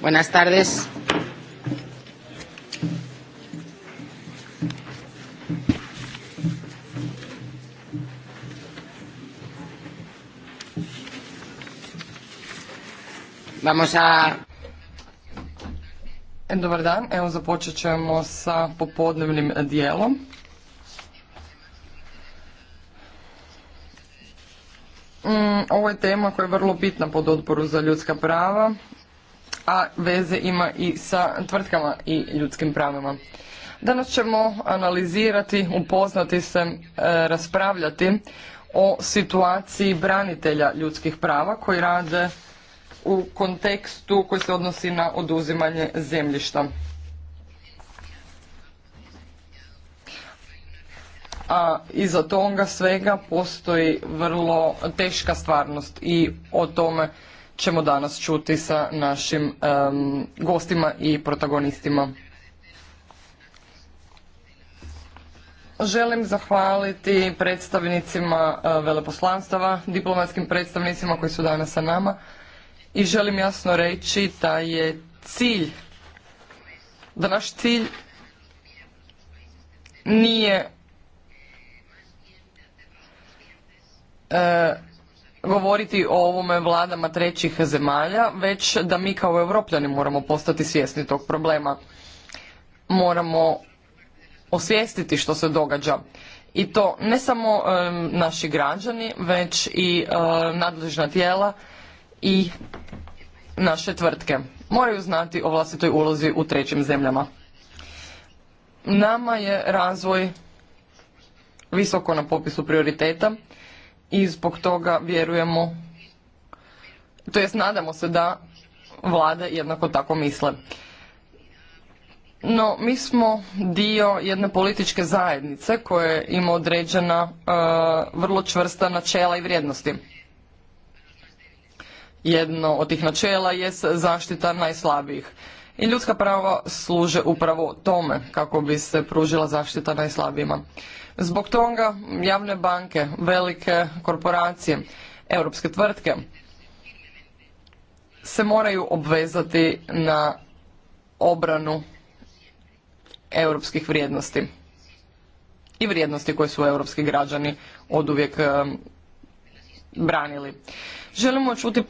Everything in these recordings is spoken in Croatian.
Buenas tardes. Vamos a... Dobar dan, evo započet ćemo sa popodnevnim dijelom. Mm, ovo je tema koja je vrlo bitna pod odboru za ljudska prava, a veze ima i sa tvrtkama i ljudskim pravima. Danas ćemo analizirati, upoznati se, e, raspravljati o situaciji branitelja ljudskih prava koji rade u kontekstu koji se odnosi na oduzimanje zemljišta. a iza toga svega postoji vrlo teška stvarnost i o tome ćemo danas čuti sa našim gostima i protagonistima. Želim zahvaliti predstavnicima e, veleposlanstava, diplomatskim predstavnicima koji su danas sa nama i želim jasno reći da je cilj, da naš cilj nije E, govoriti o ovome vladama trećih zemalja, već da mi kao europljani moramo postati svjesni tog problema. Moramo osvijestiti što se događa. I to ne samo e, naši građani, već i e, nadležna tijela i naše tvrtke. Moraju znati o vlastitoj ulozi u trećim zemljama. Nama je razvoj visoko na popisu prioriteta i zbog toga vjerujemo, to jest nadamo se da vlade jednako tako misle. No, mi smo dio jedne političke zajednice koja ima određena e, vrlo čvrsta načela i vrijednosti. Jedno od tih načela je zaštita najslabijih. I ljudska prava služe upravo tome kako bi se pružila zaštita najslabijima. Zbog toga javne banke, velike korporacije, europske tvrtke se moraju obvezati na obranu europskih vrijednosti i vrijednosti koje su europski građani oduvijek e, branili. Želimo čuti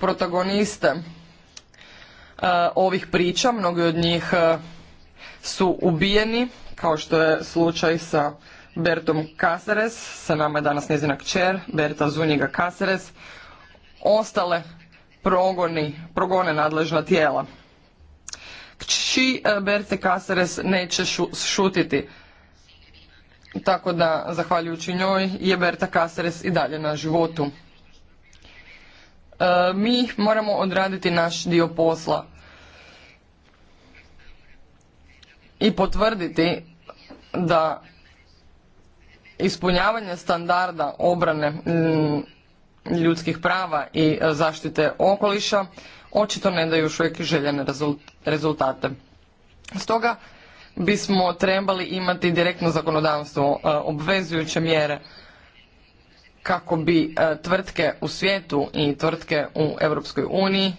protagoniste e, ovih priča, mnogi od njih e, su ubijeni, kao što je slučaj sa Bertom kaseres sa nama je danas njezina kćer, Berta Zunjiga kaseres ostale progoni, progone nadležna tijela. Kći e, Berte Kasares neće šutiti, tako da, zahvaljujući njoj, je Berta kaseres i dalje na životu. E, mi moramo odraditi naš dio posla i potvrditi da ispunjavanje standarda obrane mm, ljudskih prava i e, zaštite okoliša očito ne daju još uvijek željene rezultate. Stoga bismo trebali imati direktno zakonodavstvo, e, obvezujuće mjere kako bi e, tvrtke u svijetu i tvrtke u Europskoj uniji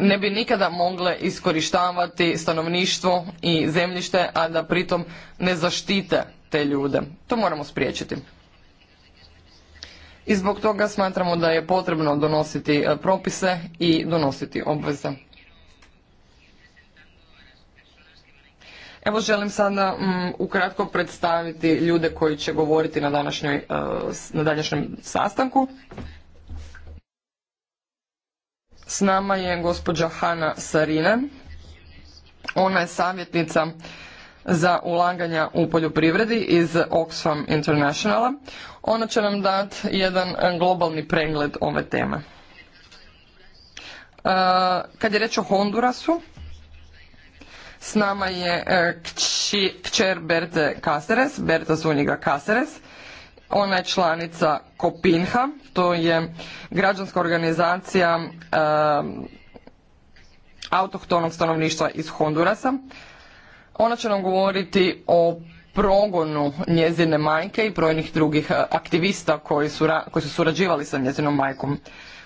ne bi nikada mogle iskorištavati stanovništvo i zemljište, a da pritom ne zaštite te ljude. To moramo spriječiti. I zbog toga smatramo da je potrebno donositi e, propise i donositi obveze. Evo želim sada mm, ukratko predstaviti ljude koji će govoriti na, današnjoj, e, na današnjem sastanku. S nama je gospođa Hanna Sarine. Ona je savjetnica za ulaganja u poljoprivredi iz Oxfam Internationala. Ona će nam dati jedan globalni pregled ove teme. E, kad je reč o Hondurasu, s nama je e, Kčer kćer Berte Kaseres. Berta Zuniga Kaseres. Ona je članica Kopinha, to je građanska organizacija e, autohtonog stanovništva iz Hondurasa. Ona će nam govoriti o progonu njezine majke i brojnih drugih e, aktivista koji su, koji su surađivali sa njezinom majkom.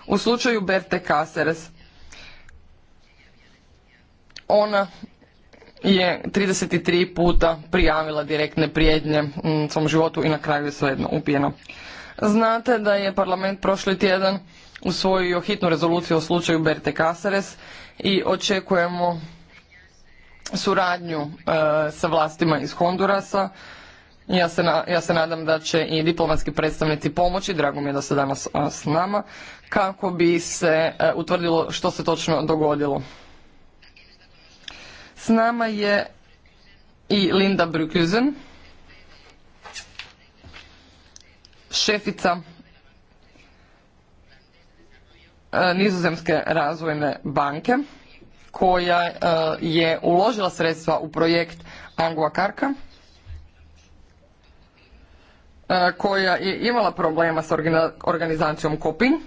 U slučaju Berte Caceres, ona je 33 puta prijavila direktne prijednje mm, svom životu i na kraju je svejedno upijeno. Znate da je parlament prošli tjedan usvojio hitnu rezoluciju o slučaju Berte Casares i očekujemo suradnju e, sa vlastima iz Hondurasa. Ja se, na, ja se nadam da će i diplomatski predstavnici pomoći, drago mi je da se danas s nama, kako bi se e, utvrdilo što se točno dogodilo. S nama je i Linda Brukuzen, šefica e, Nizozemske razvojne banke koja e, je uložila sredstva u projekt Angua Karka e, koja je imala problema s organizacijom Kopin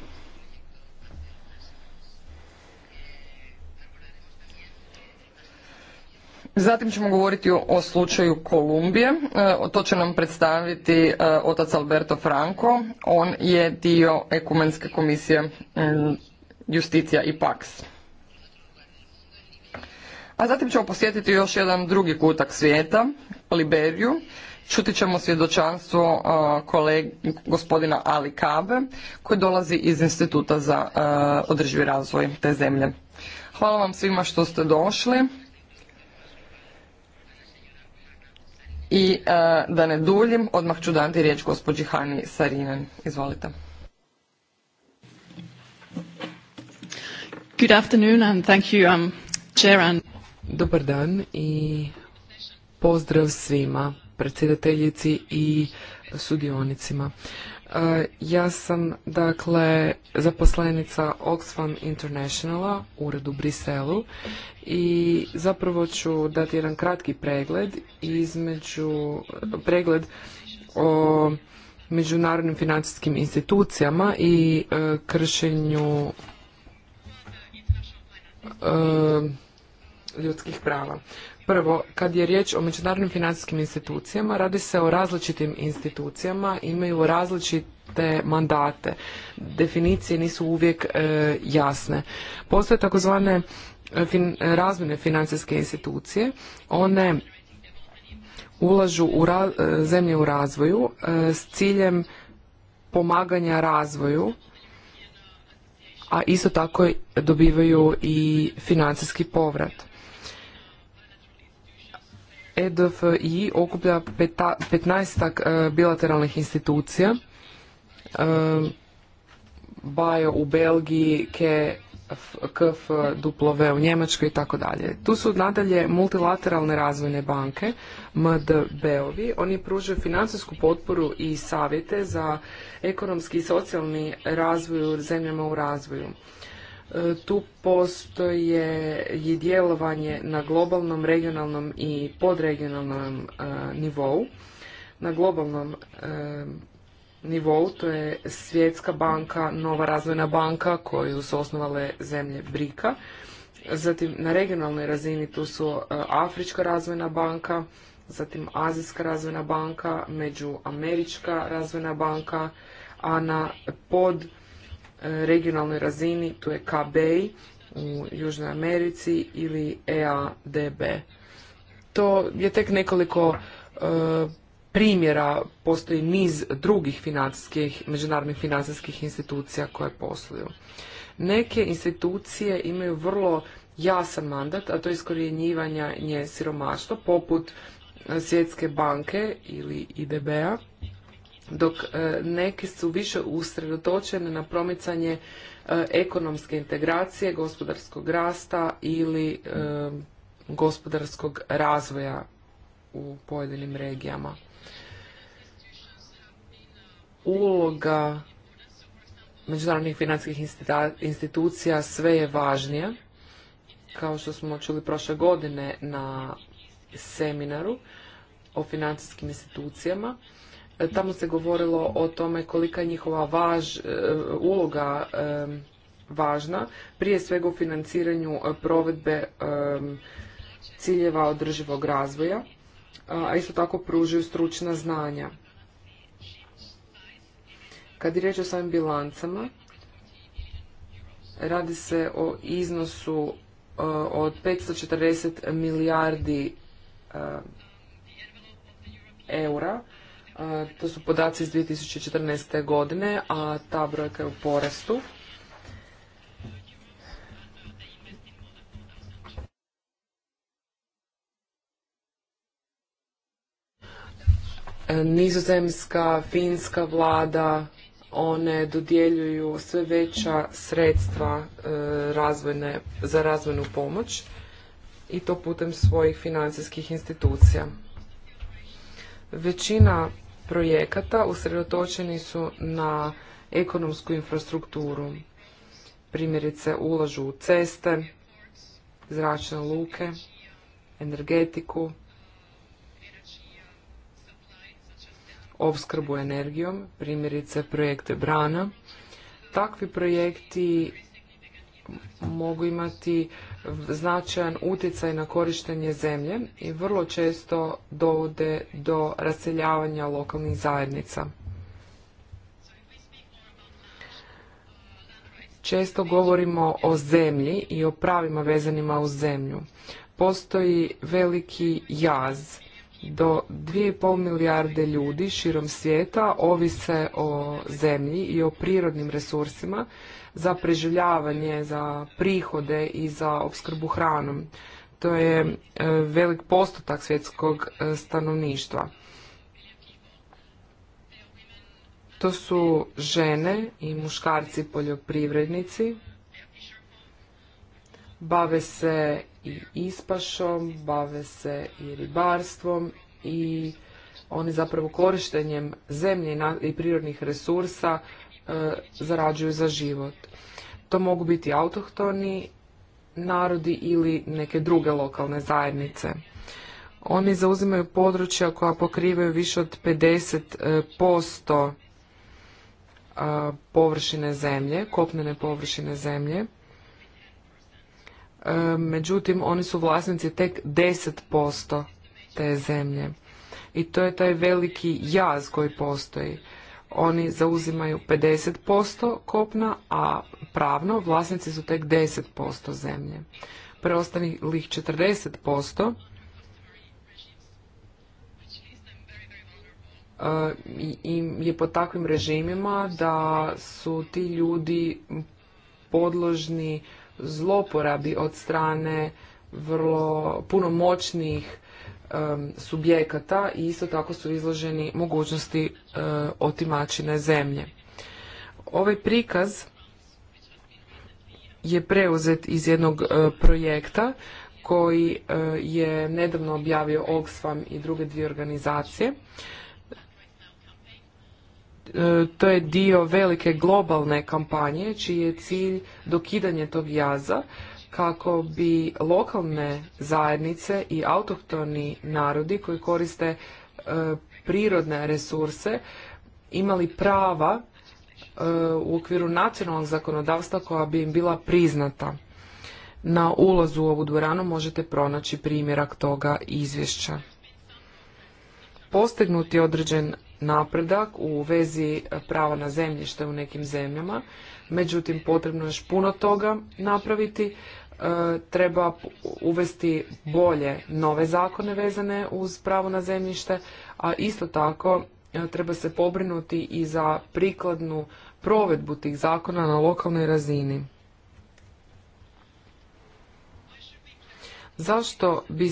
Zatim ćemo govoriti o slučaju Kolumbije. E, to će nam predstaviti e, otac Alberto Franco. On je dio Ekumenske komisije mm, Justicija i Pax. A zatim ćemo posjetiti još jedan drugi kutak svijeta, Liberiju. Čuti ćemo svjedočanstvo e, gospodina Ali Kabe, koji dolazi iz Instituta za održivi razvoj te zemlje. Hvala vam svima što ste došli. I e, da ne duljim, odmah ću dati riječ gospođi Hani Sarinen. Izvolite. Good um, Dobar dan i pozdrav svima, predsjedateljici i sudionicima. E, ja sam, dakle, zaposlenica Oxfam Internationala u uredu Briselu i zapravo ću dati jedan kratki pregled između, pregled o međunarodnim financijskim institucijama i e, kršenju e, ljudskih prava. Prvo, kad je riječ o međunarodnim financijskim institucijama, radi se o različitim institucijama, imaju različite mandate. Definicije nisu uvijek e, jasne. Postoje takozvane e, fin, razvojne financijske institucije. One ulažu u e, zemlje u razvoju s ciljem pomaganja razvoju, a isto tako dobivaju i financijski povrat. EDFI okuplja 15 e, bilateralnih institucija, e, BAJO u Belgiji, KE KF, duplove u Njemačkoj i tako dalje. Tu su nadalje multilateralne razvojne banke, MDB-ovi. Oni pružaju financijsku potporu i savjete za ekonomski i socijalni razvoj u zemljama u razvoju. E, tu postoje i djelovanje na globalnom, regionalnom i podregionalnom e, nivou. Na globalnom e, nivou to je Svjetska banka, Nova razvojna banka koju su osnovale zemlje Brika. Zatim na regionalnoj razini tu su Afrička razvojna banka, zatim Azijska razvojna banka, Međuamerička razvojna banka, a na pod regionalnoj razini, tu je KB u Južnoj Americi ili EADB. To je tek nekoliko e, primjera, postoji niz drugih financijskih, međunarodnih financijskih institucija koje posluju. Neke institucije imaju vrlo jasan mandat, a to je iskorjenjivanje nje siromaštva, poput e, Svjetske banke ili IDB-a, dok e, neke su više usredotočene na promicanje e, ekonomske integracije, gospodarskog rasta ili e, gospodarskog razvoja u pojedinim regijama. Uloga međunarodnih financijskih institucija sve je važnija. Kao što smo čuli prošle godine na seminaru o financijskim institucijama, Tamo se govorilo o tome kolika je njihova važ, e, uloga e, važna, prije svega u financiranju e, provedbe ciljeva održivog razvoja, a isto tako pružaju stručna znanja. Kad je riječ o samim bilancama, radi se o iznosu od 540 milijardi eura, E, to su podaci iz 2014. godine, a ta brojka je u porastu. E, nizozemska, finska vlada, one dodjeljuju sve veća sredstva e, razvojne, za razvojnu pomoć i to putem svojih financijskih institucija. Većina projekata usredotočeni su na ekonomsku infrastrukturu. Primjerice ulažu u ceste, zračne luke, energetiku, opskrbu energijom, primjerice projekte brana. Takvi projekti mogu imati značajan utjecaj na korištenje zemlje i vrlo često dovode do raseljavanja lokalnih zajednica. Često govorimo o zemlji i o pravima vezanima u zemlju. Postoji veliki jaz do 2,5 milijarde ljudi širom svijeta ovise o zemlji i o prirodnim resursima za preživljavanje, za prihode i za opskrbu hranom. To je e, velik postotak svjetskog e, stanovništva. To su žene i muškarci poljoprivrednici. Bave se i ispašom, bave se i ribarstvom i oni zapravo korištenjem zemlje i prirodnih resursa Eh, zarađuju za život. To mogu biti autohtoni narodi ili neke druge lokalne zajednice. Oni zauzimaju područja koja pokrivaju više od 50% eh, eh, površine zemlje, kopnene površine zemlje. Međutim, oni su vlasnici tek 10% te zemlje. I to je taj veliki jaz koji postoji oni zauzimaju 50% kopna, a pravno vlasnici su tek 10% zemlje. Preostalih 40% e, im je po takvim režimima da su ti ljudi podložni zloporabi od strane vrlo puno moćnih, subjekata i isto tako su izloženi mogućnosti eh, otimačine zemlje. Ovaj prikaz je preuzet iz jednog eh, projekta koji eh, je nedavno objavio Oxfam i druge dvije organizacije. To je dio velike globalne kampanje čiji je cilj dokidanje tog jaza kako bi lokalne zajednice i autohtoni narodi koji koriste e, prirodne resurse imali prava e, u okviru nacionalnog zakonodavstva koja bi im bila priznata. Na ulazu u ovu dvoranu možete pronaći primjerak toga izvješća. Postignut je određen napredak u vezi prava na zemljište u nekim zemljama, međutim potrebno je još puno toga napraviti E, treba uvesti bolje nove zakone vezane uz pravo na zemljište, a isto tako e, treba se pobrinuti i za prikladnu provedbu tih zakona na lokalnoj razini. Zašto bi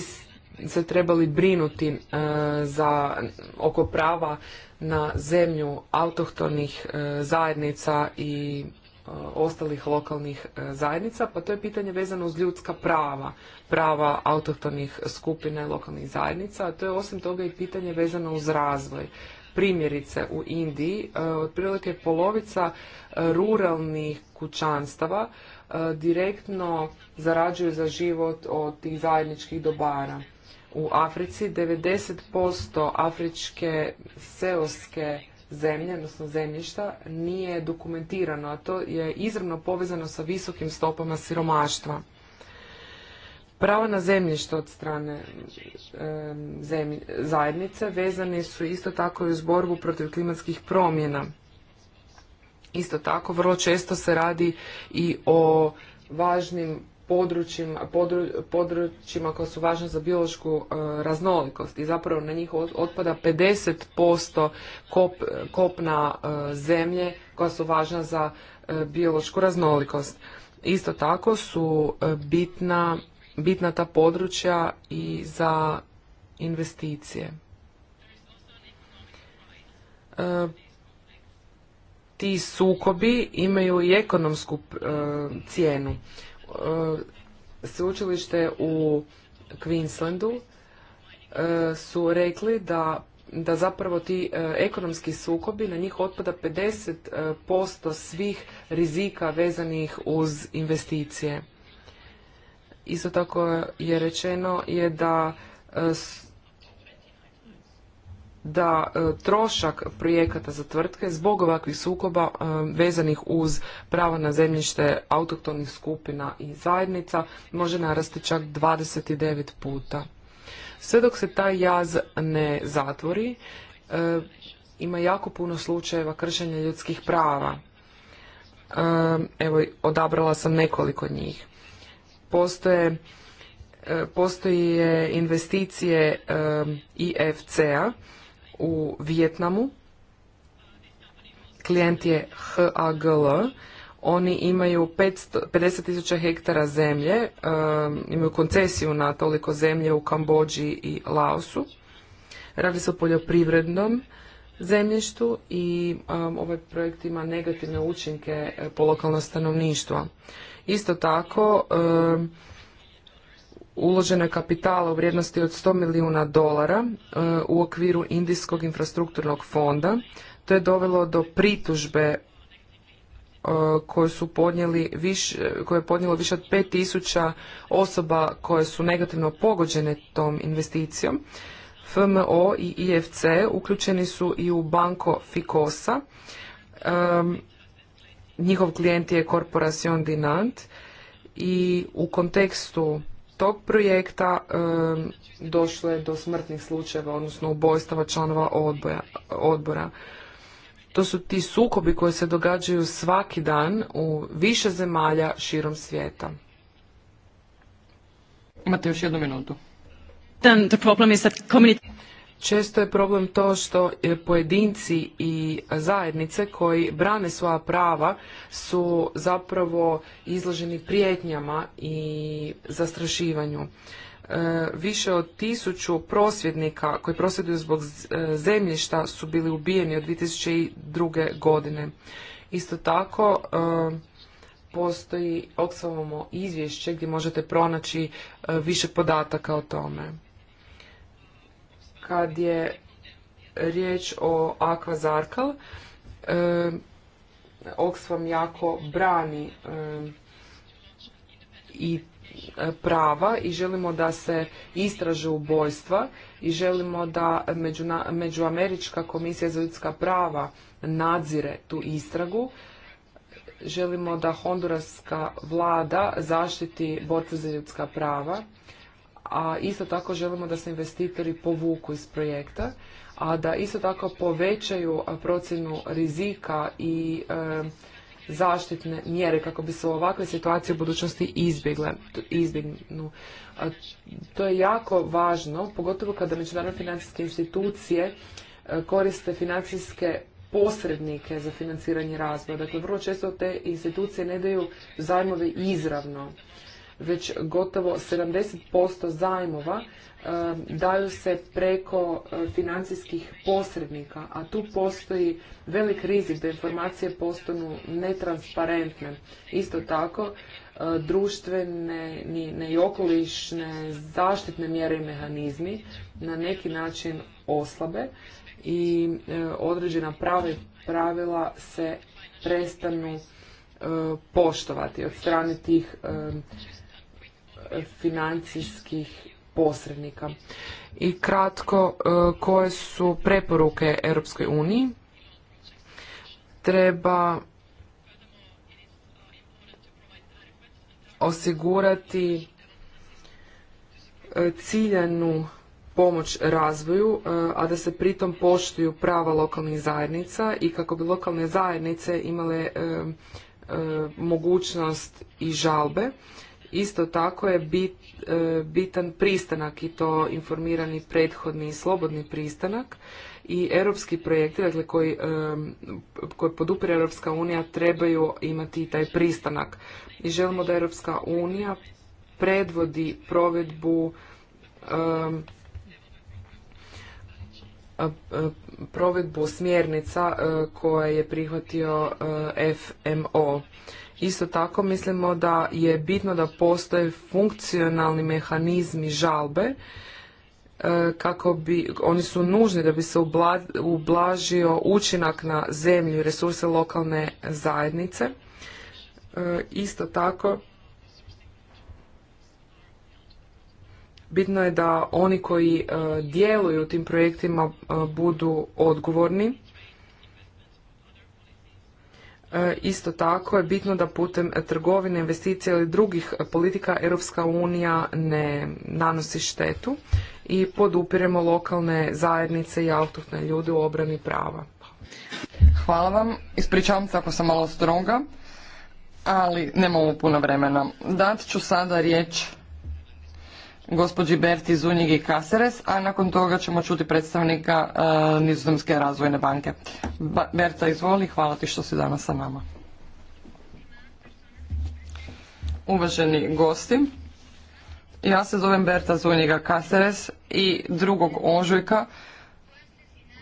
se trebali brinuti e, za oko prava na zemlju autohtonih zajednica i E, ostalih lokalnih e, zajednica, pa to je pitanje vezano uz ljudska prava, prava autohtonih skupina i lokalnih zajednica, a to je osim toga i pitanje vezano uz razvoj. Primjerice u Indiji e, otprilike polovica ruralnih kućanstava direktno zarađuju za život od tih zajedničkih dobara. U Africi 90% afričke seoske zemlje, odnosno zemljišta, nije dokumentirano, a to je izravno povezano sa visokim stopama siromaštva. Prava na zemljište od strane zajednice vezani su isto tako i uz borbu protiv klimatskih promjena. Isto tako, vrlo često se radi i o važnim područjima, područjima koja su važna za biološku e, raznolikost i zapravo na njih otpada 50% kop, kopna e, zemlje koja su važna za e, biološku raznolikost. Isto tako su bitna, bitna ta područja i za investicije. ti sukobi imaju i ekonomsku cijenu. E, sveučilište u Queenslandu e, su rekli da da zapravo ti e, ekonomski sukobi na njih otpada 50% svih rizika vezanih uz investicije. Isto tako je rečeno je da da e, trošak projekata za tvrtke zbog ovakvih sukoba e, vezanih uz pravo na zemljište autoktonih skupina i zajednica može narasti čak 29 puta. Sve dok se taj jaz ne zatvori, e, ima jako puno slučajeva kršenja ljudskih prava. Evo, odabrala sam nekoliko njih. Postoje postoje investicije IFC-a u Vijetnamu. Klijent je HAGL. Oni imaju 50 hektara zemlje, um, imaju koncesiju na toliko zemlje u Kambođi i Laosu. Radi se o poljoprivrednom zemljištu i um, ovaj projekt ima negativne učinke eh, po lokalno stanovništvo. Isto tako, um, uloženo je kapitala u vrijednosti od 100 milijuna dolara e, u okviru Indijskog infrastrukturnog fonda. To je dovelo do pritužbe e, koju su podnijeli više, koje je podnijelo više od 5000 osoba koje su negativno pogođene tom investicijom. FMO i IFC uključeni su i u Banko Ficosa. njihov klijent je Corporacion Dinant i u kontekstu tog projekta došlo je do smrtnih slučajeva, odnosno ubojstava članova odbora. To su ti sukobi koji se događaju svaki dan u više zemalja širom svijeta. Imate još jednu minutu. Često je problem to što e, pojedinci i zajednice koji brane svoja prava su zapravo izloženi prijetnjama i zastrašivanju. E, više od tisuću prosvjednika koji prosvjeduju zbog e, zemljišta su bili ubijeni od 2002. godine. Isto tako postoji Oksavomo izvješće gdje možete pronaći više podataka o tome kad je riječ o Akvazarkal, e, Oxfam jako brani i e, prava i želimo da se istraže ubojstva i želimo da Međuamerička komisija za ljudska prava nadzire tu istragu. Želimo da honduraska vlada zaštiti borce za ljudska prava a isto tako želimo da se investitori povuku iz projekta, a da isto tako povećaju procjenu rizika i e, zaštitne mjere kako bi se ovakve situacije u budućnosti izbjegle, izbjegnu. to je jako važno, pogotovo kada međunarodne financijske institucije e, koriste financijske posrednike za financiranje razvoja. Dakle, vrlo često te institucije ne daju zajmove izravno već gotovo 70% zajmova eh, daju se preko eh, financijskih posrednika, a tu postoji velik rizik da informacije postanu netransparentne. Isto tako, eh, društvene ni i okolišne zaštitne mjere i mehanizmi na neki način oslabe i određena pravila se prestanu poštovati od strane tih financijskih posrednika. I kratko, e, koje su preporuke Europskoj uniji? Treba osigurati e, ciljanu pomoć razvoju, e, a da se pritom poštuju prava lokalnih zajednica i kako bi lokalne zajednice imale mogućnost i žalbe Isto tako je bit, e, bitan pristanak i to informirani prethodni i slobodni pristanak i europski projekti dakle koji, e, koji podupire Europska unija trebaju imati i taj pristanak. I želimo da Europska unija predvodi provedbu e, provedbu smjernica koje je prihvatio FMO. Isto tako mislimo da je bitno da postoje funkcionalni mehanizmi žalbe e, kako bi, oni su nužni da bi se ublažio učinak na zemlju i resurse lokalne zajednice. E, isto tako, bitno je da oni koji e, djeluju u tim projektima budu odgovorni E, isto tako je bitno da putem trgovine, investicija ili drugih politika Europska unija ne nanosi štetu i podupiremo lokalne zajednice i autohtone ljude u obrani prava. Hvala vam. Ispričavam se ako sam malo stroga, ali nemamo puno vremena. Dat ću sada riječ gospođi Berti Zunjig i Kaseres, a nakon toga ćemo čuti predstavnika e, Nizozemske razvojne banke. Berta, izvoli, hvala ti što si danas sa nama. Uvaženi gosti, ja se zovem Berta Zunjiga Kaseres i drugog ožujka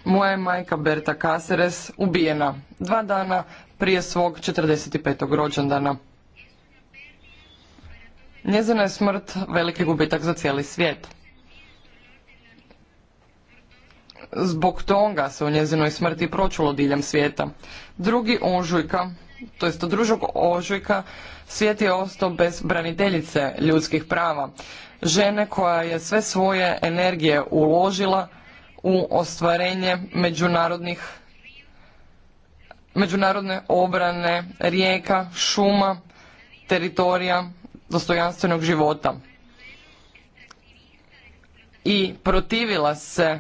moja je majka Berta Kaseres ubijena dva dana prije svog 45. rođendana. Njezina je smrt veliki gubitak za cijeli svijet. Zbog toga se u njezinoj smrti pročulo diljem svijeta. Drugi ožujka, to jest družog ožujka, svijet je ostao bez braniteljice ljudskih prava. Žene koja je sve svoje energije uložila u ostvarenje međunarodnih međunarodne obrane rijeka, šuma, teritorija dostojanstvenog života i protivila se e,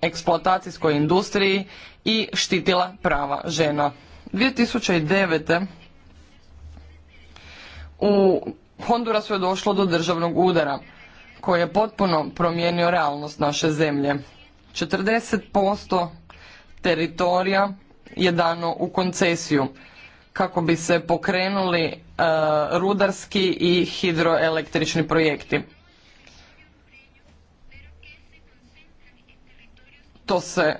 eksploatacijskoj industriji i štitila prava žena. 2009. u Hondurasu je došlo do državnog udara koji je potpuno promijenio realnost naše zemlje. 40% teritorija je dano u koncesiju kako bi se pokrenuli e, rudarski i hidroelektrični projekti. To se e,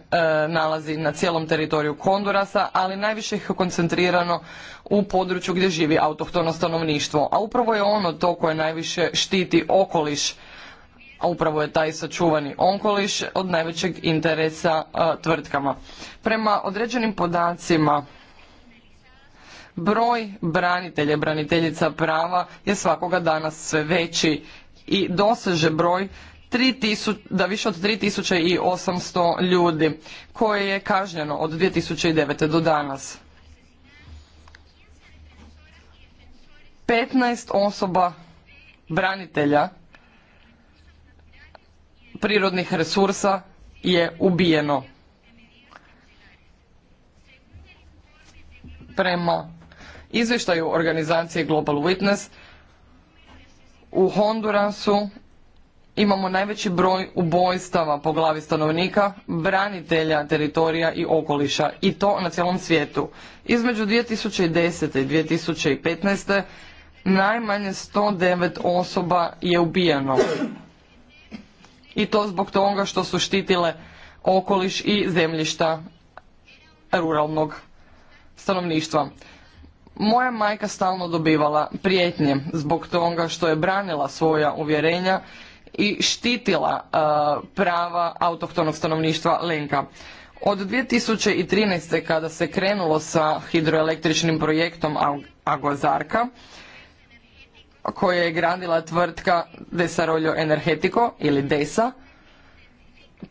nalazi na cijelom teritoriju Kondurasa, ali najviše ih je koncentrirano u području gdje živi autohtono stanovništvo. A upravo je ono to koje najviše štiti okoliš, a upravo je taj sačuvani okoliš od najvećeg interesa e, tvrtkama. Prema određenim podacima broj branitelja i braniteljica prava je svakoga danas sve veći i doseže broj da više od 3800 ljudi koje je kažnjeno od 2009. do danas. 15 osoba branitelja prirodnih resursa je ubijeno. Prema izvještaju organizacije Global Witness u Hondurasu imamo najveći broj ubojstava po glavi stanovnika, branitelja teritorija i okoliša i to na cijelom svijetu. Između 2010. i 2015. najmanje 109 osoba je ubijeno. I to zbog toga što su štitile okoliš i zemljišta ruralnog stanovništva. Moja majka stalno dobivala prijetnje zbog toga što je branila svoja uvjerenja i štitila e, prava autohtonog stanovništva Lenka. Od 2013. kada se krenulo sa hidroelektričnim projektom Agozarka, koje je gradila tvrtka Desarollo Energetico ili DESA,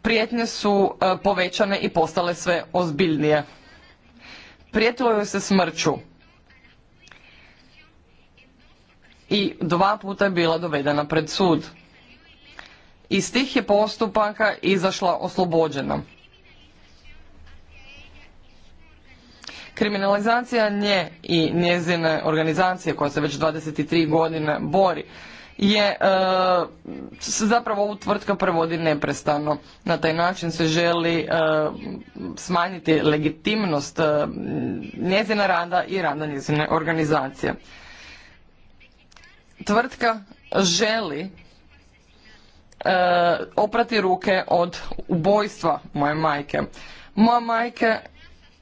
prijetnje su e, povećane i postale sve ozbiljnije. Prijetilo joj se smrću, i dva puta je bila dovedena pred sud. Iz tih je postupaka izašla oslobođena. Kriminalizacija nje i njezine organizacije koja se već 23 godine bori je e, zapravo ovu tvrtka prevodi neprestano. Na taj način se želi e, smanjiti legitimnost e, njezina rada i rada njezine organizacije tvrtka želi e, oprati ruke od ubojstva moje majke. Moja majka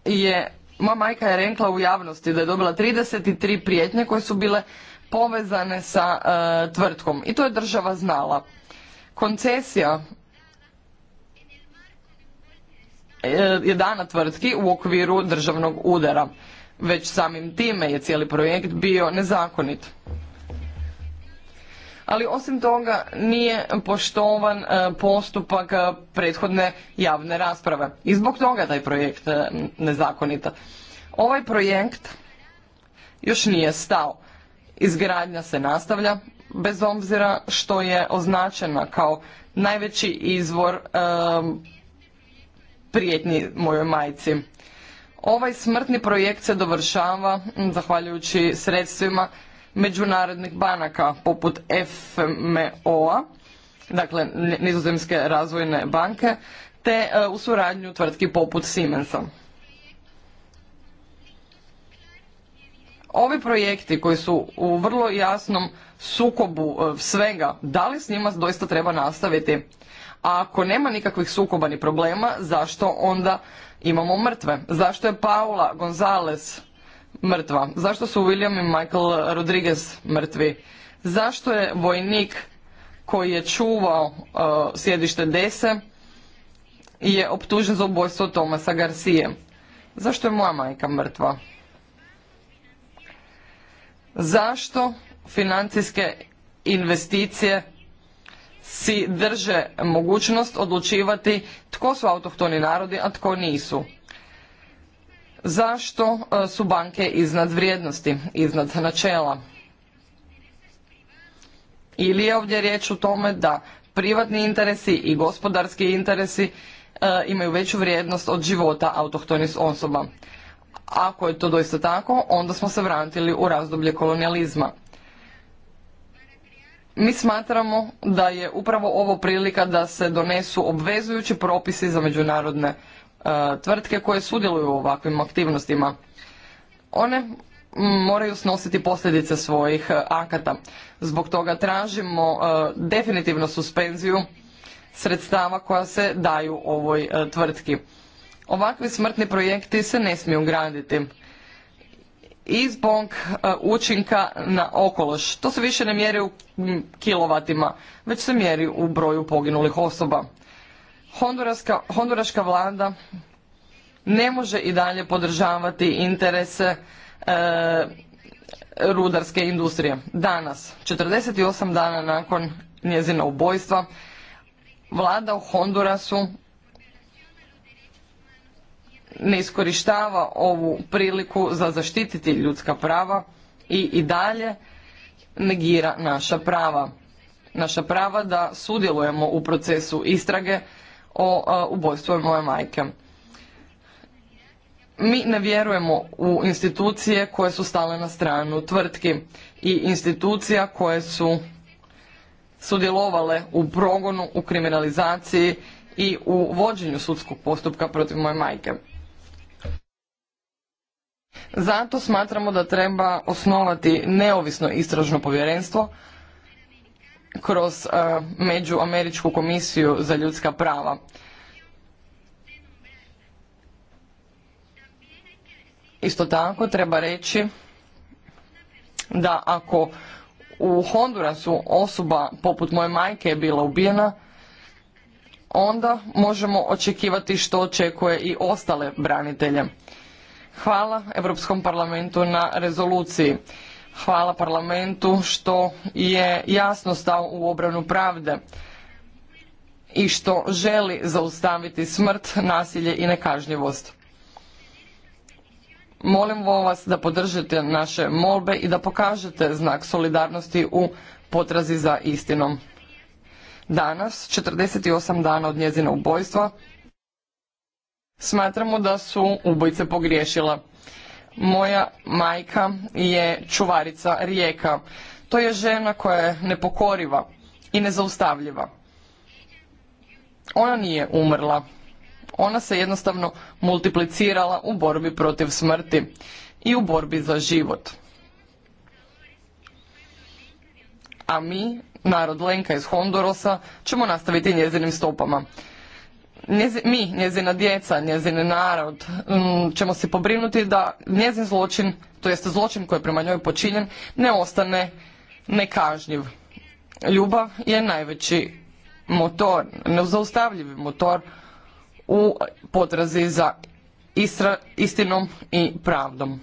je moja majka je rekla u javnosti da je dobila 33 prijetnje koje su bile povezane sa e, tvrtkom i to je država znala. Koncesija e, je dana tvrtki u okviru državnog udara. Već samim time je cijeli projekt bio nezakonit ali osim toga nije poštovan e, postupak e, prethodne javne rasprave. I zbog toga taj projekt e, nezakonita. Ovaj projekt još nije stao. Izgradnja se nastavlja, bez obzira što je označena kao najveći izvor prijetni prijetnji mojoj majci. Ovaj smrtni projekt se dovršava zahvaljujući sredstvima međunarodnih banaka poput FMO-a, dakle Nizozemske razvojne banke, te e, u suradnju tvrtki poput Siemensa. Ovi projekti koji su u vrlo jasnom sukobu e, svega, da li s njima doista treba nastaviti? A ako nema nikakvih sukoba ni problema, zašto onda imamo mrtve? Zašto je Paula Gonzalez mrtva? Zašto su William i Michael Rodriguez mrtvi? Zašto je vojnik koji je čuvao uh, sjedište Dese je optužen za ubojstvo Tomasa Garcije? Zašto je moja majka mrtva? Zašto financijske investicije si drže mogućnost odlučivati tko su autohtoni narodi, a tko nisu? zašto e, su banke iznad vrijednosti, iznad načela. Ili je ovdje riječ o tome da privatni interesi i gospodarski interesi e, imaju veću vrijednost od života autohtonih osoba. Ako je to doista tako, onda smo se vratili u razdoblje kolonijalizma. Mi smatramo da je upravo ovo prilika da se donesu obvezujući propisi za međunarodne E, tvrtke koje sudjeluju u ovakvim aktivnostima. One moraju snositi posljedice svojih e, akata. Zbog toga tražimo e, definitivno suspenziju sredstava koja se daju ovoj tvrtki. Ovakvi smrtni projekti se ne smiju graditi i zbog učinka na okološ. To se više ne mjeri u kilovatima, već se mjeri u broju poginulih osoba. Honduraska, vlada ne može i dalje podržavati interese e, rudarske industrije. Danas, 48 dana nakon njezina ubojstva, vlada u Hondurasu ne iskorištava ovu priliku za zaštititi ljudska prava i i dalje negira naša prava. Naša prava da sudjelujemo u procesu istrage o ubojstvu moje majke. Mi ne vjerujemo u institucije koje su stale na stranu tvrtki i institucija koje su sudjelovale u progonu, u kriminalizaciji i u vođenju sudskog postupka protiv moje majke. Zato smatramo da treba osnovati neovisno istražno povjerenstvo kroz e, Međuameričku komisiju za ljudska prava. Isto tako treba reći da ako u Hondurasu osoba poput moje majke je bila ubijena, onda možemo očekivati što očekuje i ostale branitelje. Hvala Europskom parlamentu na rezoluciji. Hvala parlamentu što je jasno stao u obranu pravde i što želi zaustaviti smrt, nasilje i nekažnjivost. Molim vas da podržite naše molbe i da pokažete znak solidarnosti u potrazi za istinom. Danas, 48 dana od njezina ubojstva, smatramo da su ubojice pogriješila. Moja majka je čuvarica rijeka. To je žena koja je nepokoriva i nezaustavljiva. Ona nije umrla. Ona se jednostavno multiplicirala u borbi protiv smrti i u borbi za život. A mi, narod Lenka iz Hondurosa, ćemo nastaviti njezinim stopama njezi, mi, njezina djeca, njezin narod, mm, ćemo se pobrinuti da njezin zločin, to jest zločin koji je prema njoj počinjen, ne ostane nekažnjiv. Ljubav je najveći motor, nezaustavljivi motor u potrazi za istinom i pravdom.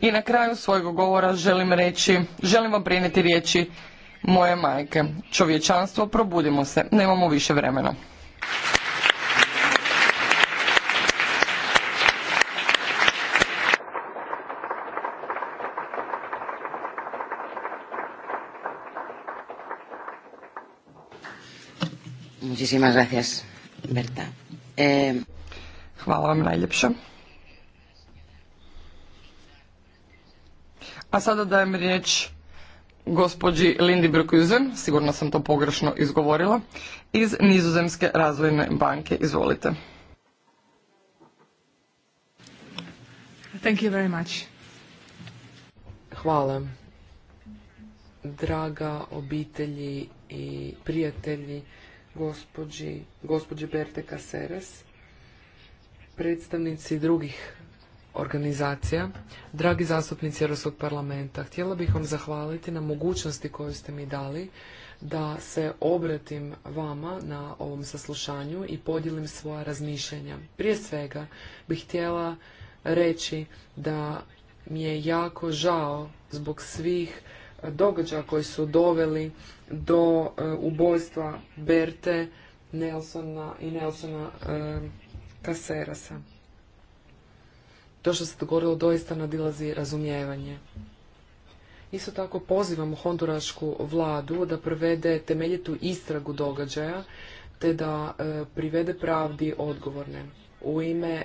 I na kraju svojeg govora želim reći, želim vam prenijeti riječi moje majke. Čovječanstvo, probudimo se, nemamo više vremena. Eh, Hvala vam najljepša. A sada dajem riječ gospođi Lindi Brkuzen, sigurno sam to pogrešno izgovorila, iz Nizozemske razvojne banke. Izvolite. Thank you very much. Hvala. Draga obitelji i prijatelji gospođi, gospođi Berte Caceres, predstavnici drugih organizacija. Dragi zastupnici Europskog parlamenta, htjela bih vam zahvaliti na mogućnosti koju ste mi dali da se obratim vama na ovom saslušanju i podijelim svoja razmišljanja. Prije svega bih htjela reći da mi je jako žao zbog svih događaja koji su doveli do e, ubojstva Berte Nelsona i Nelsona e, Kaserasa to što se dogodilo doista nadilazi razumijevanje. Isto tako pozivamo hondurašku vladu da provede temeljitu istragu događaja te da e, privede pravdi odgovorne. U ime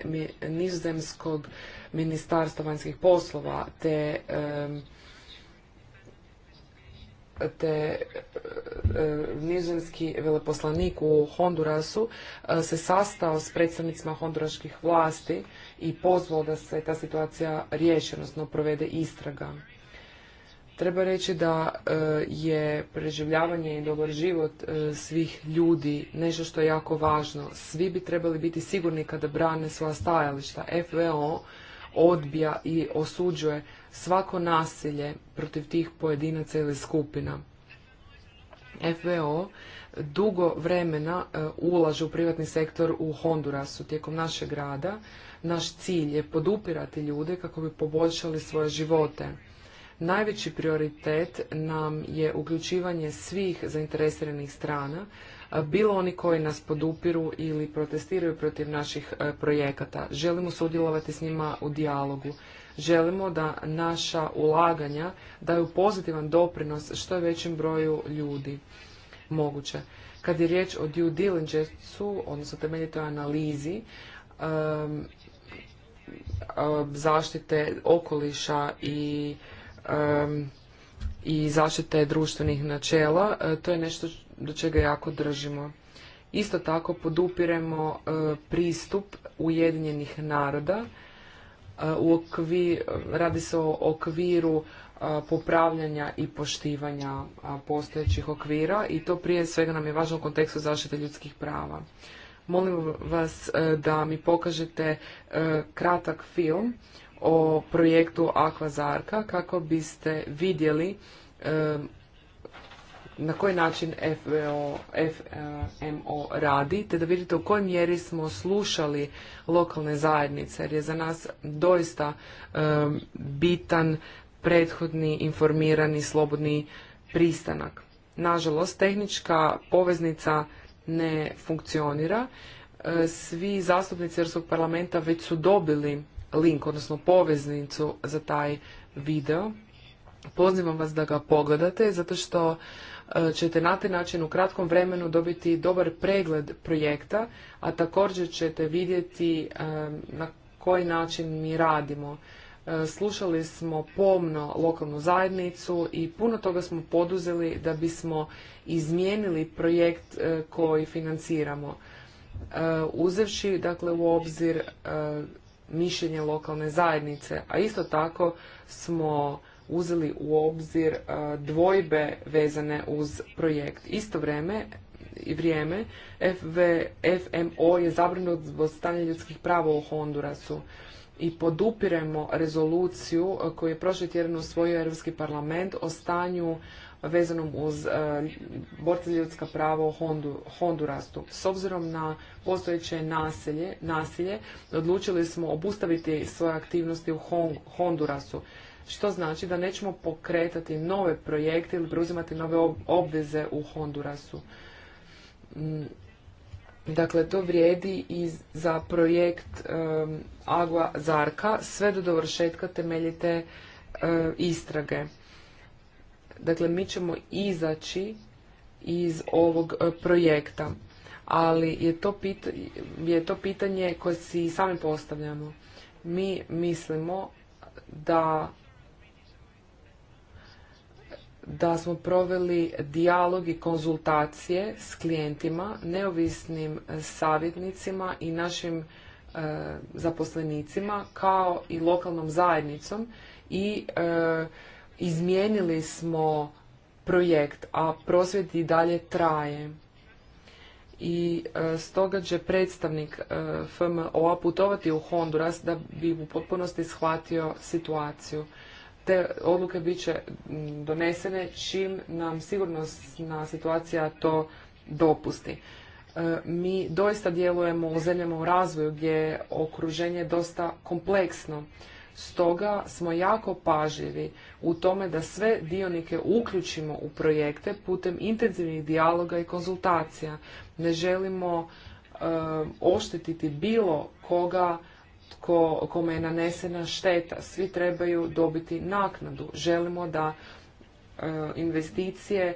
nizozemskog ministarstva vanjskih poslova te e, te nizozemski veleposlanik u Hondurasu e, se sastao s predstavnicima honduraških vlasti i pozvao da se ta situacija riješi, odnosno provede istraga. Treba reći da e, je preživljavanje i dobar život e, svih ljudi nešto što je jako važno. Svi bi trebali biti sigurni kada brane svoja stajališta. FVO odbija i osuđuje svako nasilje protiv tih pojedinaca ili skupina. FVO dugo vremena e, ulaže u privatni sektor u Hondurasu tijekom našeg rada. Naš cilj je podupirati ljude kako bi poboljšali svoje živote. Najveći prioritet nam je uključivanje svih zainteresiranih strana, e, bilo oni koji nas podupiru ili protestiraju protiv naših e, projekata. Želimo sudjelovati s njima u dijalogu. Želimo da naša ulaganja daju pozitivan doprinos što je većem broju ljudi moguće. Kad je riječ o due diligence-u, odnosno temeljitoj analizi um, uh, zaštite okoliša i um, i zaštite društvenih načela, uh, to je nešto do čega jako držimo. Isto tako podupiremo uh, pristup Ujedinjenih naroda u radi se o okviru popravljanja i poštivanja postojećih okvira i to prije svega nam je važno u kontekstu zaštite ljudskih prava. Molim vas e, da mi pokažete e, kratak film o projektu Akvazarka kako biste vidjeli e, na koji način FMO radi, te da vidite u kojoj mjeri smo slušali lokalne zajednice, jer je za nas doista bitan prethodni informirani slobodni pristanak. Nažalost, tehnička poveznica ne funkcionira. E, svi zastupnici Europskog parlamenta već su dobili link, odnosno poveznicu za taj video. Pozivam vas da ga pogledate, zato što e, ćete na taj način u kratkom vremenu dobiti dobar pregled projekta, a također ćete vidjeti e, na koji način mi radimo. E, slušali smo pomno lokalnu zajednicu i puno toga smo poduzeli da bismo izmijenili projekt e, koji financiramo. E, uzevši dakle u obzir mišljenje lokalne zajednice, a isto tako smo uzeli u obzir dvojbe vezane uz projekt. Isto vreme i vrijeme FMO je zabrinut zbog stanja ljudskih prava u Hondurasu i podupiremo rezoluciju e, koju je prošli tjedan usvojio Europski parlament o stanju vezanom uz e, borce borce ljudska prava u Hondurastu. S obzirom na postojeće nasilje, odlučili smo obustaviti svoje aktivnosti u Hondurasu, što znači da nećemo pokretati nove projekte ili preuzimati nove obveze u Hondurasu. Mm, Dakle, to vrijedi i za projekt um, Agua Zarka sve do dovršetka temeljite eh, istrage. Dakle, mi ćemo izaći iz ovog eh, projekta, ali je to, je to pitanje koje si sami postavljamo. Mi mislimo da da smo proveli dijalog i konzultacije s klijentima, neovisnim e, savjetnicima i našim e, zaposlenicima kao i lokalnom zajednicom i e, izmijenili smo projekt, a prosvjed i dalje traje. I stoga će predstavnik FMO-a putovati u Honduras da bi u potpunosti shvatio situaciju te odluke bit će donesene čim nam sigurnosna situacija to dopusti. E, mi doista djelujemo u zemljama u razvoju gdje je okruženje dosta kompleksno. Stoga smo jako pažljivi u tome da sve dionike uključimo u projekte putem intenzivnih dijaloga i konzultacija. Ne želimo e, oštetiti bilo koga tko, kome je nanesena šteta. Svi trebaju dobiti naknadu. Želimo da e, investicije e,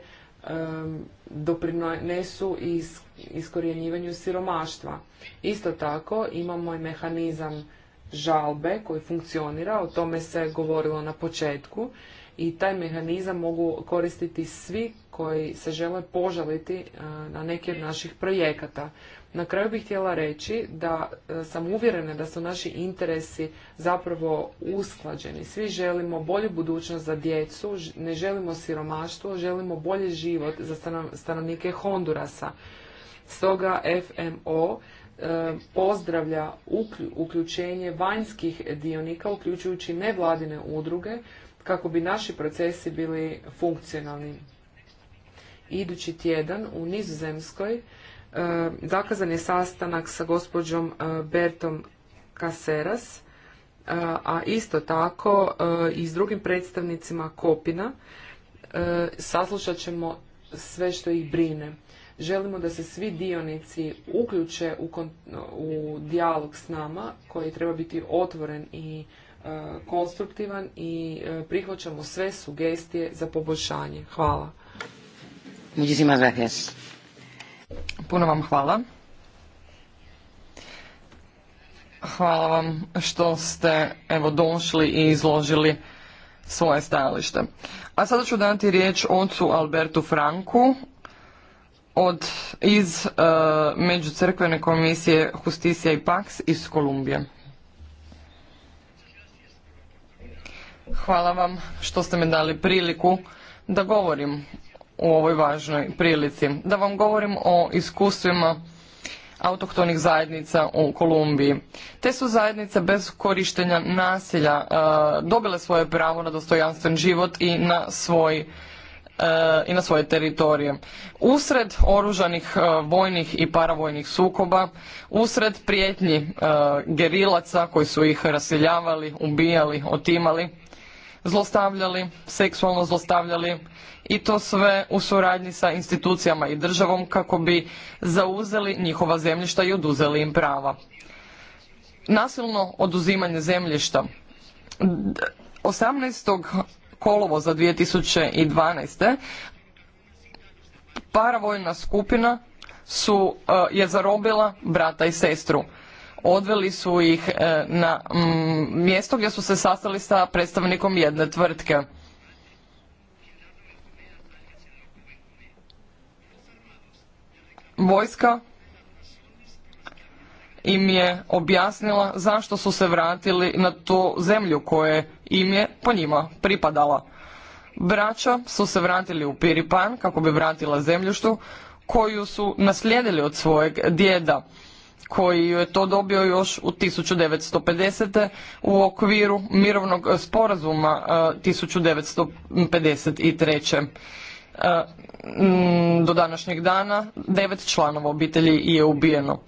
doprinesu is, iskorjenjivanju siromaštva. Isto tako imamo i mehanizam žalbe koji funkcionira, o tome se govorilo na početku i taj mehanizam mogu koristiti svi koji se žele požaliti e, na neke od naših projekata. Na kraju bih htjela reći da e, sam uvjerena da su naši interesi zapravo usklađeni. Svi želimo bolju budućnost za djecu, ne želimo siromaštvo, želimo bolji život za stanovnike Hondurasa. Stoga FMO e, pozdravlja uključenje vanjskih dionika, uključujući nevladine udruge, kako bi naši procesi bili funkcionalni. Idući tjedan u Nizozemskoj E, zakazan je sastanak sa gospođom e, Bertom Caseras, e, a isto tako i s drugim predstavnicima Kopina saslušat ćemo sve što ih brine. Želimo da se svi dionici uključe u, u dijalog s nama koji treba biti otvoren i konstruktivan i prihvaćamo sve sugestije za poboljšanje. Hvala. Muchísimas gracias. Puno vam hvala. Hvala vam što ste evo došli i izložili svoje stajalište. A sada ću dati riječ ocu Albertu Franku od, iz e, Međucrkvene komisije Justicija i Pax iz Kolumbije. Hvala vam što ste mi dali priliku da govorim u ovoj važnoj prilici. Da vam govorim o iskustvima autohtonih zajednica u Kolumbiji. Te su zajednice bez korištenja nasilja e, dobile svoje pravo na dostojanstven život i na svoj e, i na svoje teritorije. Usred oružanih e, vojnih i paravojnih sukoba, usred prijetnji gerilaca koji su ih raseljavali, ubijali, otimali, zlostavljali, seksualno zlostavljali i to sve u suradnji sa institucijama i državom kako bi zauzeli njihova zemljišta i oduzeli im prava. Nasilno oduzimanje zemljišta 18. kolovoza 2012. paravojna skupina su, e, je zarobila brata i sestru odveli su ih e, na mjesto gdje su se sastali sa predstavnikom jedne tvrtke. Vojska im je objasnila zašto su se vratili na tu zemlju koje im je po njima pripadala. Braća su se vratili u Piripan kako bi vratila zemljuštu koju su naslijedili od svojeg djeda koji je to dobio još u 1950. u okviru mirovnog sporazuma 1953. E, e, do današnjeg dana devet članova obitelji je ubijeno.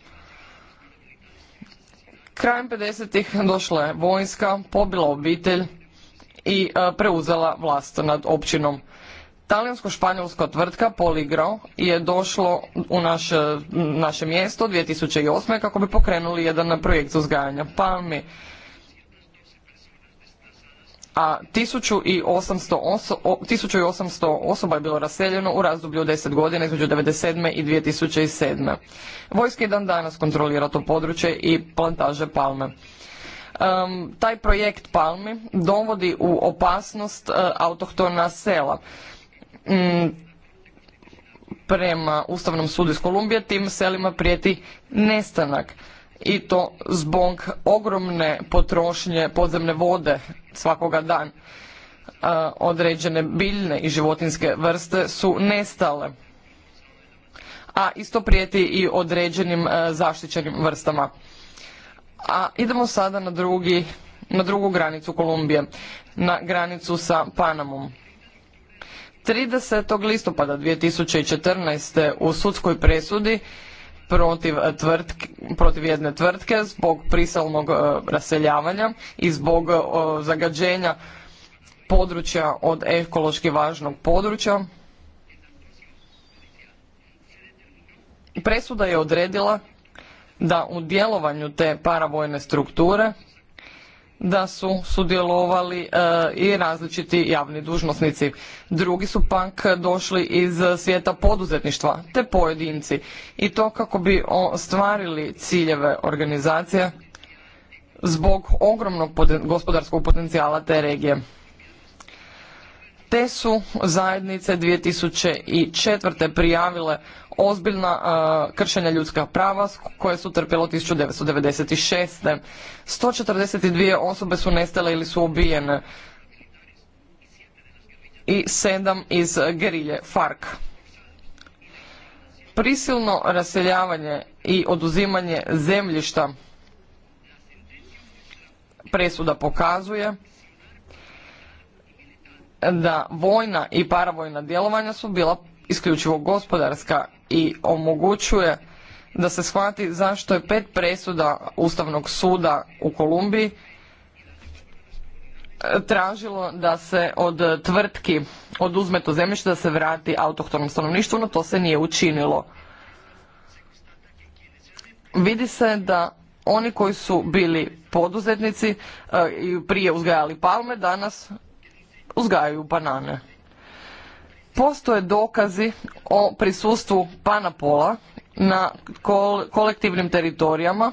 Krajem 50. došla je vojska, pobila obitelj i e, preuzela vlast nad općinom. Talijansko-španjolska tvrtka Poligro je došlo u naše, naše mjesto 2008. kako bi pokrenuli jedan projekt uzgajanja palmi. A 1800, osoba je bilo raseljeno u razdoblju od 10 godina između 1997. i 2007. Vojska i dan danas kontrolira to područje i plantaže palme. taj projekt palmi dovodi u opasnost e, autohtona sela. Mm, prema Ustavnom sudu iz Kolumbije tim selima prijeti nestanak i to zbog ogromne potrošnje podzemne vode svakoga dan. E, određene biljne i životinske vrste su nestale, a isto prijeti i određenim e, zaštićenim vrstama. A idemo sada na, drugi, na drugu granicu Kolumbije, na granicu sa Panamom. 30. listopada 2014. u sudskoj presudi protiv, jedne tvrtke zbog prisilnog e, raseljavanja i zbog e, zagađenja područja od ekološki važnog područja. Presuda je odredila da u djelovanju te paravojne strukture da su sudjelovali e, i različiti javni dužnosnici. Drugi su pak došli iz svijeta poduzetništva te pojedinci i to kako bi ostvarili ciljeve organizacije zbog ogromnog gospodarskog potencijala te regije. Te su zajednice 2004. prijavile ozbiljna e, kršenja ljudska prava koje su trpjelo 1996. 142 osobe su nestale ili su ubijene i sedam iz gerilje FARC. Prisilno raseljavanje i oduzimanje zemljišta presuda pokazuje da vojna i paravojna djelovanja su bila isključivo gospodarska i omogućuje da se shvati zašto je pet presuda Ustavnog suda u Kolumbiji e, tražilo da se od tvrtki oduzme to zemljište da se vrati autohtonom stanovništvu, no to se nije učinilo. Vidi se da oni koji su bili poduzetnici e, i prije uzgajali palme, danas uzgajaju banane. Postoje dokazi o prisustvu panapola na kolektivnim teritorijama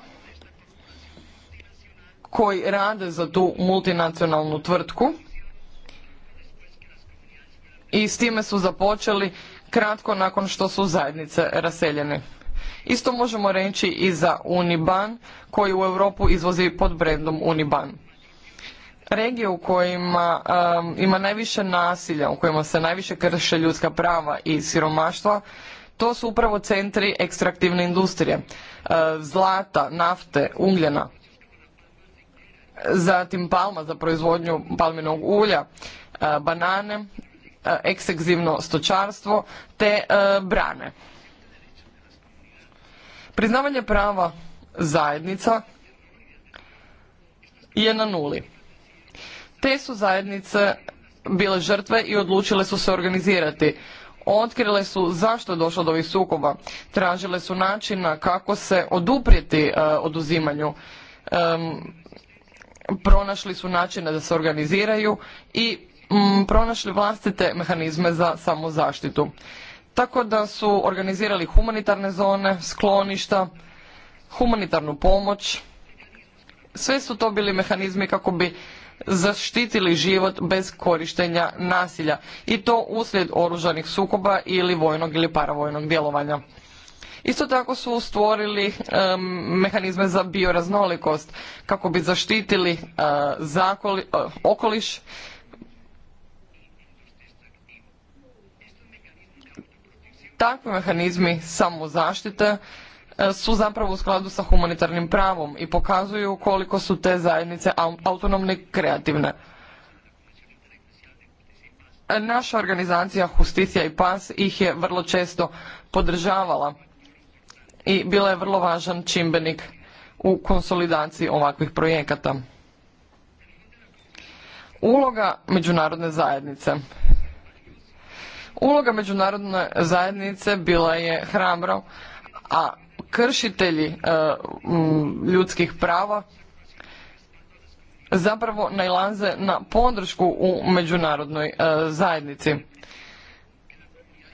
koji rade za tu multinacionalnu tvrtku i s time su započeli kratko nakon što su zajednice raseljene. Isto možemo reći i za Uniban koji u Europu izvozi pod brendom Uniban regije u kojima ima najviše nasilja, u kojima se najviše krše ljudska prava i siromaštva, to su upravo centri ekstraktivne industrije, zlata, nafte, ugljena, zatim palma za proizvodnju palminog ulja, e, banane, e, eksekzivno stočarstvo te e, brane. Priznavanje prava zajednica je na nuli. Te su zajednice bile žrtve i odlučile su se organizirati. Otkrile su zašto je došlo do ovih sukoba, tražile su načina kako se oduprijeti e, oduzimanju, pronašli su načine da se organiziraju i mm, pronašli vlastite mehanizme za samozaštitu. Tako da su organizirali humanitarne zone, skloništa, humanitarnu pomoć. Sve su to bili mehanizmi kako bi zaštitili život bez korištenja nasilja i to uslijed oružanih sukoba ili vojnog ili paravojnog djelovanja. Isto tako su stvorili mehanizme za bioraznolikost kako bi zaštitili uh, okoliš takvi mehanizmi samozaštite E, su zapravo u skladu sa humanitarnim pravom i pokazuju koliko su te zajednice autonomne i kreativne. E, naša organizacija Justicija i Pas ih je vrlo često podržavala i bila je vrlo važan čimbenik u konsolidaciji ovakvih projekata. Uloga međunarodne zajednice. Uloga međunarodne zajednice bila je hrabro, a kršitelji e, ljudskih prava zapravo najlanze na podršku u međunarodnoj e, zajednici.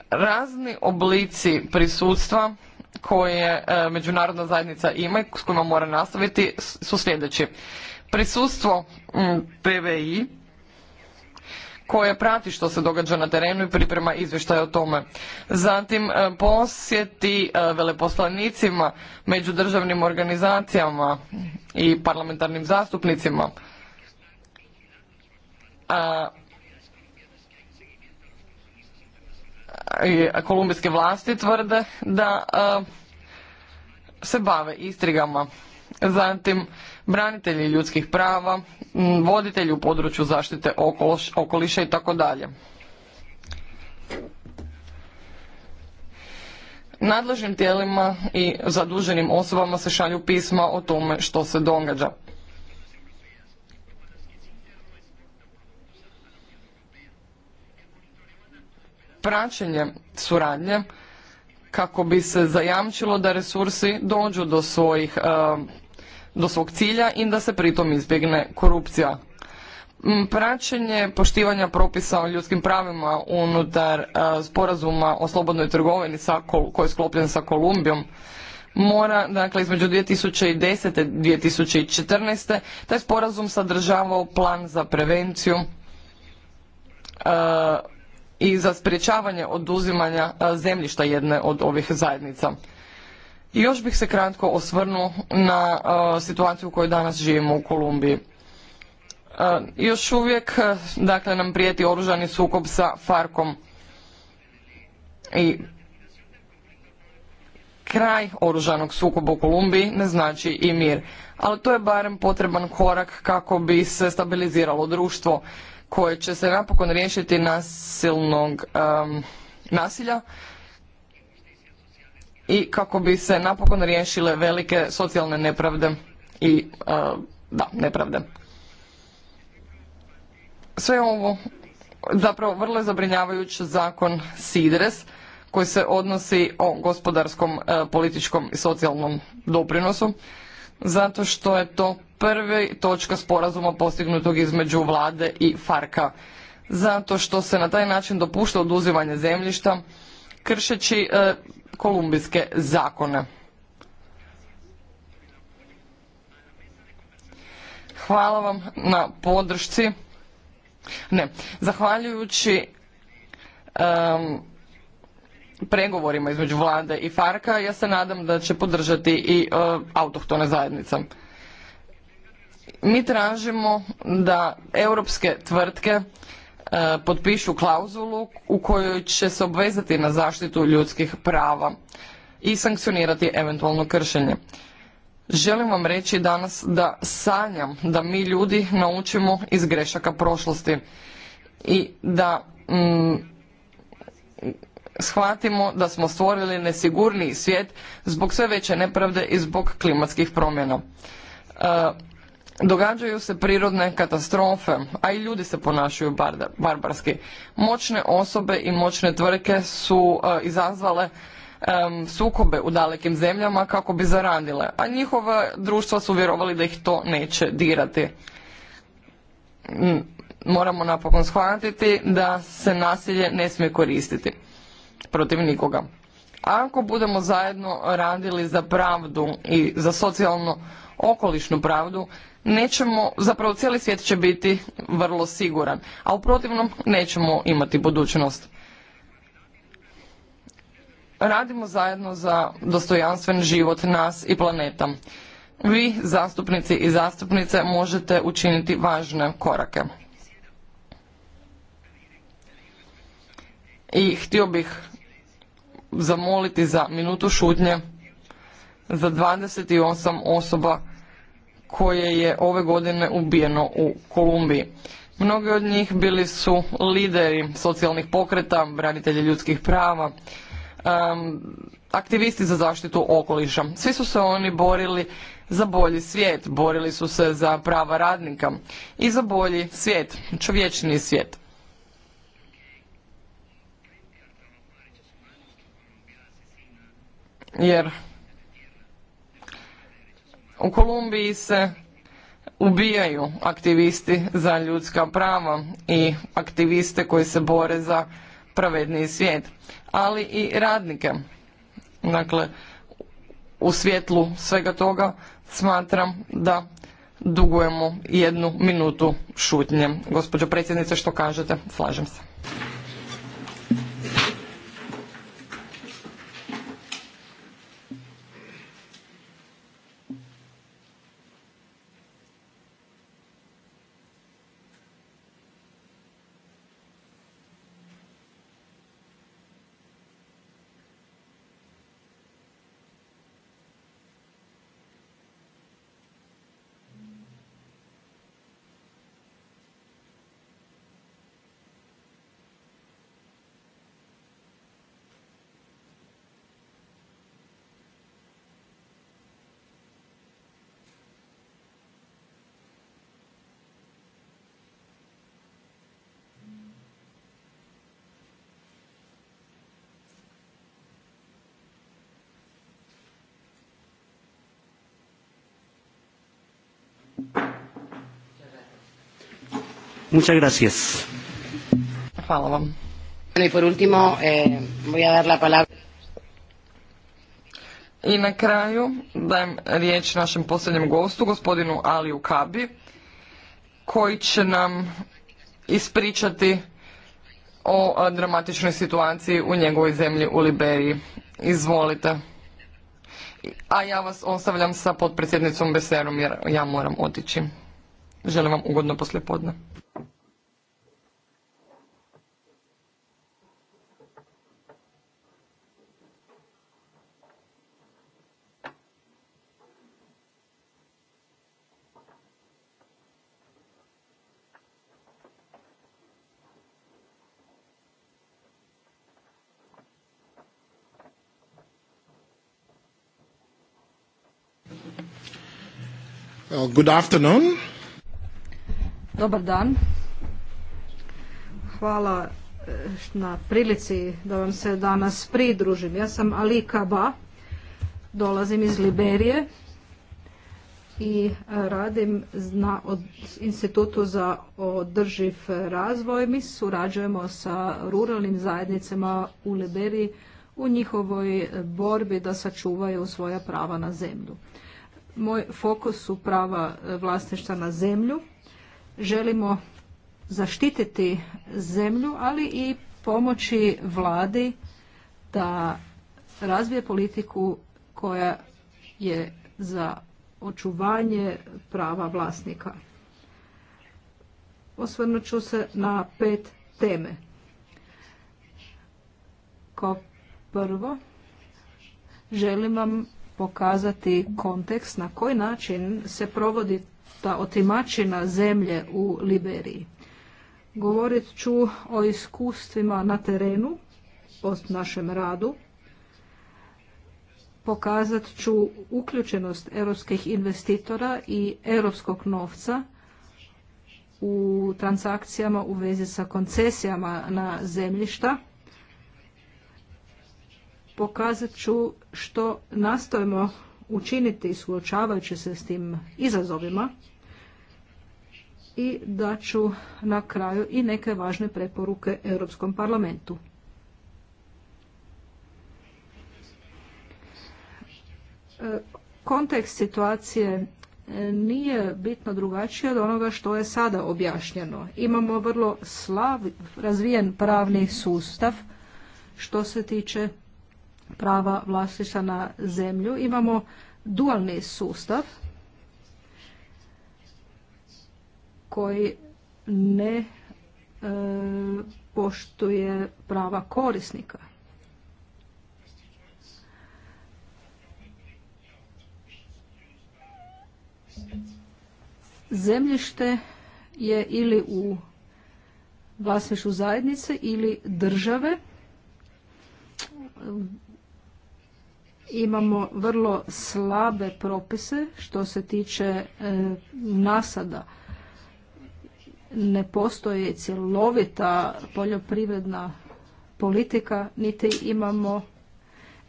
Razni oblici prisustva koje e, međunarodna zajednica ima i s kojima mora nastaviti su sljedeći. Prisustvo PVI koje prati što se događa na terenu i priprema izvještaje o tome. Zatim e, posjeti e, veleposlanicima, međudržavnim organizacijama i parlamentarnim zastupnicima. A, kolumbijske vlasti tvrde da e, se bave istrigama. Zatim branitelji ljudskih prava, voditelji u području zaštite okoliša i tako dalje. Nadležnim tijelima i zaduženim osobama se šalju pisma o tome što se događa. Praćenje suradnje kako bi se zajamčilo da resursi dođu do svojih do svog cilja i da se pritom izbjegne korupcija. Mm, praćenje poštivanja propisa o ljudskim pravima unutar eh, sporazuma o slobodnoj trgovini koji je sklopljen sa Kolumbijom mora, dakle između 2010. i 2014. taj sporazum sadržavao plan za prevenciju eh, i za sprječavanje oduzimanja eh, zemljišta jedne od ovih zajednica. I još bih se kratko osvrnuo na e, situaciju u kojoj danas živimo u Kolumbiji. E, još uvijek e, dakle, nam prijeti oružani sukob sa Farkom. I kraj oružanog sukoba u Kolumbiji ne znači i mir. Ali to je barem potreban korak kako bi se stabiliziralo društvo koje će se napokon riješiti nasilnog nasilja i kako bi se napokon riješile velike socijalne nepravde i e, da, nepravde. Sve ovo zapravo vrlo je zabrinjavajuć zakon SIDRES koji se odnosi o gospodarskom, e, političkom i socijalnom doprinosu zato što je to prvi točka sporazuma postignutog između vlade i Farka. Zato što se na taj način dopušta oduzimanje zemljišta kršeći e, kolumbijske zakone. Hvala vam na podršci. Ne, zahvaljujući um, pregovorima između vlade i Farka, ja se nadam da će podržati i uh, autohtone zajednice. Mi tražimo da europske tvrtke E, potpišu klauzulu u kojoj će se obvezati na zaštitu ljudskih prava i sankcionirati eventualno kršenje. Želim vam reći danas da sanjam da mi ljudi naučimo iz grešaka prošlosti i da mm, shvatimo da smo stvorili nesigurniji svijet zbog sve veće nepravde i zbog klimatskih promjena. E, Događaju se prirodne katastrofe, a i ljudi se ponašaju barbarski. Moćne osobe i moćne tvrtke su e, izazvale sukobe u dalekim zemljama kako bi zaradile, a njihova društva su vjerovali da ih to neće dirati. Moramo napokon shvatiti da se nasilje ne smije koristiti protiv nikoga. Ako budemo zajedno radili za pravdu i za socijalno okolišnu pravdu, nećemo, zapravo cijeli svijet će biti vrlo siguran, a u protivnom nećemo imati budućnost. Radimo zajedno za dostojanstven život nas i planeta. Vi, zastupnici i zastupnice, možete učiniti važne korake. I htio bih zamoliti za minutu šutnje za 28 osoba koje je ove godine ubijeno u Kolumbiji. Mnogi od njih bili su lideri socijalnih pokreta, branitelji ljudskih prava, aktivisti za zaštitu okoliša. Svi su se oni borili za bolji svijet, borili su se za prava radnika i za bolji svijet, čovječni svijet. Jer u Kolumbiji se ubijaju aktivisti za ljudska prava i aktiviste koji se bore za pravedniji svijet, ali i radnike. Dakle, u svjetlu svega toga smatram da dugujemo jednu minutu šutnje. Gospođo predsjednice, što kažete? Slažem se. Muchas gracias. vam. I eh, I na kraju dajem riječ našem posljednjem gostu, gospodinu Aliju Kabi, koji će nam ispričati o dramatičnoj situaciji u njegovoj zemlji u Liberiji. Izvolite. A ja vas ostavljam sa potpredsjednicom Beserom jer ja moram otići. Želim vam ugodno poslijepodne. Oh, good afternoon. Dobar dan. Hvala eh, na prilici da vam se danas pridružim. Ja sam Alika dolazim iz Liberije i eh, radim na Institutu za održiv razvoj. Mi surađujemo sa ruralnim zajednicama u Liberiji u njihovoj borbi da sačuvaju svoja prava na zemlju. Moj fokus su prava e, vlasništva na zemlju. Želimo zaštititi zemlju, ali i pomoći vladi da razvije politiku koja je za očuvanje prava vlasnika. Osvrnut ću se na pet teme. Kao prvo, želim vam pokazati kontekst na koji način se provodi ta otimačina zemlje u Liberiji. Govorit ću o iskustvima na terenu, o našem radu. Pokazat ću uključenost europskih investitora i europskog novca u transakcijama u vezi sa koncesijama na zemljišta pokazat ću što nastojimo učiniti suočavajući se s tim izazovima i da ću na kraju i neke važne preporuke Europskom parlamentu. Kontekst situacije e, nije bitno drugačiji od onoga što je sada objašnjeno. Imamo vrlo slav, razvijen pravni sustav što se tiče prava vlasništva na zemlju. Imamo dualni sustav koji ne e, poštuje prava korisnika. Zemljište je ili u vlasništvu zajednice ili države imamo vrlo slabe propise što se tiče e, nasada. Ne postoji cjelovita poljoprivredna politika, niti imamo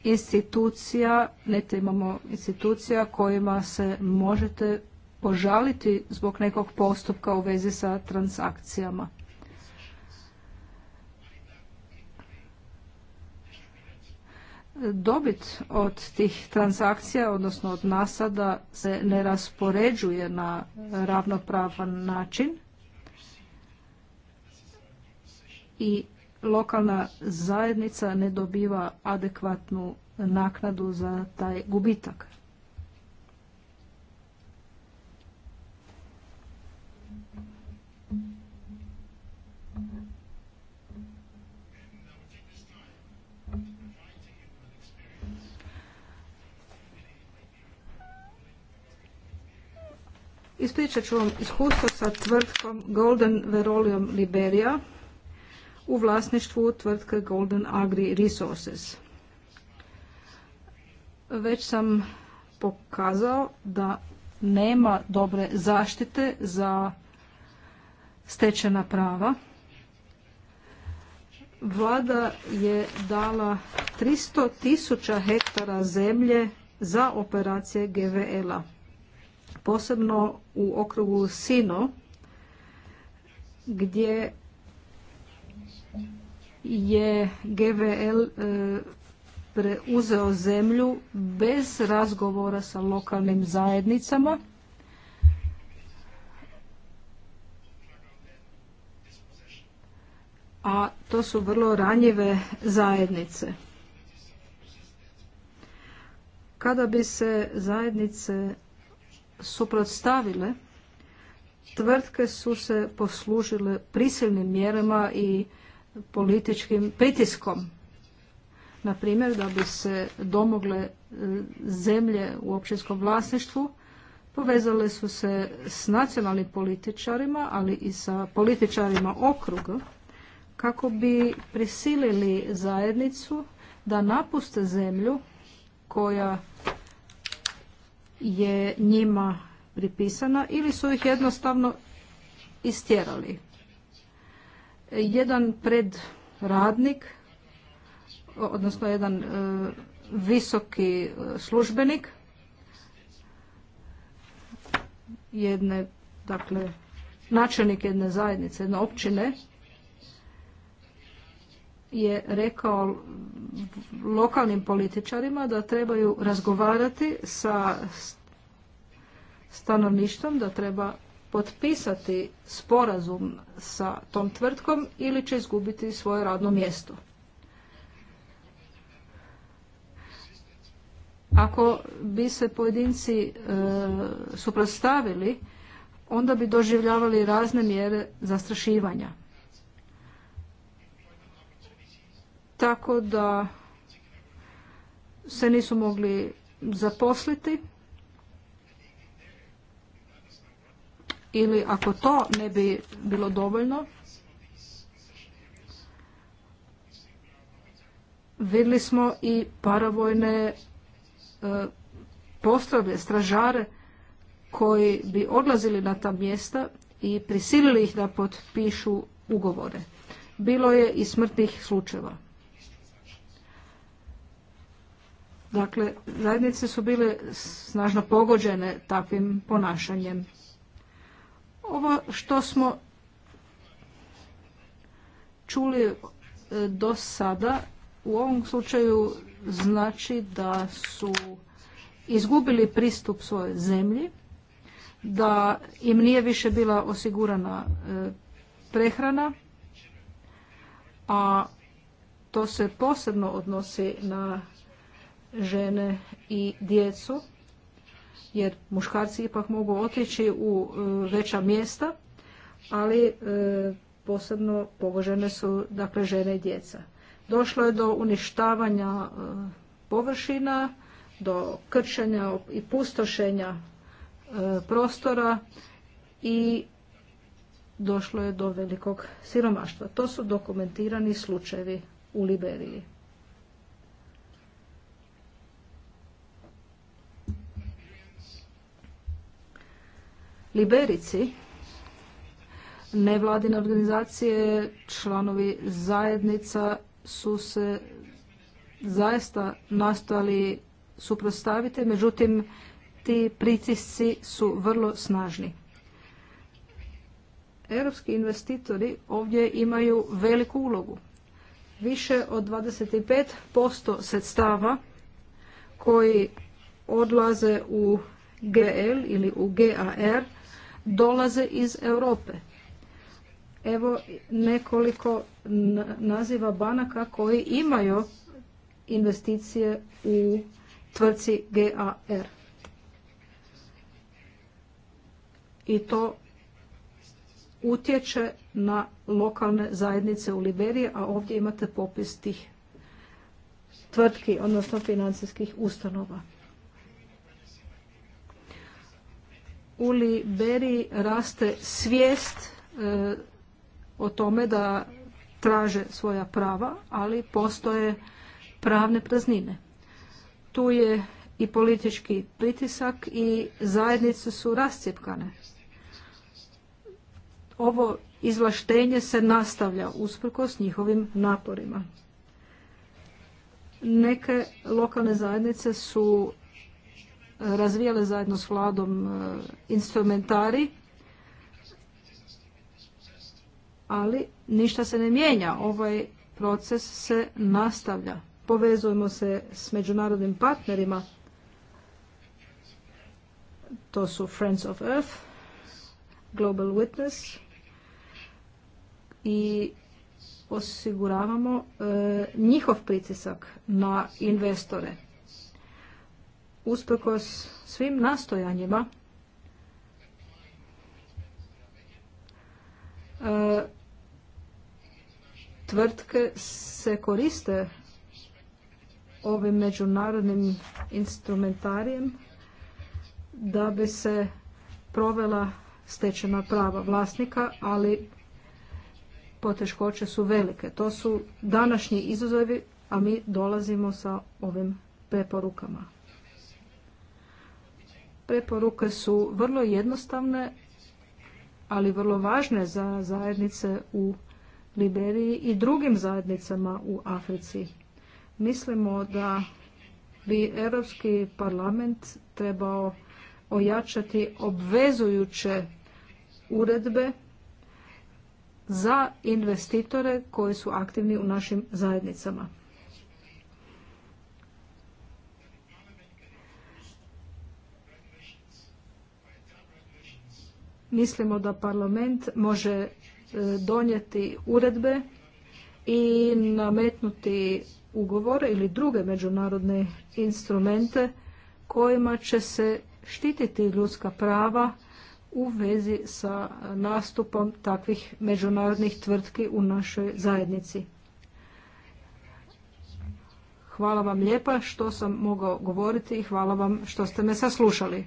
institucija, niti imamo institucija kojima se možete požaliti zbog nekog postupka u vezi sa transakcijama. dobit od tih transakcija, odnosno od nasada, se ne raspoređuje na ravnopravan način i lokalna zajednica ne dobiva adekvatnu naknadu za taj gubitak. Ispričat ću vam iskustvo sa tvrtkom Golden Verolium Liberia u vlasništvu tvrtke Golden Agri Resources. Već sam pokazao da nema dobre zaštite za stečena prava. Vlada je dala 300 tisuća hektara zemlje za operacije GVL-a posebno u okrugu Sino, gdje je GVL e, preuzeo zemlju bez razgovora sa lokalnim zajednicama. A to su vrlo ranjive zajednice. Kada bi se zajednice suprotstavile, tvrtke su se poslužile prisilnim mjerama i političkim pritiskom. Na primjer, da bi se domogle e, zemlje u općinskom vlasništvu, povezale su se s nacionalnim političarima, ali i sa političarima okruga, kako bi prisilili zajednicu da napuste zemlju koja je njima pripisana ili su ih jednostavno istjerali. Jedan predradnik, odnosno jedan e, visoki e, službenik jedne, dakle, načelnik jedne zajednice, jedne općine, je rekao lokalnim političarima da trebaju razgovarati sa stanovništvom, da treba potpisati sporazum sa tom tvrtkom ili će izgubiti svoje radno mjesto. Ako bi se pojedinci e, suprotstavili, onda bi doživljavali razne mjere zastrašivanja. tako da se nisu mogli zaposliti ili ako to ne bi bilo dovoljno vidjeli smo i paravojne e, postrave, stražare koji bi odlazili na ta mjesta i prisilili ih da potpišu ugovore. Bilo je i smrtnih slučajeva. Dakle, zajednice su bile snažno pogođene takvim ponašanjem. Ovo što smo čuli e, do sada u ovom slučaju znači da su izgubili pristup svojoj zemlji, da im nije više bila osigurana e, prehrana, a to se posebno odnosi na žene i djecu, jer muškarci ipak mogu otići u e, veća mjesta, ali e, posebno pogožene su dakle žene i djeca. Došlo je do uništavanja e, površina, do krčenja i pustošenja prostora i došlo je do velikog siromaštva. To su dokumentirani slučajevi u Liberiji. Liberici nevladine organizacije, članovi zajednica su se zaista nastojali suprostaviti, međutim ti pritisci su vrlo snažni. Europski investitori ovdje imaju veliku ulogu. Više od 25% sredstava koji odlaze u GL ili u GAR dolaze iz Europe. Evo nekoliko naziva banaka koji imaju investicije u tvrci GAR. I to utječe na lokalne zajednice u Liberiji, a ovdje imate popis tih tvrtki, odnosno financijskih ustanova. u Liberiji raste svijest e, o tome da traže svoja prava, ali postoje pravne praznine. Tu je i politički pritisak i zajednice su rascijepkane. Ovo izvlaštenje se nastavlja usprkos njihovim naporima. Neke lokalne zajednice su razvijale zajedno s vladom e, instrumentari, ali ništa se ne mijenja. Ovaj proces se nastavlja. Povezujemo se s međunarodnim partnerima. To su Friends of Earth, Global Witness i osiguravamo e, njihov pritisak na investore usprkos svim nastojanjima e, tvrtke se koriste ovim međunarodnim instrumentarijem da bi se provela stečena prava vlasnika, ali poteškoće su velike. To su današnji izazovi, a mi dolazimo sa ovim preporukama. Preporuke su vrlo jednostavne, ali vrlo važne za zajednice u Liberiji i drugim zajednicama u Africi. Mislimo da bi Europski parlament trebao ojačati obvezujuće uredbe za investitore koji su aktivni u našim zajednicama. mislimo da parlament može e, donijeti uredbe i nametnuti ugovore ili druge međunarodne instrumente kojima će se štititi ljudska prava u vezi sa nastupom takvih međunarodnih tvrtki u našoj zajednici. Hvala vam lijepa što sam mogao govoriti i hvala vam što ste me saslušali.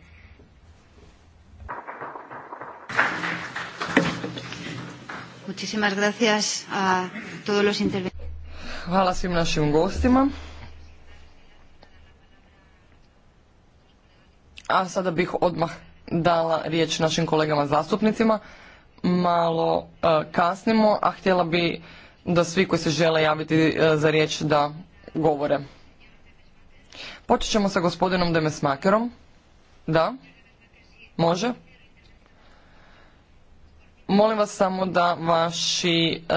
Hvala svim našim gostima. A sada bih odmah dala riječ našim kolegama zastupnicima. Malo e, kasnimo, a htjela bi da svi koji se žele javiti e, za riječ da govore. Počet ćemo sa gospodinom Demesmakerom. Da? Može? Molim vas samo da vaši e,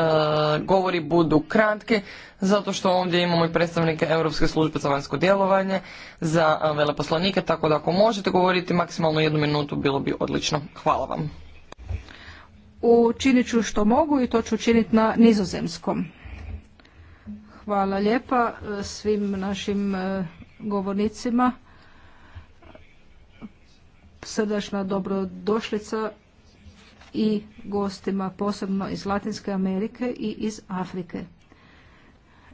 govori budu kratki, zato što ovdje imamo i predstavnike Europske službe za vanjsko djelovanje, za e, veleposlanike, tako da ako možete govoriti maksimalno jednu minutu, bilo bi odlično. Hvala vam. Učinit ću što mogu i to ću učiniti na nizozemskom. Hvala lijepa e, svim našim govornicima. Srdačna dobrodošlica i gostima posebno iz Latinske Amerike i iz Afrike.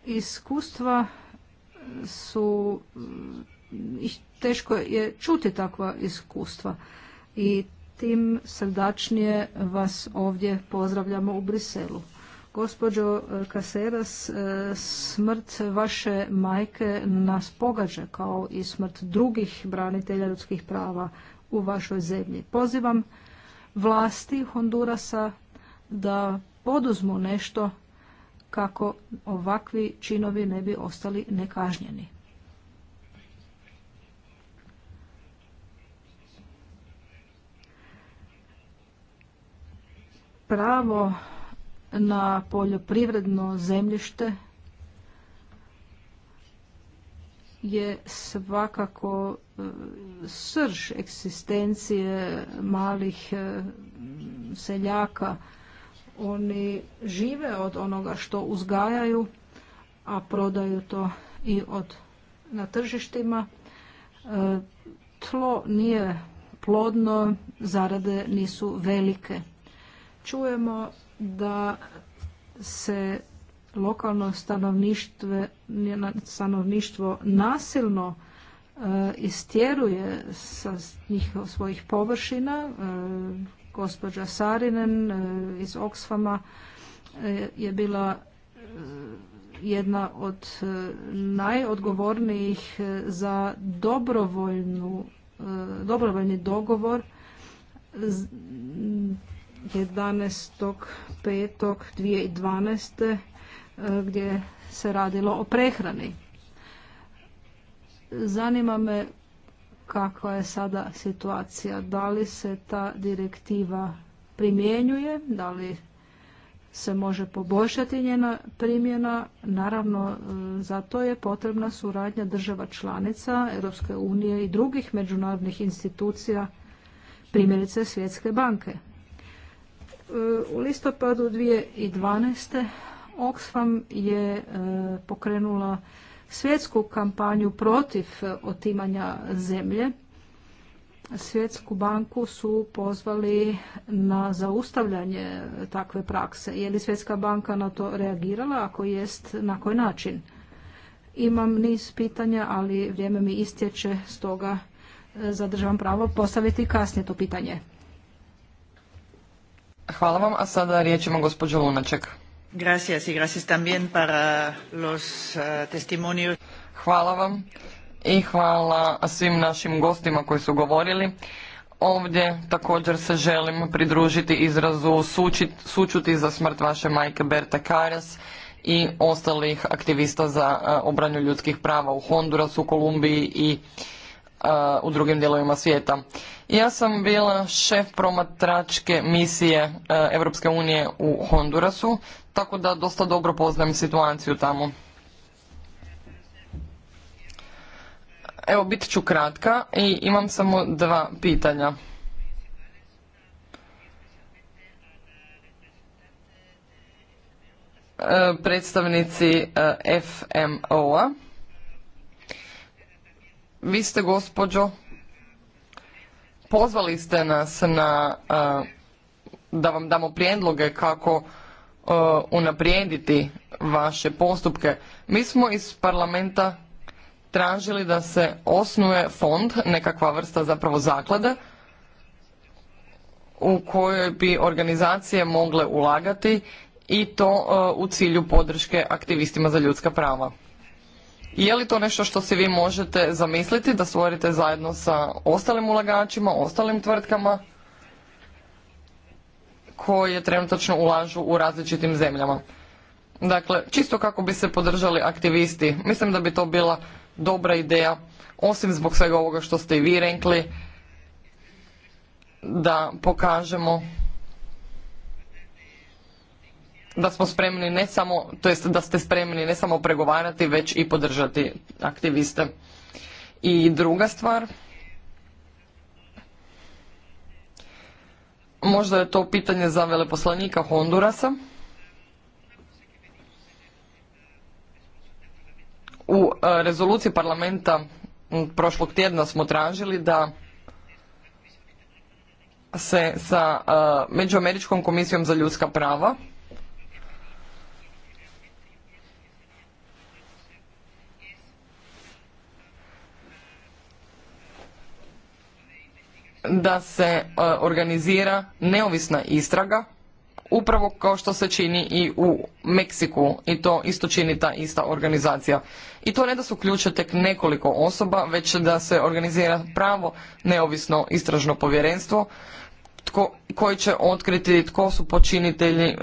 Iskustva su mm, teško je čuti takva iskustva i tim srdačnije vas ovdje pozdravljamo u Briselu. Gospođo Kaseras, e, e, smrt vaše majke nas pogađa kao i smrt drugih branitelja ljudskih prava u vašoj zemlji. Pozivam vlasti Hondurasa da poduzmu nešto kako ovakvi činovi ne bi ostali nekažnjeni. Pravo na poljoprivredno zemljište je svakako e, srž eksistencije malih e, seljaka. Oni žive od onoga što uzgajaju, a prodaju to i od na tržištima. E, tlo nije plodno, zarade nisu velike. Čujemo da se lokalno stanovništvo nasilno e, istjeruje sa svojih površina. E, gospođa Sarinen e, iz Oxfama je bila jedna od najodgovornijih za dobrovoljni dogovor 11.5.2012 gdje se radilo o prehrani. Zanima me kakva je sada situacija, da li se ta direktiva primjenjuje, da li se može poboljšati njena primjena. Naravno, za to je potrebna suradnja država članica Europske unije i drugih međunarodnih institucija, primjerice Svjetske banke. U listopadu 2012. Oxfam je e, pokrenula svjetsku kampanju protiv otimanja zemlje. Svjetsku banku su pozvali na zaustavljanje takve prakse. Je li Svjetska banka na to reagirala? Ako jest, na koji način? Imam niz pitanja, ali vrijeme mi istječe, stoga e, zadržavam pravo postaviti kasnije to pitanje. Hvala vam, a sada riječ ima gospođa Lunaček. Gracias y para eh, Hvala vam i hvala svim našim gostima koji su govorili. Ovdje također se želim pridružiti izrazu sučuti za smrt vaše majke Berta Karas i ostalih aktivista za eh, obranju ljudskih prava u Hondurasu, Kolumbiji i eh, u drugim dijelovima svijeta. Ja sam bila šef promatračke misije Europske unije u Hondurasu tako da dosta dobro poznajem situaciju tamo. Evo, bit ću kratka i imam samo dva pitanja. E, predstavnici e, FMO-a. Vi ste, gospođo, pozvali ste nas na, e, da vam damo prijedloge kako E, unaprijediti vaše postupke. Mi smo iz parlamenta tražili da se osnuje fond, nekakva vrsta zapravo zaklade, u kojoj bi organizacije mogle ulagati i to e, u cilju podrške aktivistima za ljudska prava. Je li to nešto što si vi možete zamisliti da stvorite zajedno sa ostalim ulagačima, ostalim tvrtkama koje trenutačno ulažu u različitim zemljama. Dakle, čisto kako bi se podržali aktivisti, mislim da bi to bila dobra ideja, osim zbog svega ovoga što ste i vi rekli, da pokažemo da smo spremni ne samo, to jest da ste spremni ne samo pregovarati, već i podržati aktiviste. I druga stvar, Možda je to pitanje za veleposlanika Hondurasa. U e, rezoluciji parlamenta prošlog tjedna smo tražili da se sa e, Međuameričkom komisijom za ljudska prava da se e, organizira neovisna istraga upravo kao što se čini i u Meksiku i to isto čini ta ista organizacija. I to ne da su ključe tek nekoliko osoba, već da se organizira pravo neovisno istražno povjerenstvo tko, koji će otkriti tko su počinitelji e,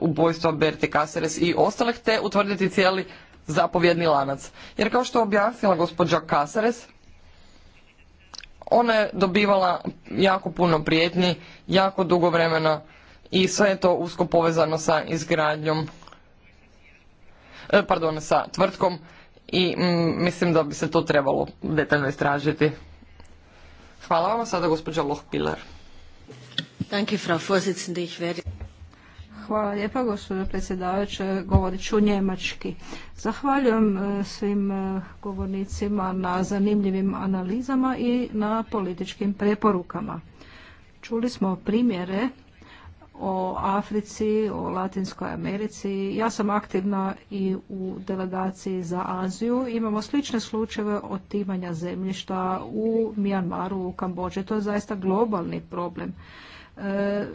ubojstva Berti Kaseres i ostalih te utvrditi cijeli zapovjedni lanac. Jer kao što je objasnila gospođa kaseres ona je dobivala jako puno prijetnji, jako dugo vremena i sve je to usko povezano sa izgradnjom, e, pardon, sa tvrtkom i mm, mislim da bi se to trebalo detaljno istražiti. Hvala vam sada gospođa Lohpiler. Danke, Frau Vorsitzende. Ich werde... Hvala lijepa, gospodine predsjedavajuće, Govorit ću njemački. Zahvaljujem e, svim e, govornicima na zanimljivim analizama i na političkim preporukama. Čuli smo primjere o Africi, o Latinskoj Americi. Ja sam aktivna i u delegaciji za Aziju. Imamo slične slučajeve otimanja zemljišta u Mijanmaru, u Kambođe. To je zaista globalni problem. E,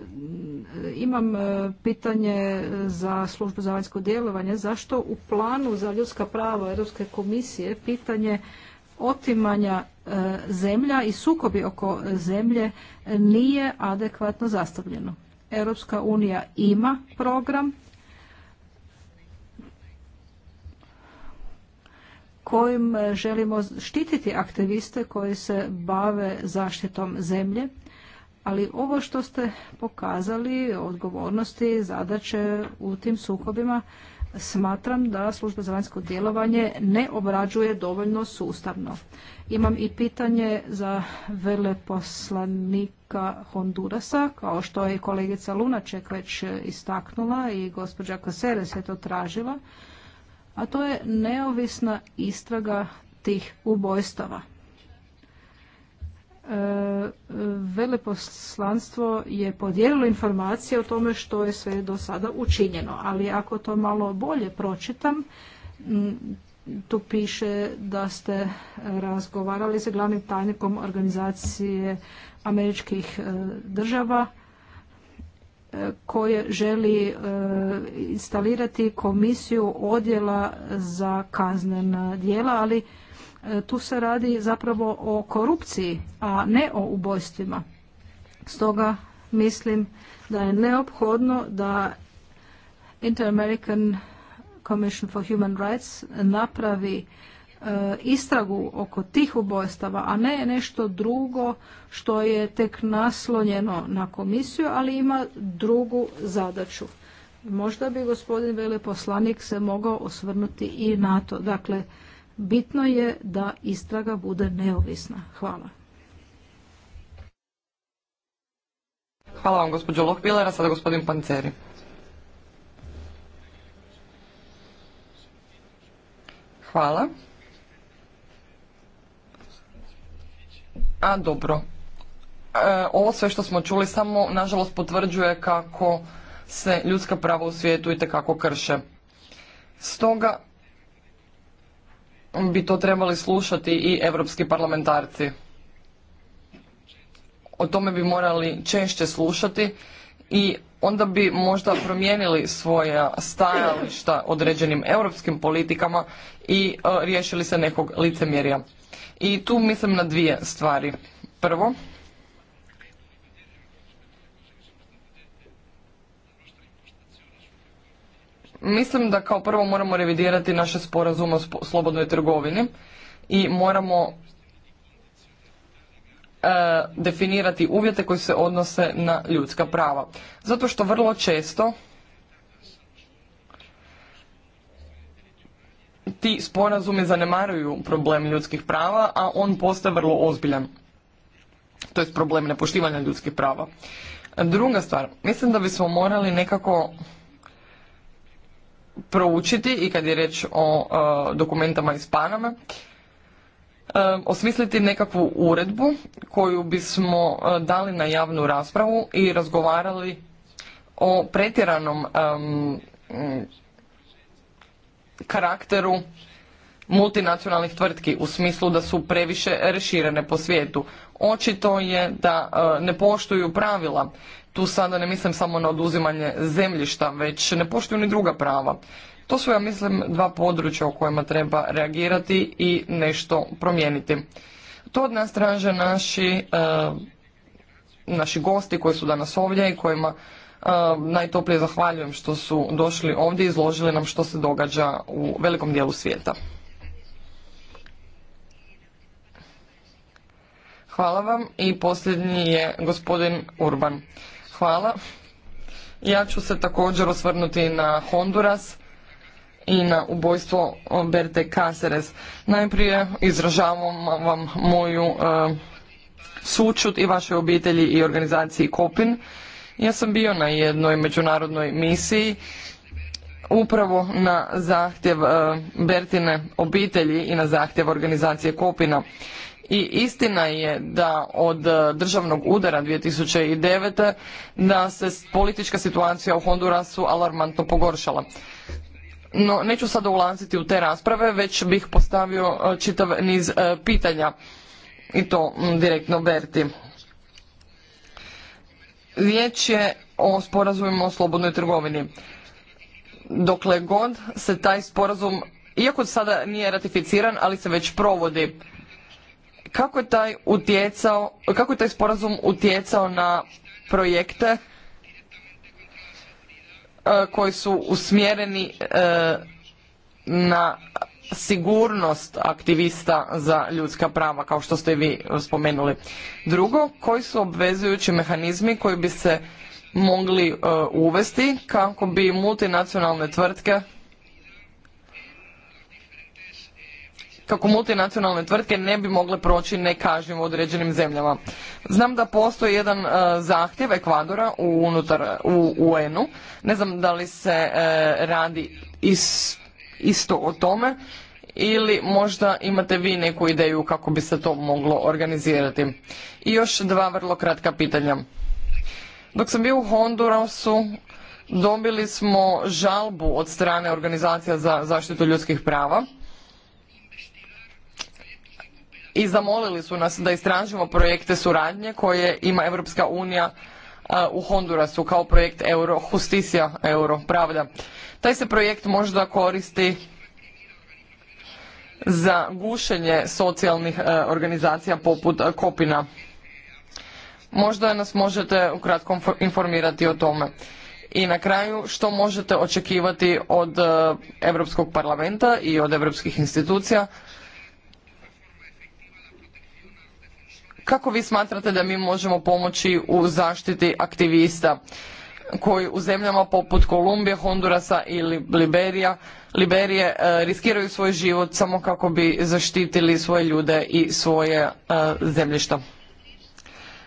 imam e, pitanje za službu za vanjsko djelovanje. Zašto u planu za ljudska prava Europske komisije pitanje otimanja e, zemlja i sukobi oko zemlje nije adekvatno zastavljeno? Europska unija ima program kojim želimo štititi aktiviste koji se bave zaštitom zemlje ali ovo što ste pokazali, odgovornosti, zadaće u tim sukobima, smatram da služba za vanjsko djelovanje ne obrađuje dovoljno sustavno. Imam i pitanje za veleposlanika Hondurasa, kao što je kolegica Lunaček već istaknula i gospođa Kaseres je to tražila, a to je neovisna istraga tih ubojstava. E, veleposlanstvo je podijelilo informacije o tome što je sve do sada učinjeno. Ali ako to malo bolje pročitam, tu piše da ste razgovarali sa glavnim tajnikom organizacije američkih e, država e, koje želi instalirati komisiju odjela za kaznena djela, ali E, tu se radi zapravo o korupciji, a ne o ubojstvima. Stoga mislim da je neophodno da Inter-American Commission for Human Rights napravi e, istragu oko tih ubojstava, a ne nešto drugo što je tek naslonjeno na komisiju, ali ima drugu zadaću. Možda bi gospodin veleposlanik se mogao osvrnuti i na to. Dakle, Bitno je da istraga bude neovisna. Hvala. Hvala vam gospođo a sada gospodin Panceri. Hvala. A dobro. E, ovo sve što smo čuli samo nažalost potvrđuje kako se ljudska prava u svijetu i krše. Stoga bi to trebali slušati i europski parlamentarci. O tome bi morali češće slušati i onda bi možda promijenili svoja stajališta određenim europskim politikama i e, riješili se nekog licemjerja. I tu mislim na dvije stvari. Prvo, Mislim da kao prvo moramo revidirati naše sporazume o slobodnoj trgovini i moramo e, definirati uvjete koji se odnose na ljudska prava. Zato što vrlo često ti sporazumi zanemaruju problem ljudskih prava, a on postaje vrlo ozbiljan. To je problem nepoštivanja ljudskih prava. Druga stvar, mislim da bismo morali nekako proučiti i kad je riječ o e, dokumentama iz Panama, e, osmisliti nekakvu uredbu koju bismo e, dali na javnu raspravu i razgovarali o pretjeranom karakteru multinacionalnih tvrtki u smislu da su previše reširene po svijetu. Očito je da ne poštuju pravila tu sada ne mislim samo na oduzimanje zemljišta, već ne poštuju ni druga prava. To su, ja mislim, dva područja o kojima treba reagirati i nešto promijeniti. To od nas traže naši, eh, naši gosti koji su danas ovdje i kojima e, najtoplije zahvaljujem što su došli ovdje i izložili nam što se događa u velikom dijelu svijeta. Hvala vam i posljednji je gospodin Urban. Hvala. Ja ću se također osvrnuti na Honduras i na ubojstvo Berte Caseres. Najprije izražavam vam moju e, sučut i vašoj obitelji i organizaciji Kopin. Ja sam bio na jednoj međunarodnoj misiji upravo na zahtjev e, Bertine obitelji i na zahtjev organizacije Kopina. I istina je da od e, državnog udara 2009. da se politička situacija u Hondurasu alarmantno pogoršala. No, neću sada ulaziti u te rasprave, već bih postavio e, čitav niz e, pitanja i to direktno Berti. Riječ je o sporazumima o slobodnoj trgovini. Dokle god se taj sporazum, iako sada nije ratificiran, ali se već provodi, kako je taj kako sporazum utjecao na projekte e, koji su usmjereni e, na sigurnost aktivista za ljudska prava, kao što ste i vi spomenuli. Drugo, koji su obvezujući mehanizmi koji bi se mogli e, uvesti kako bi multinacionalne tvrtke kako multinacionalne tvrtke ne bi mogle proći u određenim zemljama. Znam da postoji jedan e, zahtjev Ekvadora u UN-u. Ne znam da li se e, radi isto o tome ili možda imate vi neku ideju kako bi se to moglo organizirati. I još dva vrlo kratka pitanja. Dok sam bio u Hondurasu, dobili smo žalbu od strane organizacija za zaštitu ljudskih prava i zamolili su nas da istražimo projekte suradnje koje ima Europska unija e, u Hondurasu kao projekt Euro Justicia, Euro Pravda. Taj se projekt možda koristi za gušenje socijalnih e, organizacija poput Kopina. Možda nas možete ukratko informirati o tome. I na kraju, što možete očekivati od Europskog parlamenta i od europskih institucija Kako vi smatrate da mi možemo pomoći u zaštiti aktivista koji u zemljama poput Kolumbije, Hondurasa ili Liberija, Liberije e, riskiraju svoj život samo kako bi zaštitili svoje ljude i svoje e, zemljišta?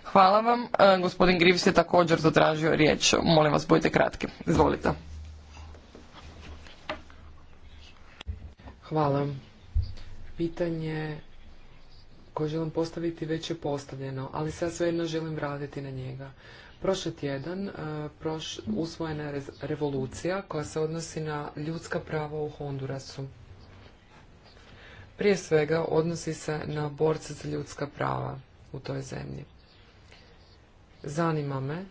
Hvala vam. E, gospodin Grivs je također zatražio riječ. Molim vas, budite kratki. Izvolite. Hvala. Pitanje koji želim postaviti već je postavljeno, ali sad svejedno želim raditi na njega. Prošli tjedan e, usvojena je revolucija koja se odnosi na ljudska prava u Hondurasu. Prije svega odnosi se na borce za ljudska prava u toj zemlji. Zanima me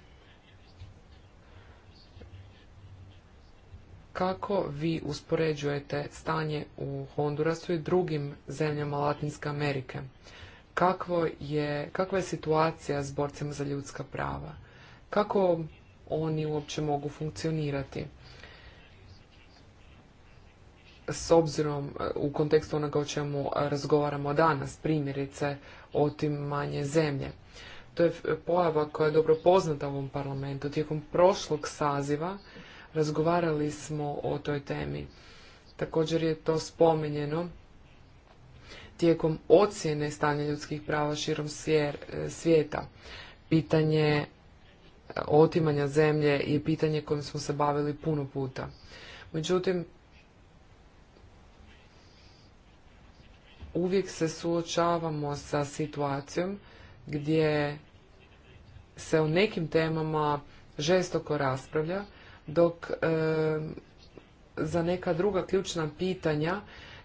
kako vi uspoređujete stanje u Hondurasu i drugim zemljama Latinske Amerike? je, kakva je situacija s borcima za ljudska prava? Kako oni uopće mogu funkcionirati? S obzirom e, u kontekstu onoga o čemu razgovaramo danas, primjerice manje zemlje. To je pojava koja je dobro poznata u ovom parlamentu. Tijekom prošlog saziva razgovarali smo o toj temi. Također je to spomenjeno tijekom ocjene stanja ljudskih prava širom e, svijeta. Pitanje e, otimanja zemlje je pitanje kojim smo se bavili puno puta. Međutim, uvijek se suočavamo sa situacijom gdje se o nekim temama žestoko raspravlja, dok za neka druga ključna pitanja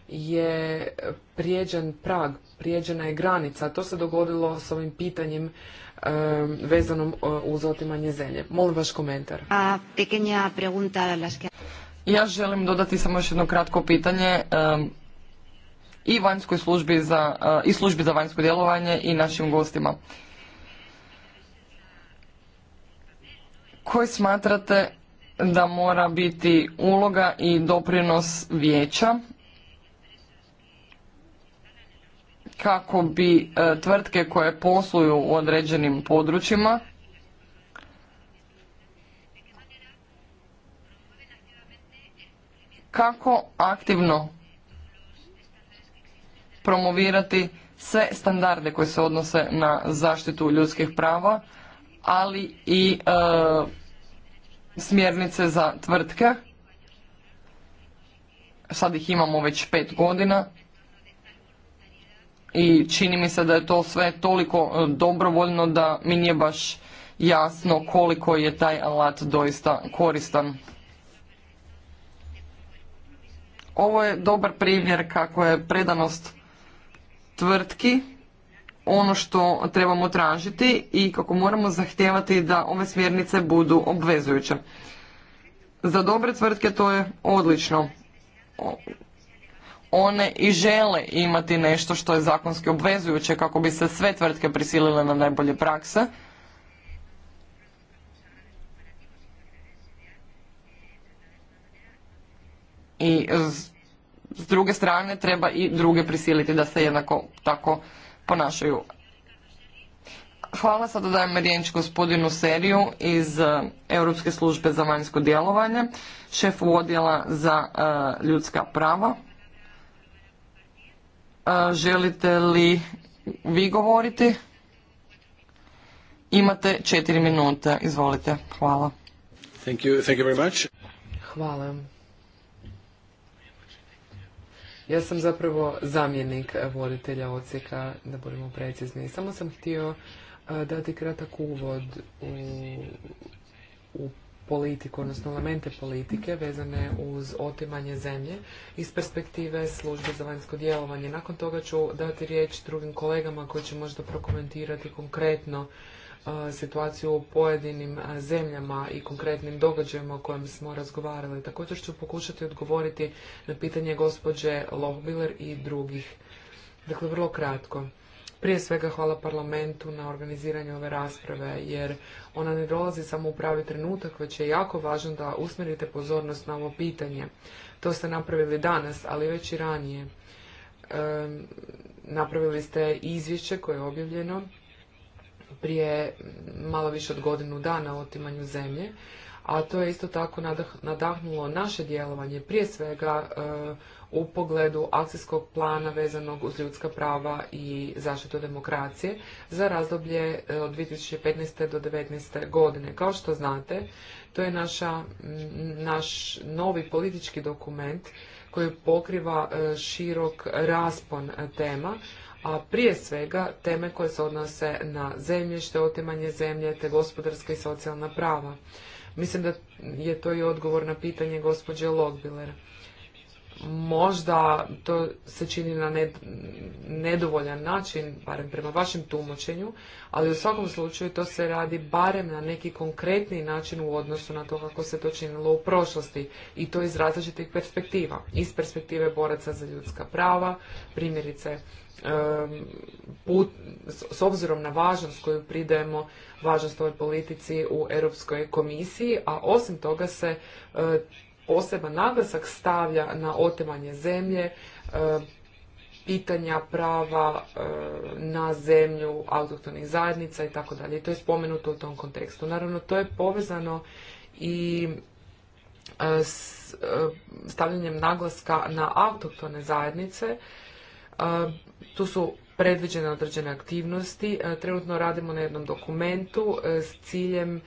je prijeđen prag, prijeđena je granica. To se dogodilo s ovim pitanjem e, vezanom uz otimanje zemlje. Molim vaš komentar. A, ja želim dodati samo još jedno kratko pitanje i vanjskoj službi za, e, i službi za vanjsko djelovanje i našim gostima. Koji smatrate da mora biti uloga i doprinos vijeća kako bi e, tvrtke koje posluju u određenim područjima kako aktivno promovirati sve standarde koji se odnose na zaštitu ljudskih prava, ali i e, smjernice za tvrtke. Sad ih imamo već pet godina i čini mi se da je to sve toliko e, dobrovoljno da mi nije baš jasno koliko je taj alat doista koristan. Ovo je dobar primjer kako je predanost tvrtki ono što trebamo tražiti i kako moramo zahtijevati da ove smjernice budu obvezujuće. Za dobre tvrtke to je odlično. One i žele imati nešto što je zakonski obvezujuće kako bi se sve tvrtke prisilile na najbolje prakse. I s druge strane treba i druge prisiliti da se jednako tako ponašaju. Hvala, sada dajem riječ gospodinu Seriju iz e, Europske službe za vanjsko djelovanje, šefu odjela za e, ljudska prava. E, želite li vi govoriti? Imate četiri minute, izvolite. Hvala. Hvala. Ja sam zapravo zamjenik voditelja odsjeka, da budemo precizni. Samo sam htio dati kratak uvod u, u politiku, odnosno elemente politike vezane uz otimanje zemlje iz perspektive službe za vanjsko djelovanje. Nakon toga ću dati riječ drugim kolegama koji će možda prokomentirati konkretno situaciju u pojedinim zemljama i konkretnim događajima o kojem smo razgovarali. Također ću pokušati odgovoriti na pitanje gospođe Lohbiler i drugih. Dakle, vrlo kratko. Prije svega hvala parlamentu na organiziranju ove rasprave, jer ona ne dolazi samo u pravi trenutak, već je jako važno da usmjerite pozornost na ovo pitanje. To ste napravili danas, ali već i ranije. napravili ste izvješće koje je objavljeno prije malo više od godinu dana o otimanju zemlje, a to je isto tako nadahnulo naše djelovanje, prije svega e, u pogledu akcijskog plana vezanog uz ljudska prava i zaštitu demokracije za razdoblje e, od 2015. do 2019. godine. Kao što znate, to je naša, naš novi politički dokument koji pokriva e, širok raspon tema, a prije svega teme koje se odnose na zemljište, otimanje zemlje te gospodarska i socijalna prava. Mislim da je to i odgovor na pitanje gospođe Logbiler možda to se čini na nedovoljan način, barem prema vašem tumačenju, ali u svakom slučaju to se radi barem na neki konkretni način u odnosu na to kako se to činilo u prošlosti i to iz različitih perspektiva. Iz perspektive boraca za ljudska prava, primjerice s obzirom na važnost koju pridajemo važnost ovoj politici u Europskoj komisiji, a osim toga se e, poseban naglasak stavlja na otimanje zemlje, e, pitanja prava e, na zemlju autohtonih zajednica i tako dalje. to je spomenuto u tom kontekstu. Naravno, to je povezano i e, s stavljanjem naglaska na autohtone zajednice. Tu su predviđene određene aktivnosti. Trenutno radimo na jednom dokumentu s ciljem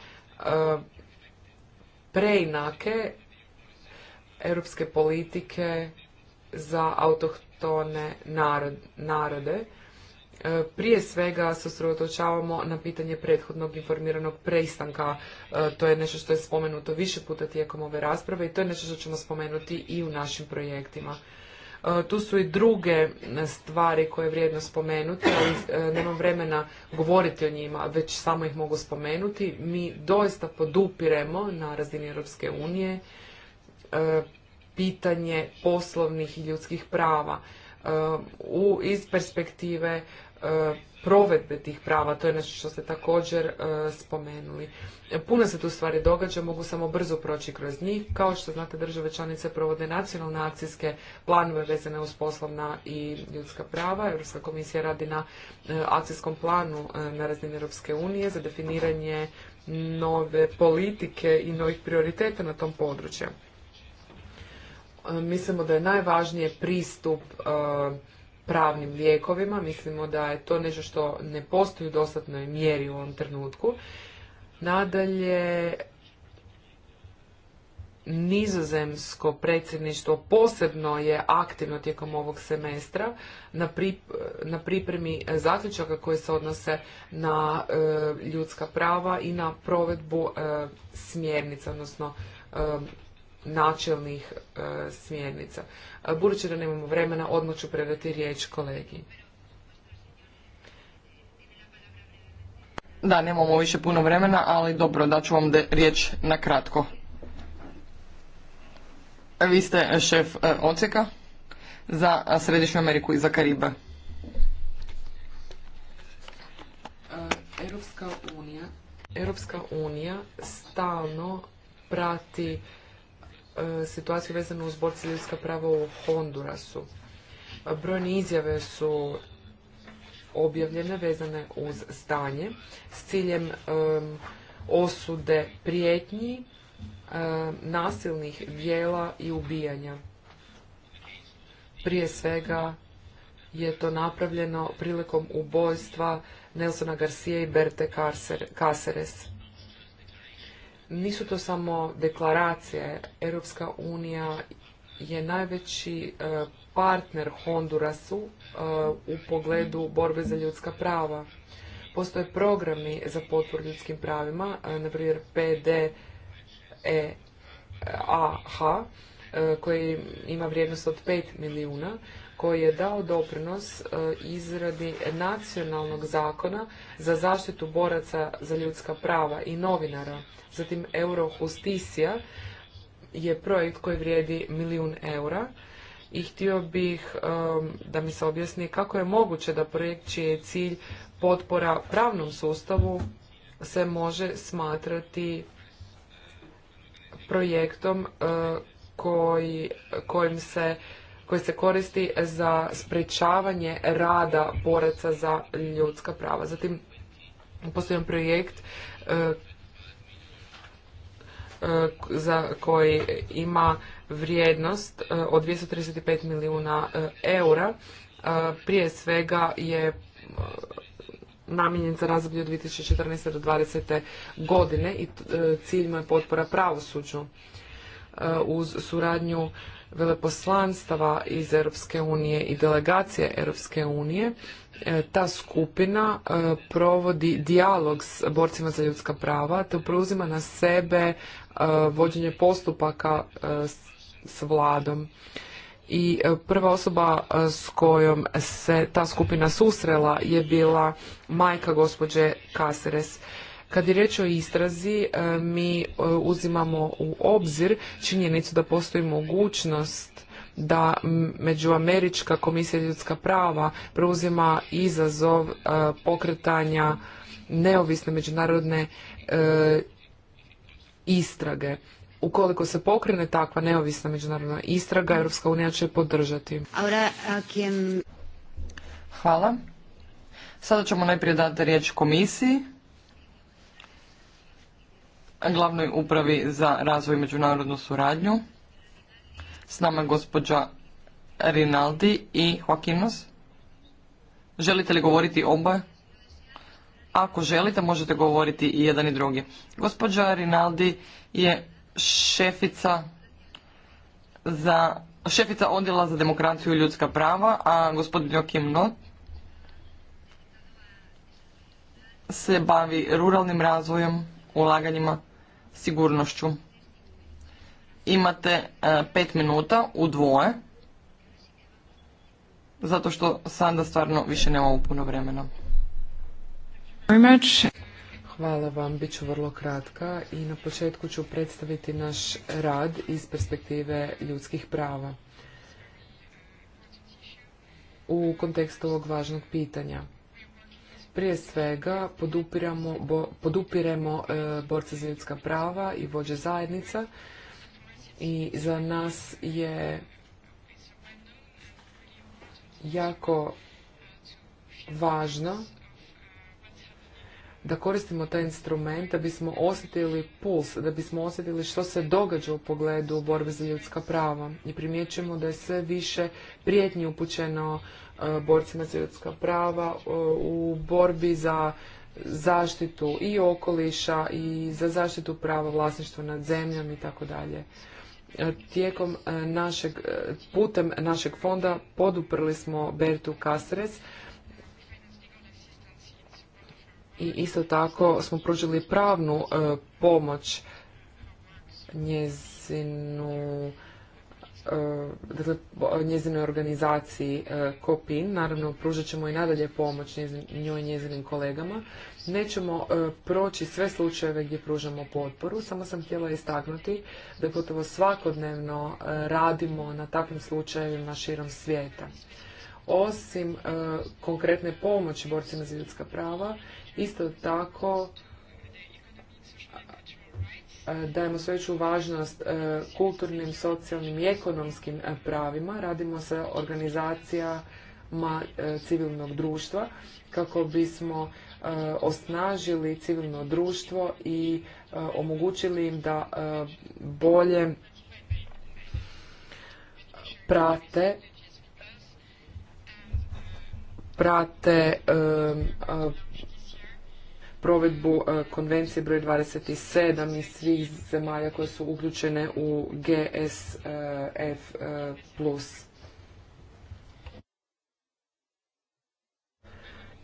preinake europske politike za autohtone narode. E, prije svega se usredotočavamo na pitanje prethodnog informiranog preistanka. E, to je nešto što je spomenuto više puta tijekom ove rasprave i to je nešto što ćemo spomenuti i u našim projektima. E, tu su i druge stvari koje je vrijedno spomenuti, ali nemam vremena govoriti o njima, već samo ih mogu spomenuti. Mi doista podupiremo na razini Europske unije E, pitanje poslovnih i ljudskih prava e, u iz perspektive e, provedbe tih prava, to je nešto što ste također spomenuli. Puno se tu stvari događa, mogu samo brzo proći kroz njih. Kao što znate, države članice provode nacionalne akcijske planove vezane uz poslovna i ljudska prava. Europska komisija radi na akcijskom planu na razini Europske unije za definiranje nove politike i novih prioriteta na tom području. E, mislimo da je najvažnije pristup e, pravnim lijekovima. Mislimo da je to nešto što ne postoji u dostatnoj mjeri u ovom trenutku. Nadalje, nizozemsko predsjedništvo posebno je aktivno tijekom ovog semestra na, pripremi zaključaka koje se odnose na e, ljudska prava i na provedbu smjernica, odnosno načelnih e, smjernica. Budući da nemamo vremena, odmah ću predati riječ kolegi. Da, nemamo više puno vremena, ali dobro, ću vam riječ na kratko. Vi ste šef e, za Središnju Ameriku i za Karibe. E, Europska unija, Europska unija stalno prati E, situaciju vezanu uz borce ljudska prava u Hondurasu. Brojne izjave su objavljene vezane uz stanje s ciljem e, osude prijetnji, e, nasilnih dijela i ubijanja. Prije svega je to napravljeno prilikom ubojstva Nelsona Garcia i Berte Caceres nisu to samo deklaracije. Europska unija je najveći e, partner Hondurasu e, u pogledu borbe za ljudska prava. Postoje programi za potpor ljudskim pravima, e, na primjer PDEAH, koji ima vrijednost od 5 milijuna, koji je dao doprinos e, izradi nacionalnog zakona za zaštitu boraca za ljudska prava i novinara. Zatim Eurohustisija je projekt koji vrijedi milijun eura i htio bih da mi se objasni kako je moguće da projekt čiji je cilj potpora pravnom sustavu se može smatrati projektom e, koji, kojim se koji se koristi za sprečavanje rada boraca za ljudska prava. Zatim postoji projekt e, e, za koji ima vrijednost e, od 235 milijuna eura. Prije svega je namijenjen za razdoblje od 2014. do 2020. godine i cilj mu je potpora pravosuđu uz suradnju veleposlanstava iz Europske unije i delegacije Europske unije e, ta skupina e, provodi dijalog s borcima za ljudska prava te preuzima na sebe e, vođenje postupaka s vladom. I prva osoba s kojom se ta skupina susrela je bila majka gospođe Kaseres kad je riječ o istrazi, e, mi e, uzimamo u obzir činjenicu da postoji mogućnost da Međuamerička komisija ljudska prava preuzima izazov e, pokretanja neovisne međunarodne istrage. Ukoliko se pokrene takva neovisna međunarodna istraga, Europska unija će podržati. Hvala. Sada ćemo najprije dati riječ komisiji, glavnoj upravi za razvoj i međunarodnu suradnju. S nama gospođa Rinaldi i Joaquinos. Želite li govoriti oba? Ako želite, možete govoriti i jedan i drugi. Gospođa Rinaldi je šefica za šefica odjela za demokraciju i ljudska prava, a gospodin Jokim Not se bavi ruralnim razvojem, ulaganjima sigurnošću. Imate e, pet minuta u dvoje, zato što sada stvarno više nemamo puno vremena. Hvala vam, bit ću vrlo kratka i na početku ću predstaviti naš rad iz perspektive ljudskih prava u kontekstu ovog važnog pitanja. Prije svega podupiremo e, borce za ljudska prava i vođe zajednica i za nas je jako važno da koristimo taj instrument da bismo osjetili puls, da bismo osjetili što se događa u pogledu borbe za ljudska prava i primjećujemo da je sve više prijetnje upućeno e, borcima za ljudska prava e, u borbi za zaštitu i okoliša i za zaštitu prava vlasništva nad zemljom i tako dalje. E, tijekom našeg, putem našeg fonda poduprli smo Bertu Kasres i isto tako smo pružili pravnu e, pomoć njezinu e, dakle, njezinoj organizaciji COPIN. E, Naravno, pružat ćemo i nadalje pomoć njoj i njezinim kolegama. Nećemo proći sve slučajeve gdje pružamo potporu, samo sam htjela istaknuti da gotovo svakodnevno radimo na takvim slučajevima širom svijeta osim konkretne pomoći borcima za ljudska prava Isto tako e, dajemo sveću veću važnost e, kulturnim, socijalnim i ekonomskim e, pravima. Radimo sa organizacijama civilnog društva kako bismo osnažili civilno društvo i omogućili im da bolje prate prate provedbu e, konvencije broj 27 iz svih zemalja koje su uključene u GSF+. E e,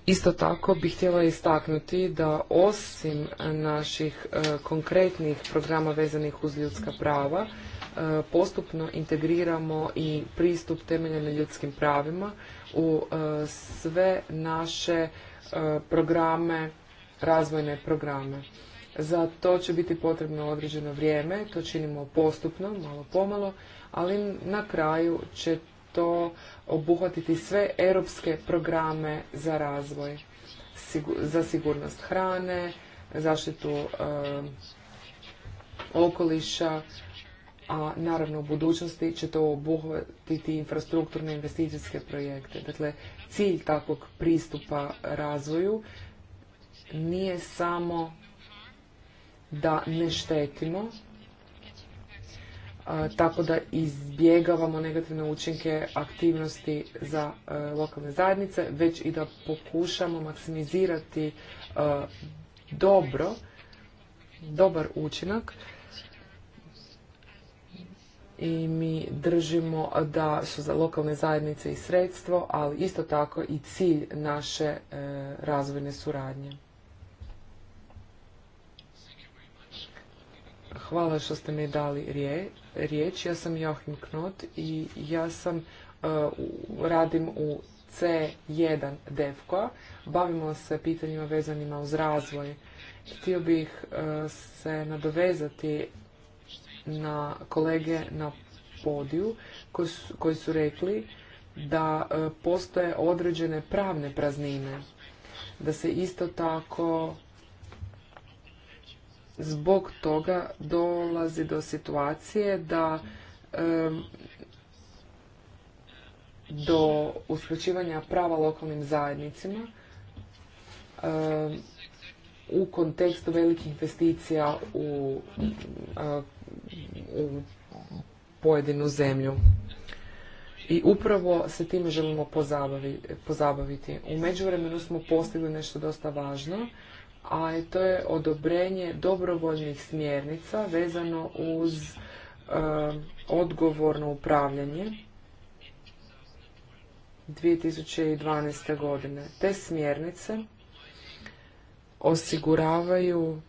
Isto tako bih htjela istaknuti da osim naših konkretnih programa vezanih uz ljudska prava, postupno integriramo i pristup temeljene ljudskim pravima u sve naše programe razvojne programe. Za to će biti potrebno određeno vrijeme, to činimo postupno, malo pomalo, ali na kraju će to obuhvatiti sve europske programe za razvoj, za sigurnost hrane, zaštitu eh, okoliša, a naravno u budućnosti će to obuhvatiti infrastrukturne investicijske projekte. Dakle, cilj takvog pristupa razvoju nije samo da ne štetimo, tako da izbjegavamo negativne učinke aktivnosti za e, lokalne zajednice, već i da pokušamo maksimizirati e, dobro, dobar učinak i mi držimo da su za lokalne zajednice i sredstvo, ali isto tako i cilj naše e, razvojne suradnje. Hvala što ste mi dali riječ. Ja sam Joachim Knut i ja sam e, radim u C1 DEVKO. Bavimo se pitanjima vezanima uz razvoj. Htio bih e, se nadovezati na kolege na podiju koji su rekli da e, postoje određene pravne praznine, da se isto tako Zbog toga dolazi do situacije da do uskraćivanja prava lokalnim zajednicima u kontekstu velikih investicija u, pojedinu zemlju. I upravo se time želimo pozabaviti. U međuvremenu smo postigli nešto dosta važno a to je odobrenje dobrovoljnih smjernica vezano uz um, odgovorno upravljanje 2012. godine. Te smjernice osiguravaju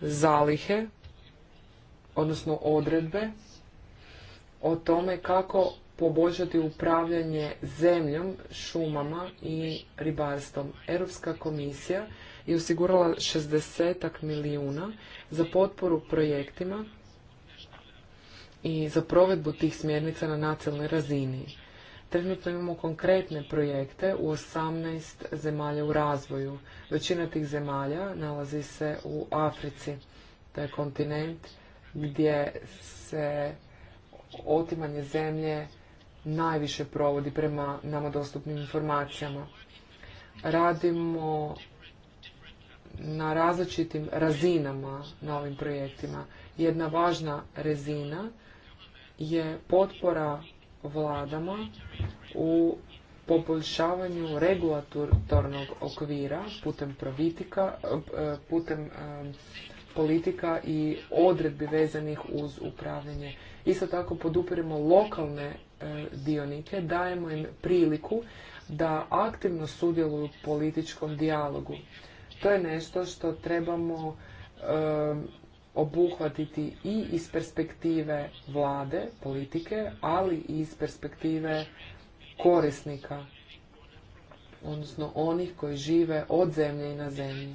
zalihe, odnosno odredbe o tome kako poboljšati upravljanje zemljom, šumama i ribarstvom. Europska komisija i osigurala 60 milijuna za potporu projektima i za provedbu tih smjernica na nacionalnoj razini. Trenutno imamo konkretne projekte u 18 zemalja u razvoju. Većina tih zemalja nalazi se u Africi. To je kontinent gdje se otimanje zemlje najviše provodi prema nama dostupnim informacijama. Radimo na različitim razinama na ovim projektima. Jedna važna rezina je potpora vladama u poboljšavanju regulatornog okvira putem, provitika, e, putem e, politika i odredbi vezanih uz upravljanje. Isto tako podupiremo lokalne e, dionike, dajemo im priliku da aktivno sudjeluju u političkom dijalogu. To je nešto što trebamo obuhvatiti i iz perspektive vlade, politike, ali i iz perspektive korisnika, odnosno onih koji žive od zemlje i na zemlji.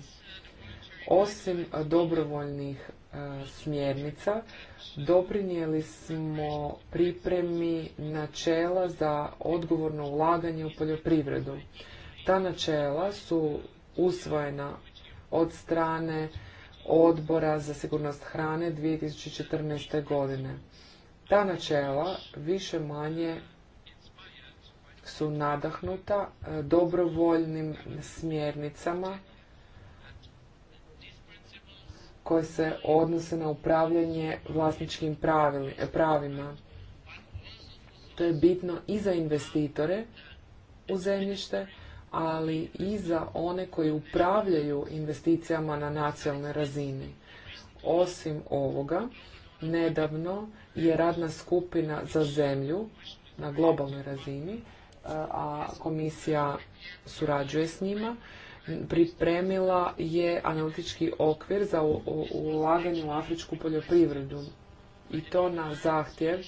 Osim dobrovoljnih e, smjernica, doprinijeli smo pripremi načela za odgovorno ulaganje u poljoprivredu. Ta načela su usvojena od strane odbora za sigurnost hrane 2014. godine. Ta načela više manje su nadahnuta e, dobrovoljnim smjernicama koje se odnose na upravljanje vlasničkim e, pravima. To je bitno i za investitore u zemljište, ali i za one koji upravljaju investicijama na nacionalnoj razini. Osim ovoga, nedavno je radna skupina za zemlju na globalnoj razini, a komisija surađuje s njima, pripremila je analitički okvir za ulaganje u afričku poljoprivredu i to na zahtjev e,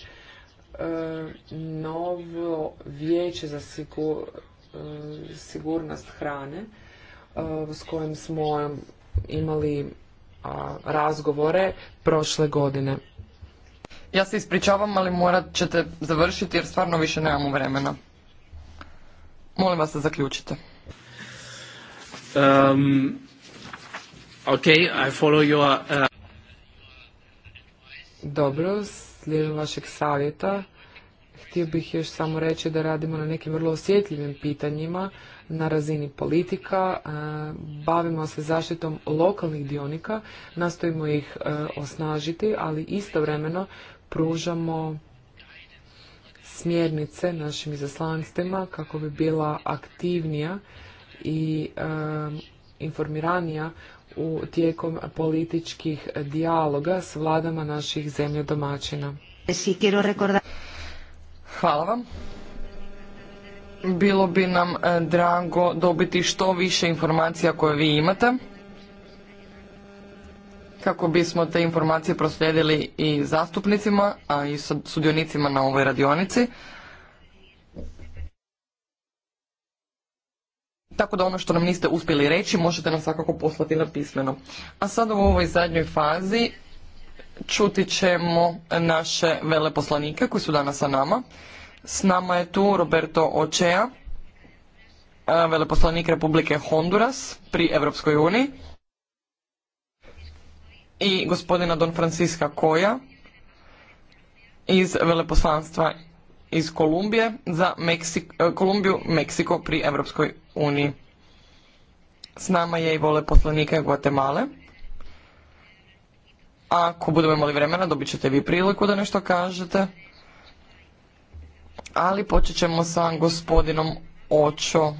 novo vijeće za sigurnost. E, sigurnost hrane e, s kojim smo imali razgovore prošle godine. Ja se ispričavam, ali morat ćete završiti jer stvarno više nemamo vremena. Molim vas da zaključite. Um, I follow your, uh, Dobro, slijedom vašeg savjeta Htio bih još samo reći da radimo na nekim vrlo osjetljivim pitanjima na razini politika, bavimo se zaštitom lokalnih dionika, nastojimo ih e, osnažiti, ali istovremeno pružamo smjernice našim izaslanstvima kako bi bila aktivnija i e, informiranija u tijekom političkih dijaloga s vladama naših zemlje domaćina. Hvala vam. Bilo bi nam e, drago dobiti što više informacija koje vi imate kako bismo te informacije proslijedili i zastupnicima, a i sudionicima na ovoj radionici. Tako da ono što nam niste uspjeli reći možete nam svakako poslati na pismeno. A sad u ovoj zadnjoj fazi čuti ćemo naše veleposlanike koji su danas sa nama. S nama je tu Roberto Očea, e, veleposlanik Republike Honduras pri Europskoj uniji i gospodina Don Francisca Koja iz veleposlanstva iz Kolumbije za e, Kolumbiju, Meksiko pri Europskoj uniji. S nama je i veleposlanika Guatemala ako budemo imali vremena, dobit ćete vi priliku da nešto kažete. Ali počet ćemo sa gospodinom Očo.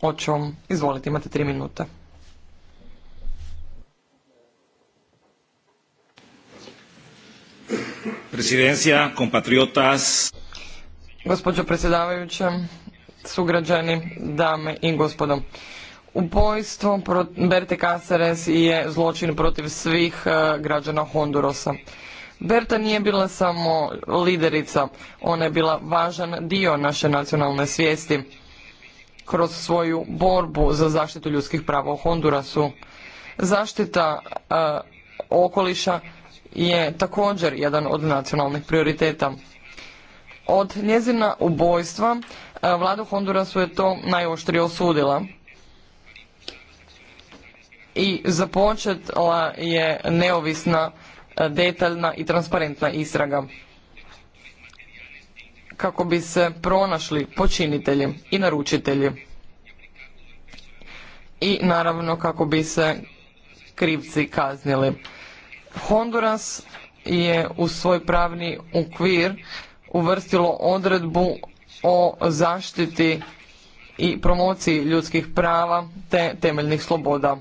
Očom, izvolite, imate tri minute. Presidencija, compatriotas. Gospođo predsjedavajuće, sugrađani, dame i gospodo. Ubojstvo Berte Caceres je zločin protiv svih e, građana Hondurasa. Berta nije bila samo liderica, ona je bila važan dio naše nacionalne svijesti kroz svoju borbu za zaštitu ljudskih prava u Hondurasu. Zaštita e, okoliša je također jedan od nacionalnih prioriteta. Od njezina ubojstva e, vlada Hondurasu je to najoštrije osudila i započela je neovisna, e, detaljna i transparentna istraga kako bi se pronašli počinitelji i naručitelji i naravno kako bi se krivci kaznili. Honduras je u svoj pravni okvir uvrstilo odredbu o zaštiti i promociji ljudskih prava te temeljnih sloboda.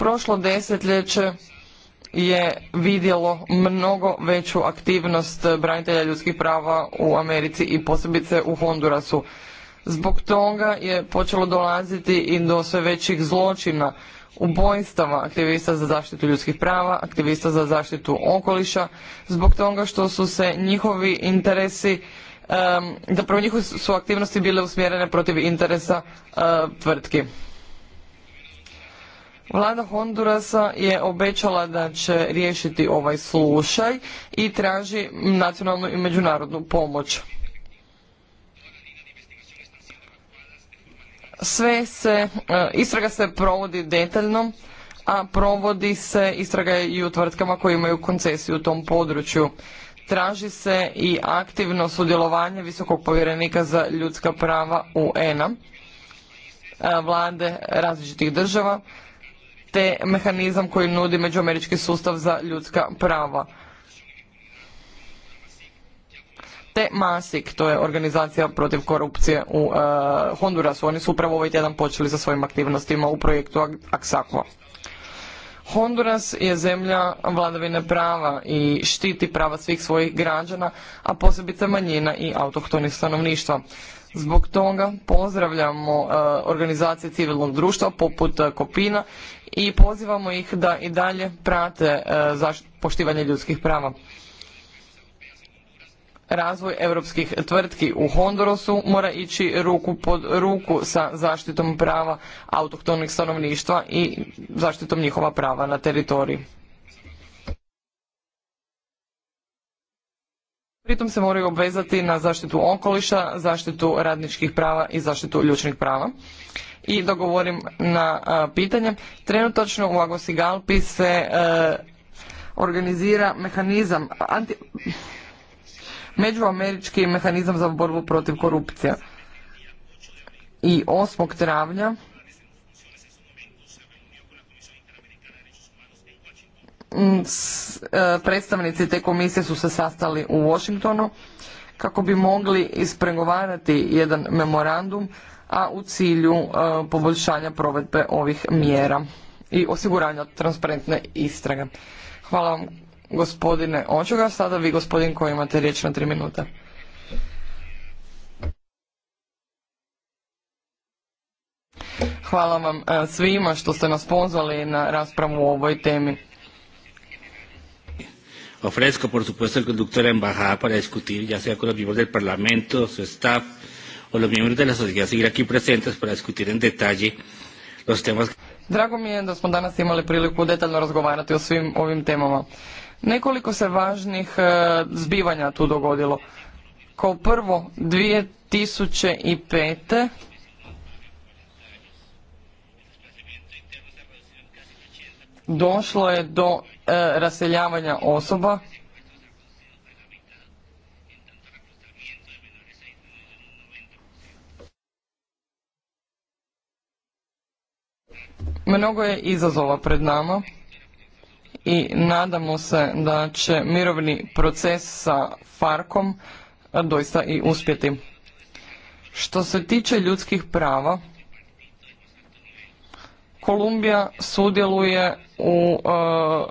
Prošlo desetljeće je vidjelo mnogo veću aktivnost branitelja ljudskih prava u Americi i posebice u Hondurasu. Zbog toga je počelo dolaziti i do sve većih zločina, ubojstava aktivista za zaštitu ljudskih prava, aktivista za zaštitu okoliša, zbog toga što su se njihovi interesi, zapravo njihove su aktivnosti bile usmjerene protiv interesa e, tvrtki. Vlada Hondurasa je obećala da će riješiti ovaj slušaj i traži nacionalnu i međunarodnu pomoć. Sve se, e, istraga se provodi detaljno, a provodi se istraga i u tvrtkama koje imaju koncesiju u tom području. Traži se i aktivno sudjelovanje visokog povjerenika za ljudska prava UN-a, e e, vlade različitih država, te mehanizam koji nudi međuamerički sustav za ljudska prava. Te MASIK, to je organizacija protiv korupcije u uh, Hondurasu, oni su upravo ovaj tjedan počeli sa svojim aktivnostima u projektu AXACO. Honduras je zemlja vladavine prava i štiti prava svih svojih građana, a posebice manjina i autohtonih stanovništva. Zbog toga pozdravljamo e, organizacije civilnog društva poput e, Kopina i pozivamo ih da i dalje prate e, poštivanje ljudskih prava. Razvoj evropskih tvrtki u Hondurosu mora ići ruku pod ruku sa zaštitom prava autohtonih stanovništva i zaštitom njihova prava na teritoriji. Pritom se moraju obvezati na zaštitu okoliša, zaštitu radničkih prava i zaštitu ljudskih prava i dogovorim na pitanje. Trenutočno u Agosigalpi se e, organizira mehanizam, anti, međuamerički mehanizam za borbu protiv korupcija I 8. travnja e, predstavnici te komisije su se sastali u Washingtonu kako bi mogli ispregovarati jedan memorandum a u cilju e, poboljšanja provedbe ovih mjera i osiguranja transparentne istrage. Hvala vam gospodine Očuga. Sada vi gospodin koji imate riječ na tri minuta. Hvala vam e, svima što ste nas pozvali na raspravu o ovoj temi. Ofrezco, por supuesto, el conductor embajada para discutir, ya sea con los miembros del Parlamento, su staff, o los miembros de la sociedad seguir aquí presentes para discutir en detalle los temas. Drago mi je da smo danas imali priliku detaljno razgovarati o svim ovim temama. Nekoliko se važnih e, zbivanja tu dogodilo. Kao prvo, 2005. došlo je do e, raseljavanja osoba Mnogo je izazova pred nama i nadamo se da će mirovni proces sa Farkom doista i uspjeti. Što se tiče ljudskih prava, Kolumbija sudjeluje u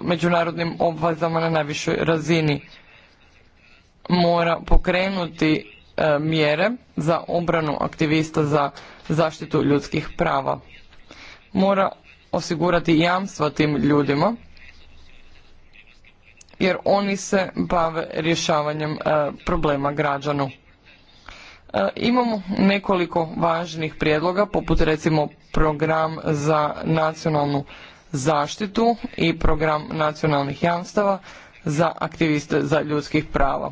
međunarodnim obvezama na najvišoj razini. Mora pokrenuti mjere za obranu aktivista za zaštitu ljudskih prava mora osigurati jamstva tim ljudima jer oni se bave rješavanjem e, problema građanu. E, imamo nekoliko važnih prijedloga poput recimo program za nacionalnu zaštitu i program nacionalnih jamstava za aktiviste za ljudskih prava.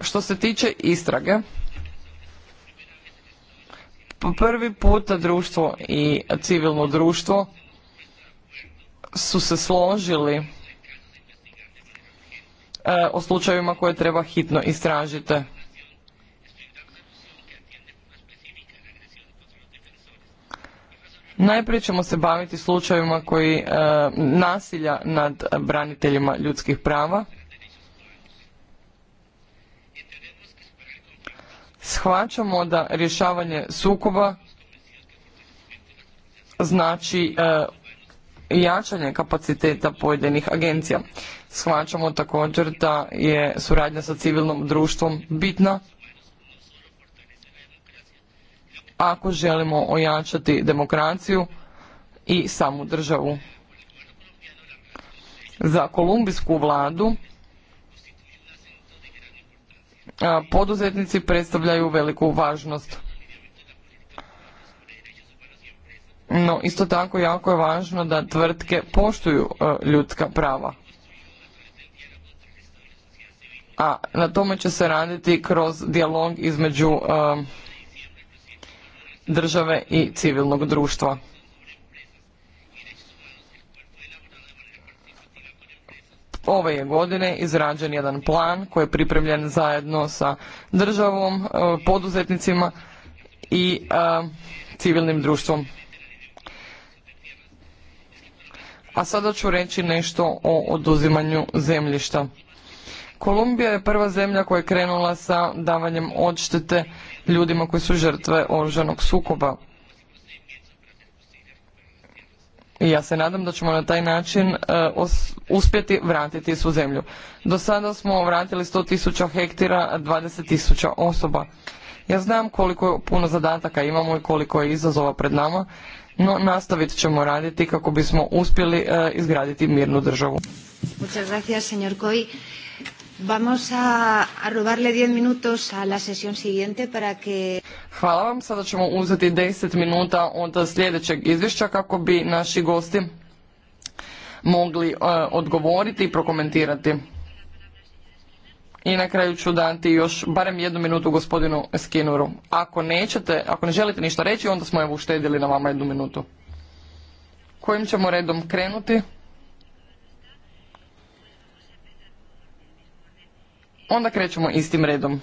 Što se tiče istrage, prvi puta društvo i civilno društvo su se složili e, o slučajevima koje treba hitno istražiti. Najprije ćemo se baviti slučajevima koji e, nasilja nad braniteljima ljudskih prava. shvaćamo da rješavanje sukoba znači e, jačanje kapaciteta pojedinih agencija. Shvaćamo također da je suradnja sa civilnom društvom bitna ako želimo ojačati demokraciju i samu državu. Za kolumbijsku vladu poduzetnici predstavljaju veliku važnost. No, isto tako jako je važno da tvrtke poštuju e, ljudska prava. A na tome će se raditi kroz dijalog između e, države i civilnog društva. ove je godine izrađen jedan plan koji je pripremljen zajedno sa državom, e, poduzetnicima i e, civilnim društvom. A sada ću reći nešto o oduzimanju zemljišta. Kolumbija je prva zemlja koja je krenula sa davanjem odštete ljudima koji su žrtve oružanog sukoba i ja se nadam da ćemo na taj način e, uspjeti vratiti svu zemlju. Do sada smo vratili 100 tisuća hektira, 20 tisuća osoba. Ja znam koliko puno zadataka imamo i koliko je izazova pred nama, no nastavit ćemo raditi kako bismo uspjeli e, izgraditi mirnu državu. Vamos a, 10 minutos a la sesión siguiente para que... Hvala vam, sada ćemo uzeti 10 minuta od sljedećeg izvješća kako bi naši gosti mogli e, odgovoriti i prokomentirati. I na kraju ću dati još barem jednu minutu gospodinu Skinuru. Ako nećete, ako ne želite ništa reći, onda smo evo uštedili na vama jednu minutu. Kojim ćemo redom krenuti? Onda krećemo istim redom.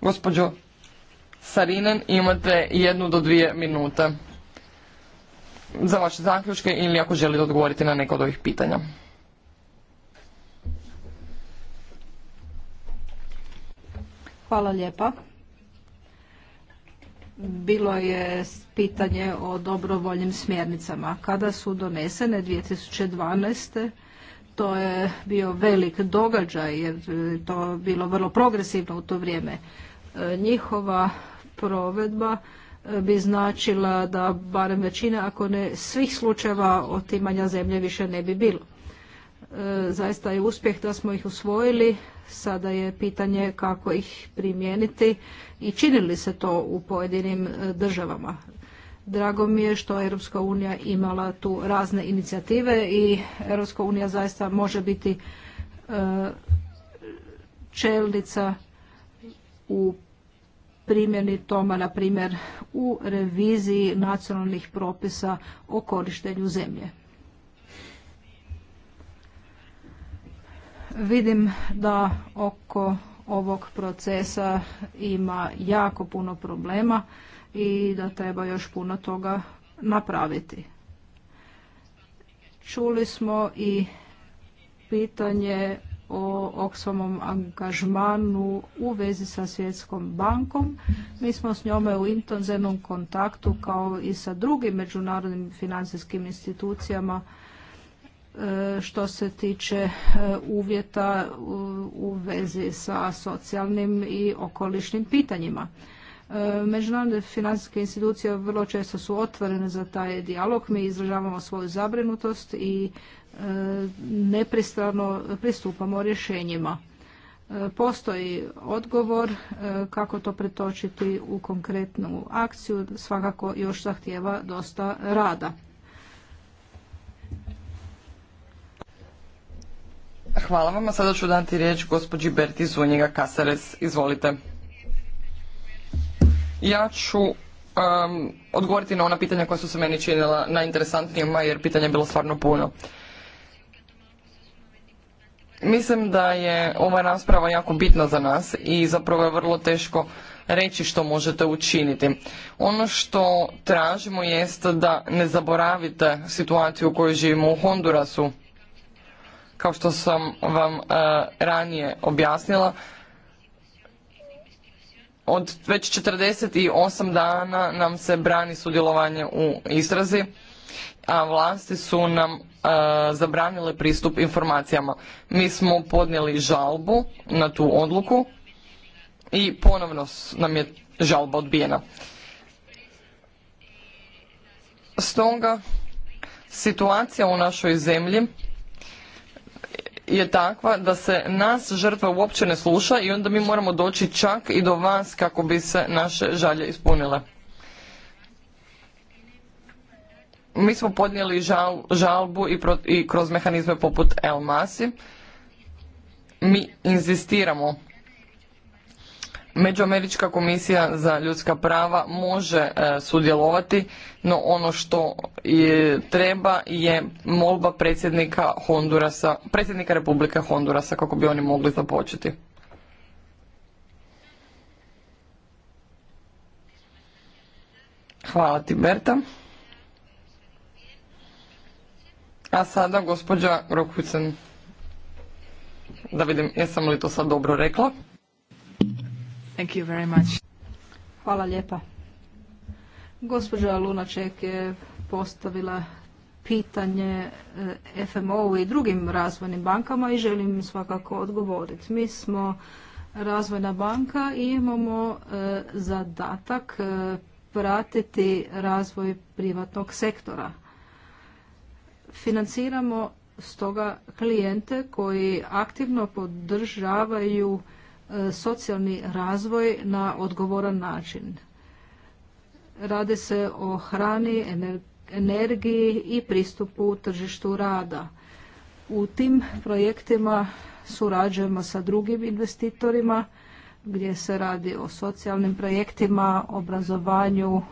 Gospođo Sarinen, imate jednu do dvije minute za vaše zaključke ili ako želite odgovoriti na neko od ovih pitanja. Hvala lijepa bilo je pitanje o dobrovoljnim smjernicama. Kada su donesene 2012. to je bio velik događaj jer to bilo vrlo progresivno u to vrijeme. E, njihova provedba e, bi značila da barem većina, ako ne svih slučajeva otimanja zemlje više ne bi bilo. E, zaista je uspjeh da smo ih usvojili, Sada je pitanje kako ih primijeniti i čini li se to u pojedinim e, državama. Drago mi je što je Europska unija imala tu razne inicijative i Europska unija zaista može biti e, čelnica u primjeni toma, na primjer, u reviziji nacionalnih propisa o korištenju zemlje. Vidim da oko ovog procesa ima jako puno problema i da treba još puno toga napraviti. Čuli smo i pitanje o Oxfamom angažmanu u vezi sa Svjetskom bankom. Mi smo s njome u intenzivnom kontaktu kao i sa drugim međunarodnim financijskim institucijama E, što se tiče e, uvjeta u vezi sa socijalnim i okolišnim pitanjima. E, međunarodne financijske institucije vrlo često su otvorene za taj dijalog. Mi izražavamo svoju zabrinutost i nepristrano pristupamo rješenjima. Postoji odgovor kako to pretočiti u konkretnu akciju, svakako još zahtjeva dosta rada. Hvala vam, a sada ću dati riječ gospođi Berti Zunjega Kasares. Izvolite. Ja ću odgovoriti na ona pitanja koja su se meni činila najinteresantnijima jer pitanja je bilo stvarno puno. Mislim da je ova rasprava jako bitna za nas i zapravo je vrlo teško reći što možete učiniti. Ono što tražimo jest da ne zaboravite situaciju u kojoj živimo u Hondurasu kao što sam vam e, ranije objasnila, od već 48 dana nam se brani sudjelovanje u istrazi, a vlasti su nam e, zabranile pristup informacijama. Mi smo podnijeli žalbu na tu odluku i ponovno nam je žalba odbijena. Stoga situacija u našoj zemlji je takva da se nas žrtva uopće ne sluša i onda mi moramo doći čak i do vas kako bi se naše žalje ispunile. Mi smo podnijeli žalbu i, i kroz mehanizme poput El Masi. Mi inzistiramo Međuamerička komisija za ljudska prava može e, sudjelovati, no ono što treba je molba predsjednika Hondurasa, predsjednika Republike Hondurasa kako bi oni mogli započeti. Hvala ti Berta. A sada gospođa Rokucen. Da vidim jesam li to sad dobro rekla. Thank you very much. Hvala lijepa. Gospođa Lunaček je postavila pitanje eh, FMO-u i drugim razvojnim bankama i želim svakako odgovoriti. Mi smo razvojna banka i imamo eh, zadatak eh, pratiti razvoj privatnog sektora. Financiramo stoga klijente koji aktivno podržavaju socijalni razvoj na odgovoran način. Rade se o hrani, energiji i pristupu tržištu rada. U tim projektima surađujemo sa drugim investitorima gdje se radi o socijalnim projektima, obrazovanju,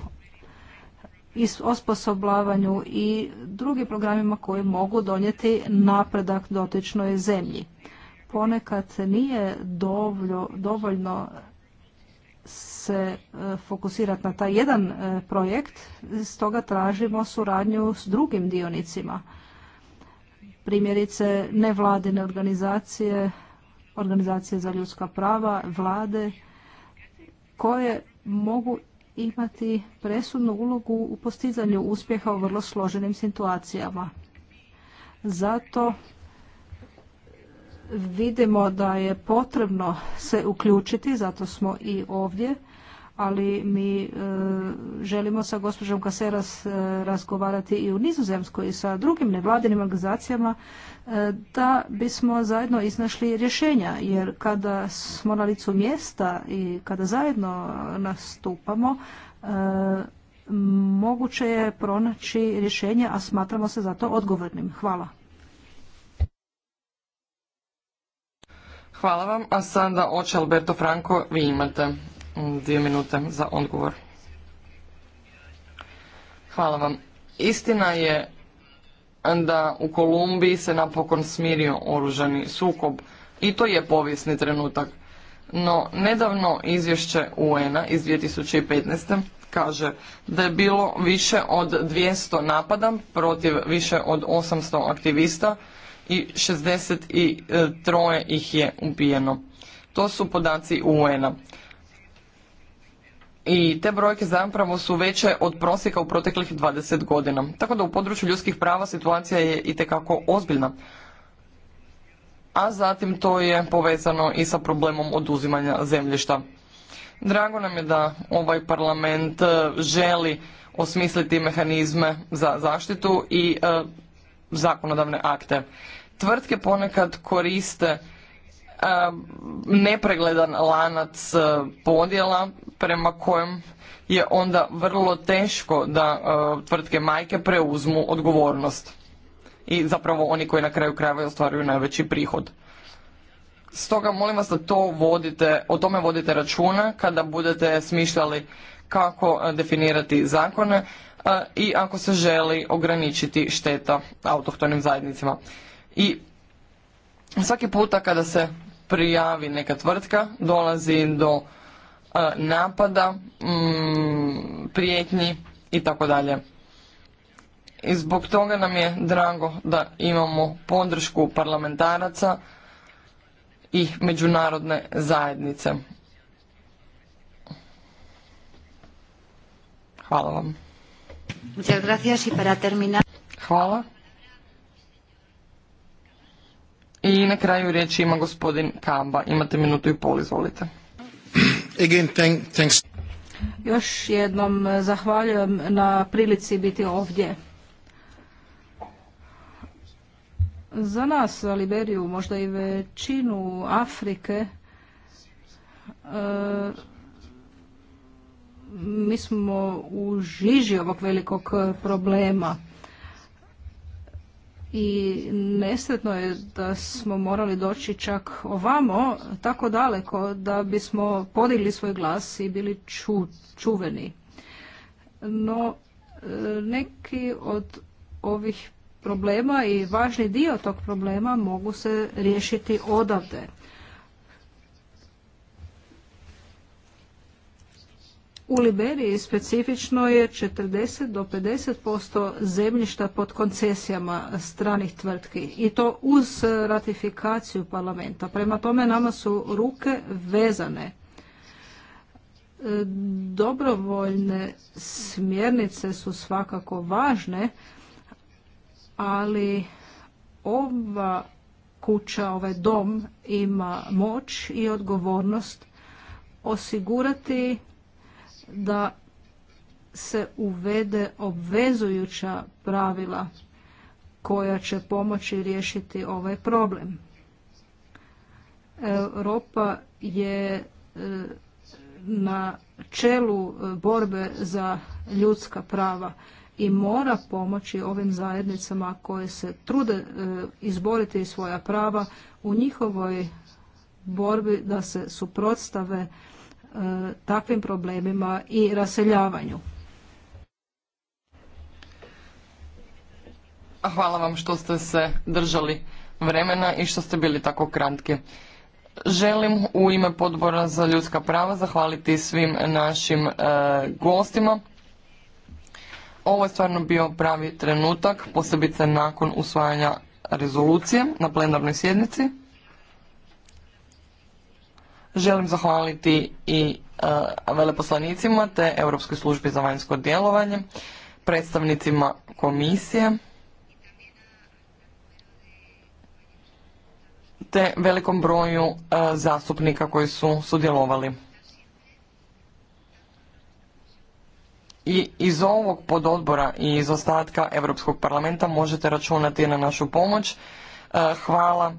osposoblavanju i drugim programima koji mogu donijeti napredak dotičnoj zemlji ponekad nije dovoljno, se e, fokusirati na taj jedan e, projekt, stoga tražimo suradnju s drugim dionicima. Primjerice nevladine organizacije, organizacije za ljudska prava, vlade, koje mogu imati presudnu ulogu u postizanju uspjeha u vrlo složenim situacijama. Zato vidimo da je potrebno se uključiti, zato smo i ovdje, ali mi e, želimo sa gospođom Kaseras e, razgovarati i u Nizozemskoj i sa drugim nevladinim organizacijama e, da bismo zajedno iznašli rješenja jer kada smo na licu mjesta i kada zajedno nastupamo moguće je pronaći rješenje, a smatramo se zato odgovornim. Hvala. Hvala vam, a sada oče Alberto Franco, vi imate mm, dvije minute za odgovor. Hvala vam. Istina je da u Kolumbiji se napokon smirio oružani sukob i to je povijesni trenutak. No, nedavno izvješće UN-a iz 2015. kaže da je bilo više od 200 napada protiv više od 800 aktivista i 63 e, ih je ubijeno. To su podaci UN-a. I te brojke zapravo su veće od prosjeka u proteklih 20 godina. Tako da u području ljudskih prava situacija je itekako ozbiljna. A zatim to je povezano i sa problemom oduzimanja zemljišta. Drago nam je da ovaj parlament e, želi osmisliti mehanizme za zaštitu i e, zakonodavne akte. Tvrtke ponekad koriste e, nepregledan lanac e, podjela prema kojem je onda vrlo teško da e, tvrtke majke preuzmu odgovornost i zapravo oni koji na kraju krajeva ostvaruju najveći prihod. Stoga molim vas da to vodite, o tome vodite računa kada budete smišljali kako definirati zakone i ako se želi ograničiti šteta autohtonim zajednicama. I svaki puta kada se prijavi neka tvrtka dolazi do napada, mm, prijetnji i tako dalje. I zbog toga nam je drago da imamo podršku parlamentaraca i međunarodne zajednice. Hvala vam. Hvala. I na kraju riječi ima gospodin Kamba. Imate minutu i pol, izvolite. Još jednom eh, zahvaljujem na prilici biti ovdje. Za nas, Liberiju, možda i većinu Afrike, eh, mi smo u žiži ovog velikog eh, problema i nesretno je da smo morali doći čak ovamo tako daleko da bismo podigli svoj glas i bili čuveni. No, eh, neki od ovih problema i važni dio tog problema mogu se riješiti odavde. U Liberiji specifično je 40 do 50% zemljišta pod koncesijama stranih tvrtki i to uz ratifikaciju parlamenta. Prema tome nama su ruke vezane. E, dobrovoljne smjernice su svakako važne, ali ova kuća, ovaj dom ima moć i odgovornost osigurati da se uvede obvezujuća pravila koja će pomoći riješiti ovaj problem. Europa je e, na čelu borbe za ljudska prava i mora pomoći ovim zajednicama koje se trude e, izboriti svoja prava u njihovoj borbi da se suprotstave takvim problemima i raseljavanju. Hvala vam što ste se držali vremena i što ste bili tako kratki. Želim u ime podbora za ljudska prava zahvaliti svim našim e, gostima. Ovo je stvarno bio pravi trenutak, posebice nakon usvajanja rezolucije na plenarnoj sjednici. Želim zahvaliti i e, veleposlanicima te Europskoj službi za vanjsko djelovanje, predstavnicima komisije te velikom broju e, zastupnika koji su sudjelovali. I iz ovog pododbora i iz ostatka Europskog parlamenta možete računati na našu pomoć. E, hvala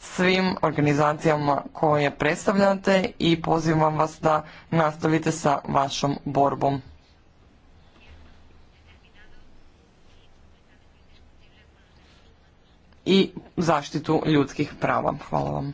svim organizacijama koje predstavljate i pozivam vas da nastavite sa vašom borbom. i zaštitu ljudskih prava. Hvala vam.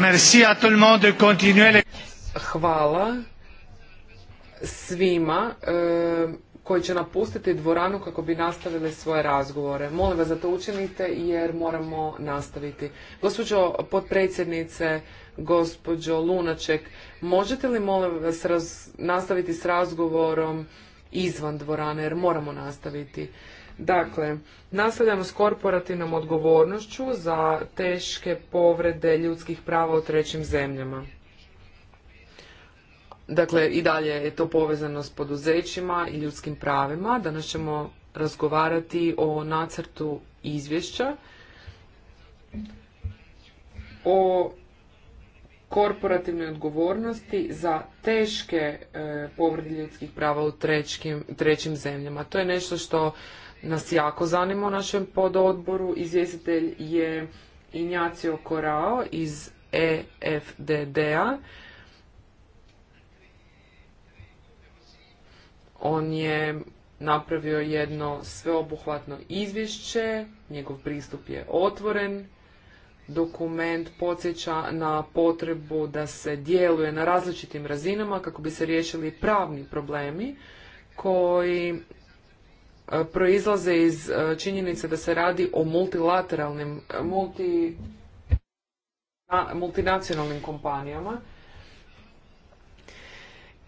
Merci à tout le monde de continuer Hvala svima e, koji će napustiti dvoranu kako bi nastavili svoje razgovore. Molim vas da to učinite jer moramo nastaviti. Gospođo potpredsjednice, gospođo Lunaček, možete li molim vas nastaviti s razgovorom izvan dvorane jer moramo nastaviti. Dakle, nastavljamo s korporativnom odgovornošću za teške povrede ljudskih prava u trećim zemljama. Dakle, i dalje je to povezano s poduzećima i ljudskim pravima. Danas ćemo razgovarati o nacrtu izvješća o korporativnoj odgovornosti za teške e, povrede ljudskih prava u trećim zemljama. To je nešto što nas jako zanima u našem pododboru. Izvjestitelj je Injacio Korao iz EFDD-a. On je napravio jedno sveobuhvatno izvješće, njegov pristup je otvoren, dokument podsjeća na potrebu da se djeluje na različitim razinama kako bi se riješili pravni problemi koji E, proizlaze iz e, činjenice da se radi o multilateralnim, e, multi, multinacionalnim kompanijama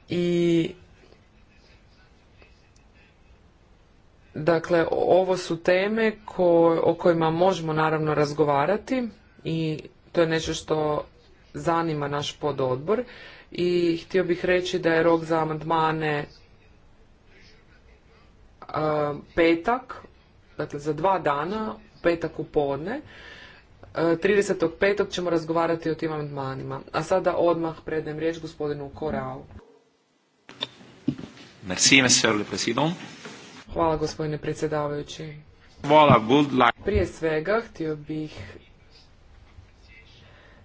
i dakle ovo su teme ko, o kojima možemo naravno razgovarati i to je nešto što zanima naš pododbor i htio bih reći da je rok za amandmane E, petak, dakle za dva dana, petak u podne, 30.5. E, ćemo razgovarati o tim amandmanima. A sada odmah predajem riječ gospodinu Korao. Merci, monsieur le président. Hvala gospodine predsjedavajući. good Prije svega htio bih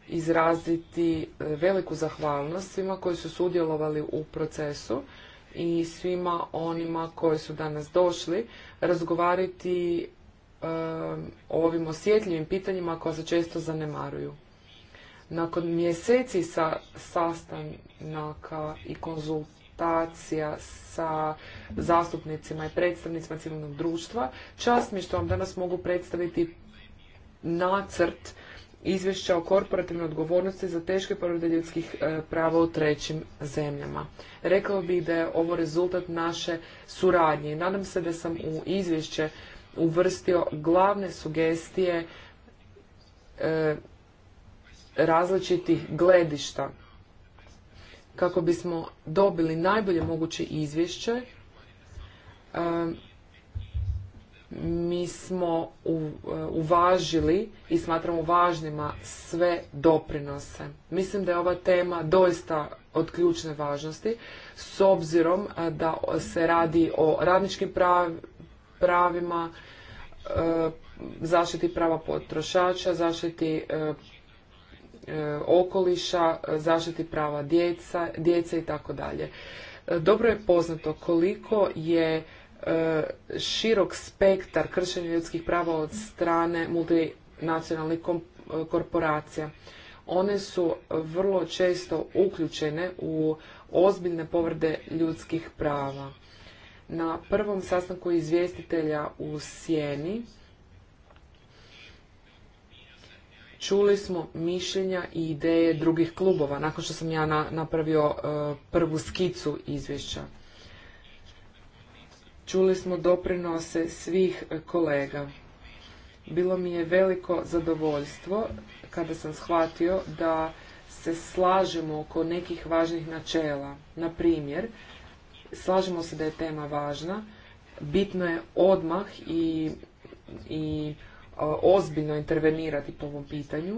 izraziti veliku zahvalnost svima koji su sudjelovali u procesu i svima onima koji su danas došli razgovarati um, o ovim osjetljivim pitanjima koja se često zanemaruju. Nakon mjeseci sa sastanaka i konzultacija sa zastupnicima i predstavnicima civilnog društva, čast mi što vam danas mogu predstaviti nacrt izvješća o korporativnoj odgovornosti za teške povrede ljudskih e, prava u trećim zemljama. Rekao bih da je ovo rezultat naše suradnje i nadam se da sam u izvješće uvrstio glavne sugestije e, različitih gledišta kako bismo dobili najbolje moguće izvješće e, mi smo e, uvažili i smatramo važnima sve doprinose. Mislim da je ova tema doista od ključne važnosti s obzirom e, da se radi o radničkim pravima, e, zaštiti prava potrošača, zaštiti okoliša, zaštiti prava djeca, djece i tako dalje. Dobro je poznato koliko je E, širok spektar kršenja ljudskih prava od strane multinacionalnih e, korporacija. One su vrlo često uključene u ozbiljne povrede ljudskih prava. Na prvom sastanku izvjestitelja u Sjeni čuli smo mišljenja i ideje drugih klubova nakon što sam ja napravio e, prvu skicu izvješća Čuli smo doprinose svih kolega. Bilo mi je veliko zadovoljstvo kada sam shvatio da se slažemo oko nekih važnih načela. Na primjer, slažemo se da je tema važna, bitno je odmah i, i e, ozbiljno intervenirati po ovom pitanju.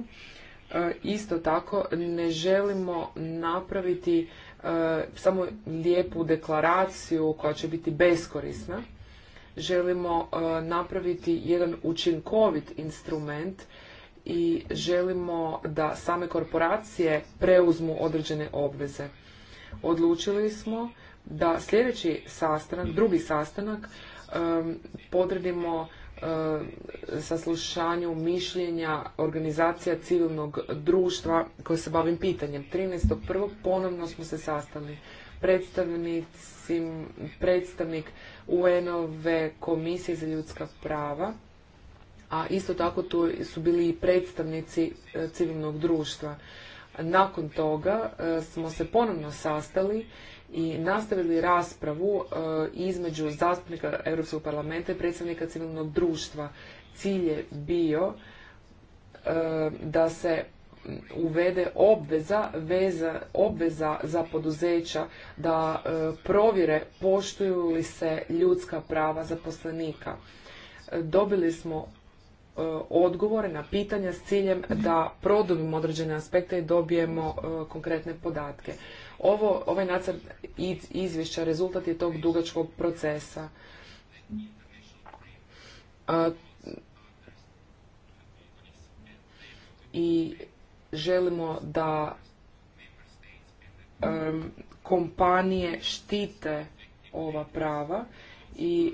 E, isto tako ne želimo napraviti E, samo lijepu deklaraciju koja će biti beskorisna. Želimo e, napraviti jedan učinkovit instrument i želimo da same korporacije preuzmu određene obveze. Odlučili smo da sljedeći sastanak, drugi sastanak, e, podredimo E, saslušanju mišljenja organizacija civilnog društva koje se bavim pitanjem. 13.1. ponovno smo se sastali. Predstavnik UN-ove komisije za ljudska prava, a isto tako tu su bili i predstavnici e, civilnog društva. Nakon toga e, smo se ponovno sastali i nastavili raspravu e, između zastupnika Europskog parlamenta i predstavnika civilnog društva. Cilj je bio e, da se uvede obveza, veza, obveza za poduzeća da provjere poštuju li se ljudska prava zaposlenika. Dobili smo E, odgovore na pitanja s ciljem da produbimo određene aspekte i dobijemo e, konkretne podatke. Ovo, ovaj nacrt izvješća rezultat je tog dugačkog procesa. E, I želimo da kompanije štite ova prava i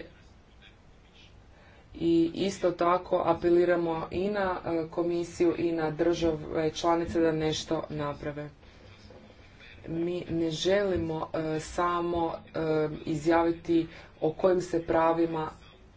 i isto tako apeliramo i na e, komisiju i na države članice da nešto naprave. Mi ne želimo e, samo e, izjaviti o kojim se pravima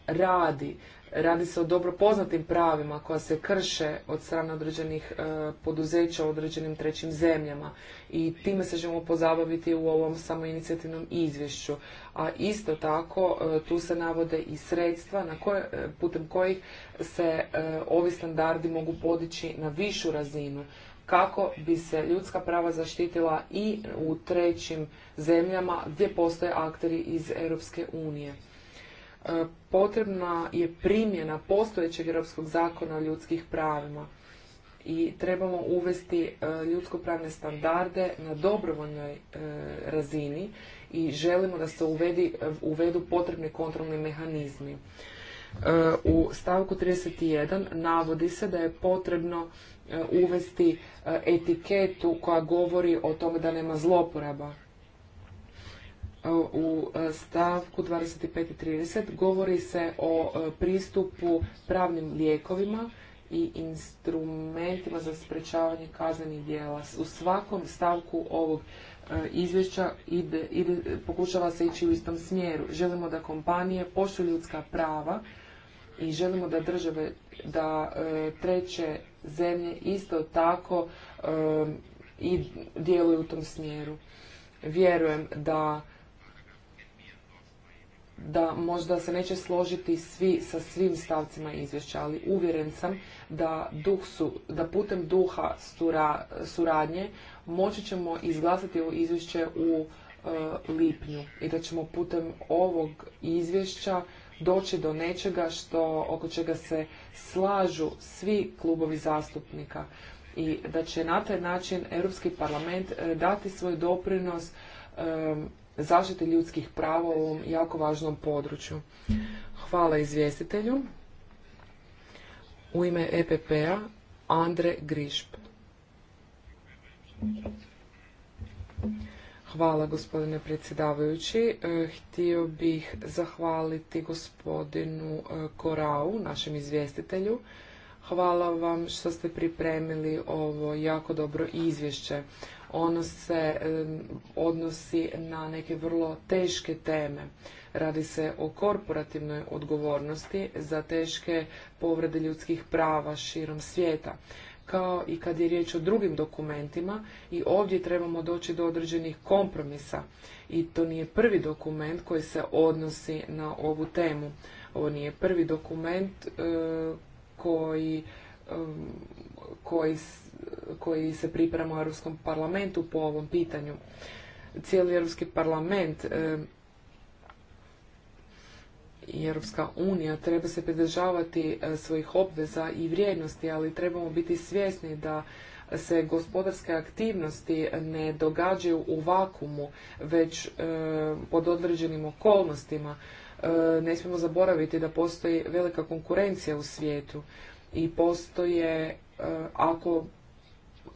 radi. Radi se o dobro poznatim pravima koja se krše od strane određenih e, poduzeća u određenim trećim zemljama i time se želimo pozabaviti u ovom samoinicijativnom izvješću. A isto tako e, tu se navode i sredstva na koje, e, putem kojih se ovi standardi mogu podići na višu razinu kako bi se ljudska prava zaštitila i u trećim zemljama gdje postoje akteri iz Europske unije E, potrebna je primjena postojećeg europskog zakona o ljudskih pravima i trebamo uvesti e, ljudskopravne standarde na dobrovoljnoj e, razini i želimo da se uvedu potrebni kontrolni mehanizmi. U stavku 31 navodi se da je potrebno uvesti etiketu koja govori o tome da nema zloporaba u e, stavku 25 i govori se o e, pristupu pravnim lijekovima i instrumentima za sprečavanje kaznenih djela. U svakom stavku ovog e, izvješća ide, pokušava se ići u istom smjeru. Želimo da kompanije poštuju ljudska prava i želimo da države, da treće zemlje isto tako i djeluju u tom smjeru. Vjerujem da da možda se neće složiti svi sa svim stavcima izvješća, ali uvjeren sam da, duh su, da putem duha suradnje moći ćemo izglasati ovo izvješće u e, lipnju i da ćemo putem ovog izvješća doći do nečega što, oko čega se slažu svi klubovi zastupnika i da će na taj način Europski parlament e, dati svoj doprinos e, zaštite ljudskih prava u ovom jako važnom području. Hvala izvjestitelju. U ime EPP-a Andre Grišp. Hvala gospodine predsjedavajući. E, htio bih zahvaliti gospodinu e, Korau, našem izvjestitelju. Hvala vam što ste pripremili ovo jako dobro izvješće. Ono se odnosi na neke vrlo teške teme. Radi se o korporativnoj odgovornosti za teške povrede ljudskih prava širom svijeta kao i kad je riječ o drugim dokumentima i ovdje trebamo doći do određenih kompromisa i to nije prvi dokument koji se odnosi na ovu temu. Ovo nije prvi dokument e, koji, koji koji se priprema u Europskom parlamentu po ovom pitanju. Cijeli Europski parlament e, i Europska unija treba se pridržavati e, svojih obveza i vrijednosti, ali trebamo biti svjesni da se gospodarske aktivnosti ne događaju u vakumu, već e, pod određenim okolnostima. ne smijemo zaboraviti da postoji velika konkurencija u svijetu i postoje, ako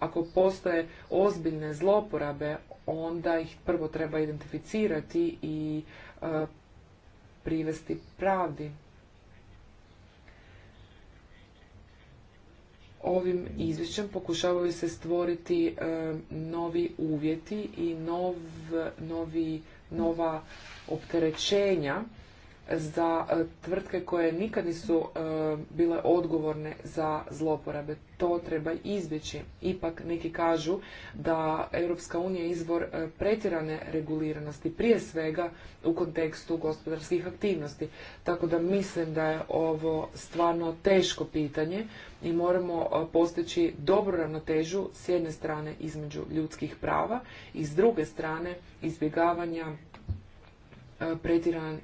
ako postoje ozbiljne zloporabe, onda ih prvo treba identificirati i e, privesti pravdi. Ovim izvješćem pokušavaju se stvoriti e, novi uvjeti i nov, novi, nova opterećenja za e, tvrtke koje nikad nisu e, bile odgovorne za zloporabe. To treba izbjeći. Ipak neki kažu da Europska unija je izvor e, pretjerane reguliranosti, prije svega u kontekstu gospodarskih aktivnosti. Tako da mislim da je ovo stvarno teško pitanje i moramo postići dobru ravnotežu s jedne strane između ljudskih prava i s druge strane izbjegavanja E, pretirane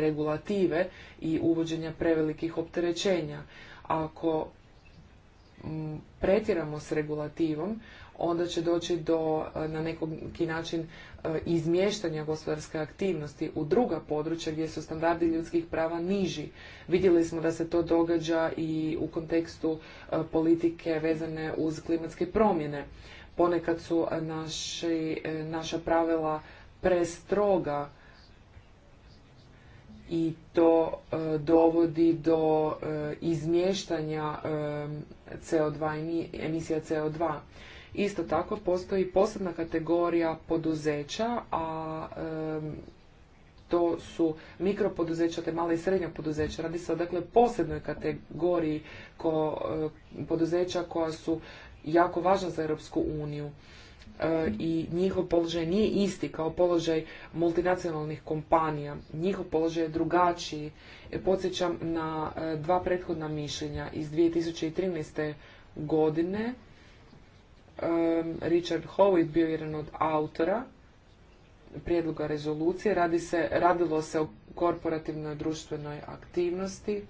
regulative i uvođenja prevelikih opterećenja. Ako pretiramo s regulativom, onda će doći do e, na neki način e, izmještanja gospodarske aktivnosti u druga područja gdje su standardi ljudskih prava niži. Vidjeli smo da se to događa i u kontekstu politike vezane uz klimatske promjene. Ponekad su naša pravila prestroga i to e, dovodi do e, izmještanja e, CO2 emisija CO2. Isto tako postoji posebna kategorija poduzeća, a to su mikropoduzeća te mala i srednja poduzeća. Radi se o dakle posebnoj kategoriji ko, poduzeća koja su jako važna za Europsku uniju. E, i njihov položaj nije isti kao položaj multinacionalnih kompanija. Njihov položaj je drugačiji. E, podsjećam na e, dva prethodna mišljenja iz 2013. godine. Richard Howitt bio jedan od autora prijedloga rezolucije. Radi se, radilo se o korporativnoj društvenoj aktivnosti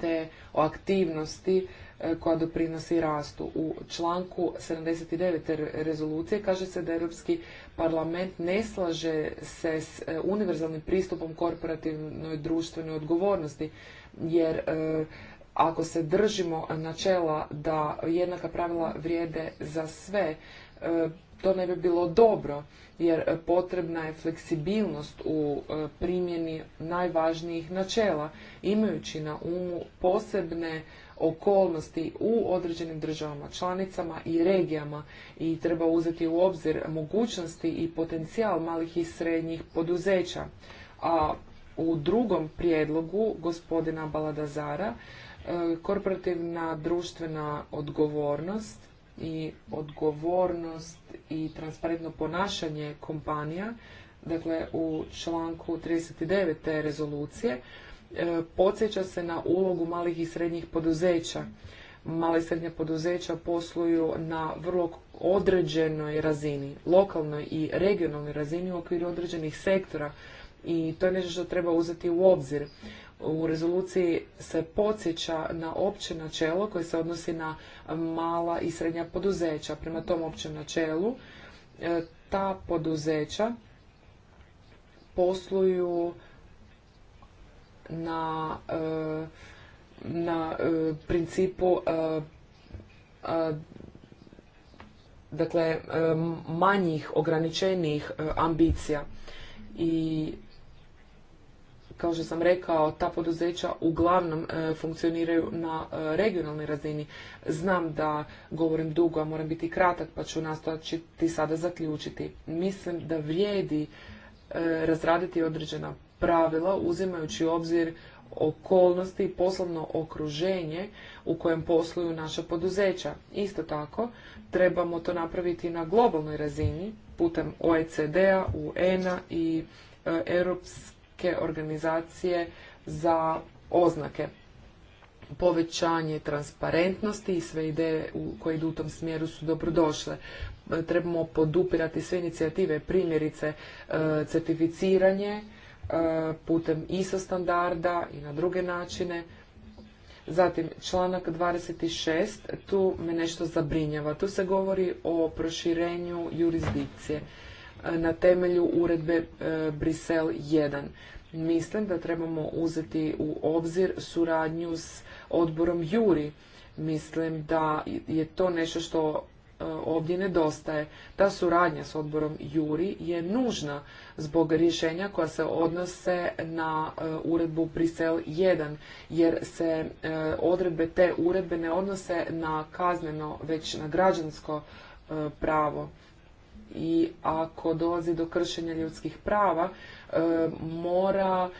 te o aktivnosti e, koja doprinosi rastu. U članku 79. rezolucije kaže se da Europski parlament ne slaže se s e, univerzalnim pristupom korporativnoj društvenoj odgovornosti, jer e, ako se držimo načela da jednaka pravila vrijede za sve, E, to ne bi bilo dobro jer potrebna je fleksibilnost u e, primjeni najvažnijih načela imajući na umu posebne okolnosti u određenim državama članicama i regijama i treba uzeti u obzir mogućnosti i potencijal malih i srednjih poduzeća a u drugom prijedlogu gospodina Baladazara e, korporativna društvena odgovornost i odgovornost i transparentno ponašanje kompanija, dakle u članku 39. te rezolucije, e, podsjeća se na ulogu malih i srednjih poduzeća. Male i srednje poduzeća posluju na vrlo određenoj razini, lokalnoj i regionalnoj razini u okviru određenih sektora i to je nešto što treba uzeti u obzir. U rezoluciji se podsjeća na opće načelo koje se odnosi na mala i srednja poduzeća. Prema tom općem načelu e, ta poduzeća posluju na, e, na e, principu dakle manjih ograničenijih ambicija i kao što sam rekao, ta poduzeća uglavnom e, funkcioniraju na e, regionalnoj razini. Znam da govorim dugo, a moram biti kratak, pa ću nastojati sada zaključiti. Mislim da vrijedi e, razraditi određena pravila uzimajući u obzir okolnosti i poslovno okruženje u kojem posluju naša poduzeća. Isto tako, trebamo to napraviti na globalnoj razini putem OECD-a, UN-a i e, svjetske organizacije za oznake. Povećanje transparentnosti i sve ideje koje idu u tom smjeru su dobrodošle. E, trebamo podupirati sve inicijative, primjerice e, certificiranje e, putem ISO standarda i na druge načine. Zatim, članak 26, tu me nešto zabrinjava. Tu se govori o proširenju jurisdikcije na temelju uredbe e, Brisel 1. Mislim da trebamo uzeti u obzir suradnju s odborom Juri. Mislim da je to nešto što e, ovdje nedostaje. Ta suradnja s odborom Juri je nužna zbog rješenja koja se odnose na e, uredbu Brisel 1, jer se odredbe te uredbe ne odnose na kazneno, već na građansko pravo i ako dolazi do kršenja ljudskih prava e, mora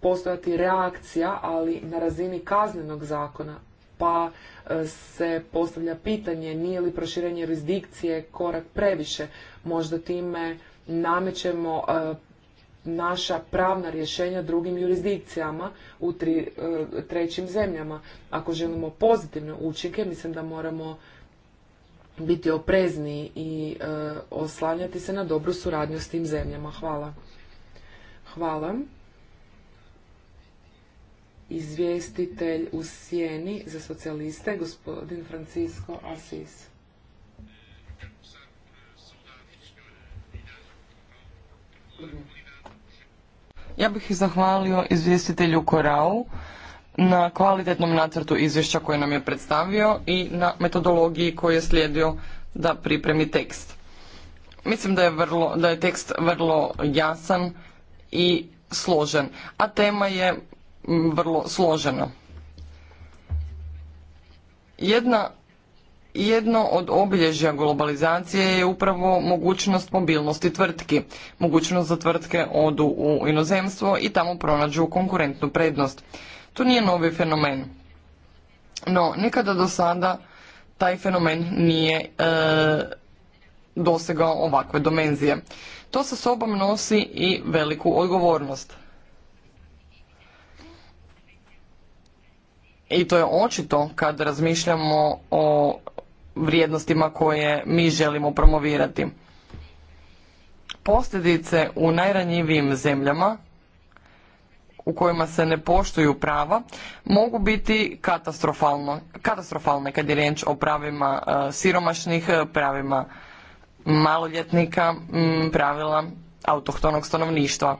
postojati reakcija ali na razini kaznenog zakona pa e, se postavlja pitanje nije li proširenje jurisdikcije korak previše možda time namećemo e, naša pravna rješenja drugim jurisdikcijama u trećim zemljama ako želimo pozitivne učinke mislim da moramo biti oprezniji i e, oslanjati se na dobru suradnju s tim zemljama. Hvala. Hvala. Izvjestitelj u sjeni za socijaliste, gospodin Francisco Asis. Ja bih zahvalio izvjestitelju Korau na kvalitetnom nacrtu izvješća koje nam je predstavio i na metodologiji koju je slijedio da pripremi tekst. Mislim da je, vrlo, da je tekst vrlo jasan i složen, a tema je vrlo složena. Jedna, jedno od obilježja globalizacije je upravo mogućnost mobilnosti tvrtki. Mogućnost da tvrtke odu u inozemstvo i tamo pronađu konkurentnu prednost. To nije novi fenomen. No, nikada do sada taj fenomen nije e, dosegao ovakve domenzije. To sa sobom nosi i veliku odgovornost. I to je očito kad razmišljamo o vrijednostima koje mi želimo promovirati. Posljedice u najranjivijim zemljama u kojima se ne poštuju prava mogu biti katastrofalno, katastrofalne kad je riječ o pravima e, siromašnih, pravima maloljetnika, pravila autohtonog stanovništva.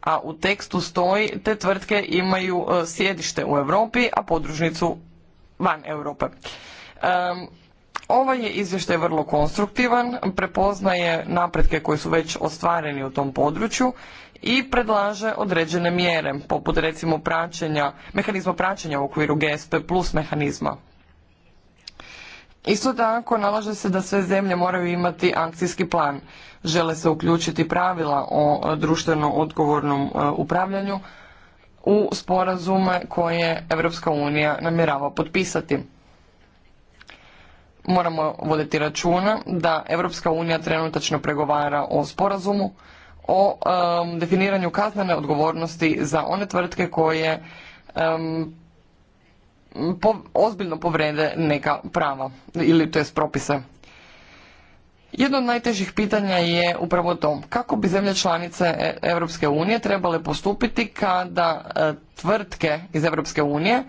A u tekstu stoji te tvrtke imaju e, sjedište u Europi, a podružnicu van Europe. Ovaj je izvještaj vrlo konstruktivan, prepoznaje napretke koji su već ostvareni u tom području i predlaže određene mjere, poput recimo praćenja, mehanizma praćenja u okviru GSP plus mehanizma. Isto tako nalaže se da sve zemlje moraju imati akcijski plan. Žele se uključiti pravila o društveno odgovornom e, upravljanju u sporazume koje Europska unija namjerava potpisati. Moramo voditi računa da Europska unija trenutačno pregovara o sporazumu o definiranju kaznene odgovornosti za one tvrtke koje ozbiljno povrede neka prava ili to jest propise. Jedno od najtežih pitanja je upravo to kako bi zemlje članice Europske unije trebale postupiti kada e, tvrtke iz Europske unije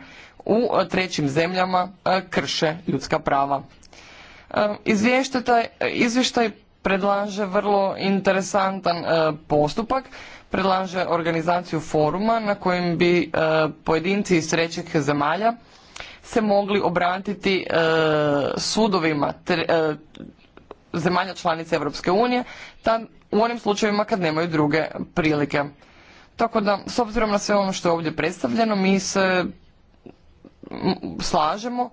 u e, trećim zemljama e, krše ljudska prava. Izvještaj predlaže vrlo interesantan e, postupak, predlaže organizaciju foruma na kojem bi e, pojedinci iz trećih zemalja se mogli obratiti e, sudovima zemalja članica Europske unije u onim slučajevima kad nemaju druge prilike. Tako da, s obzirom na sve ono što je ovdje predstavljeno, mi se slažemo,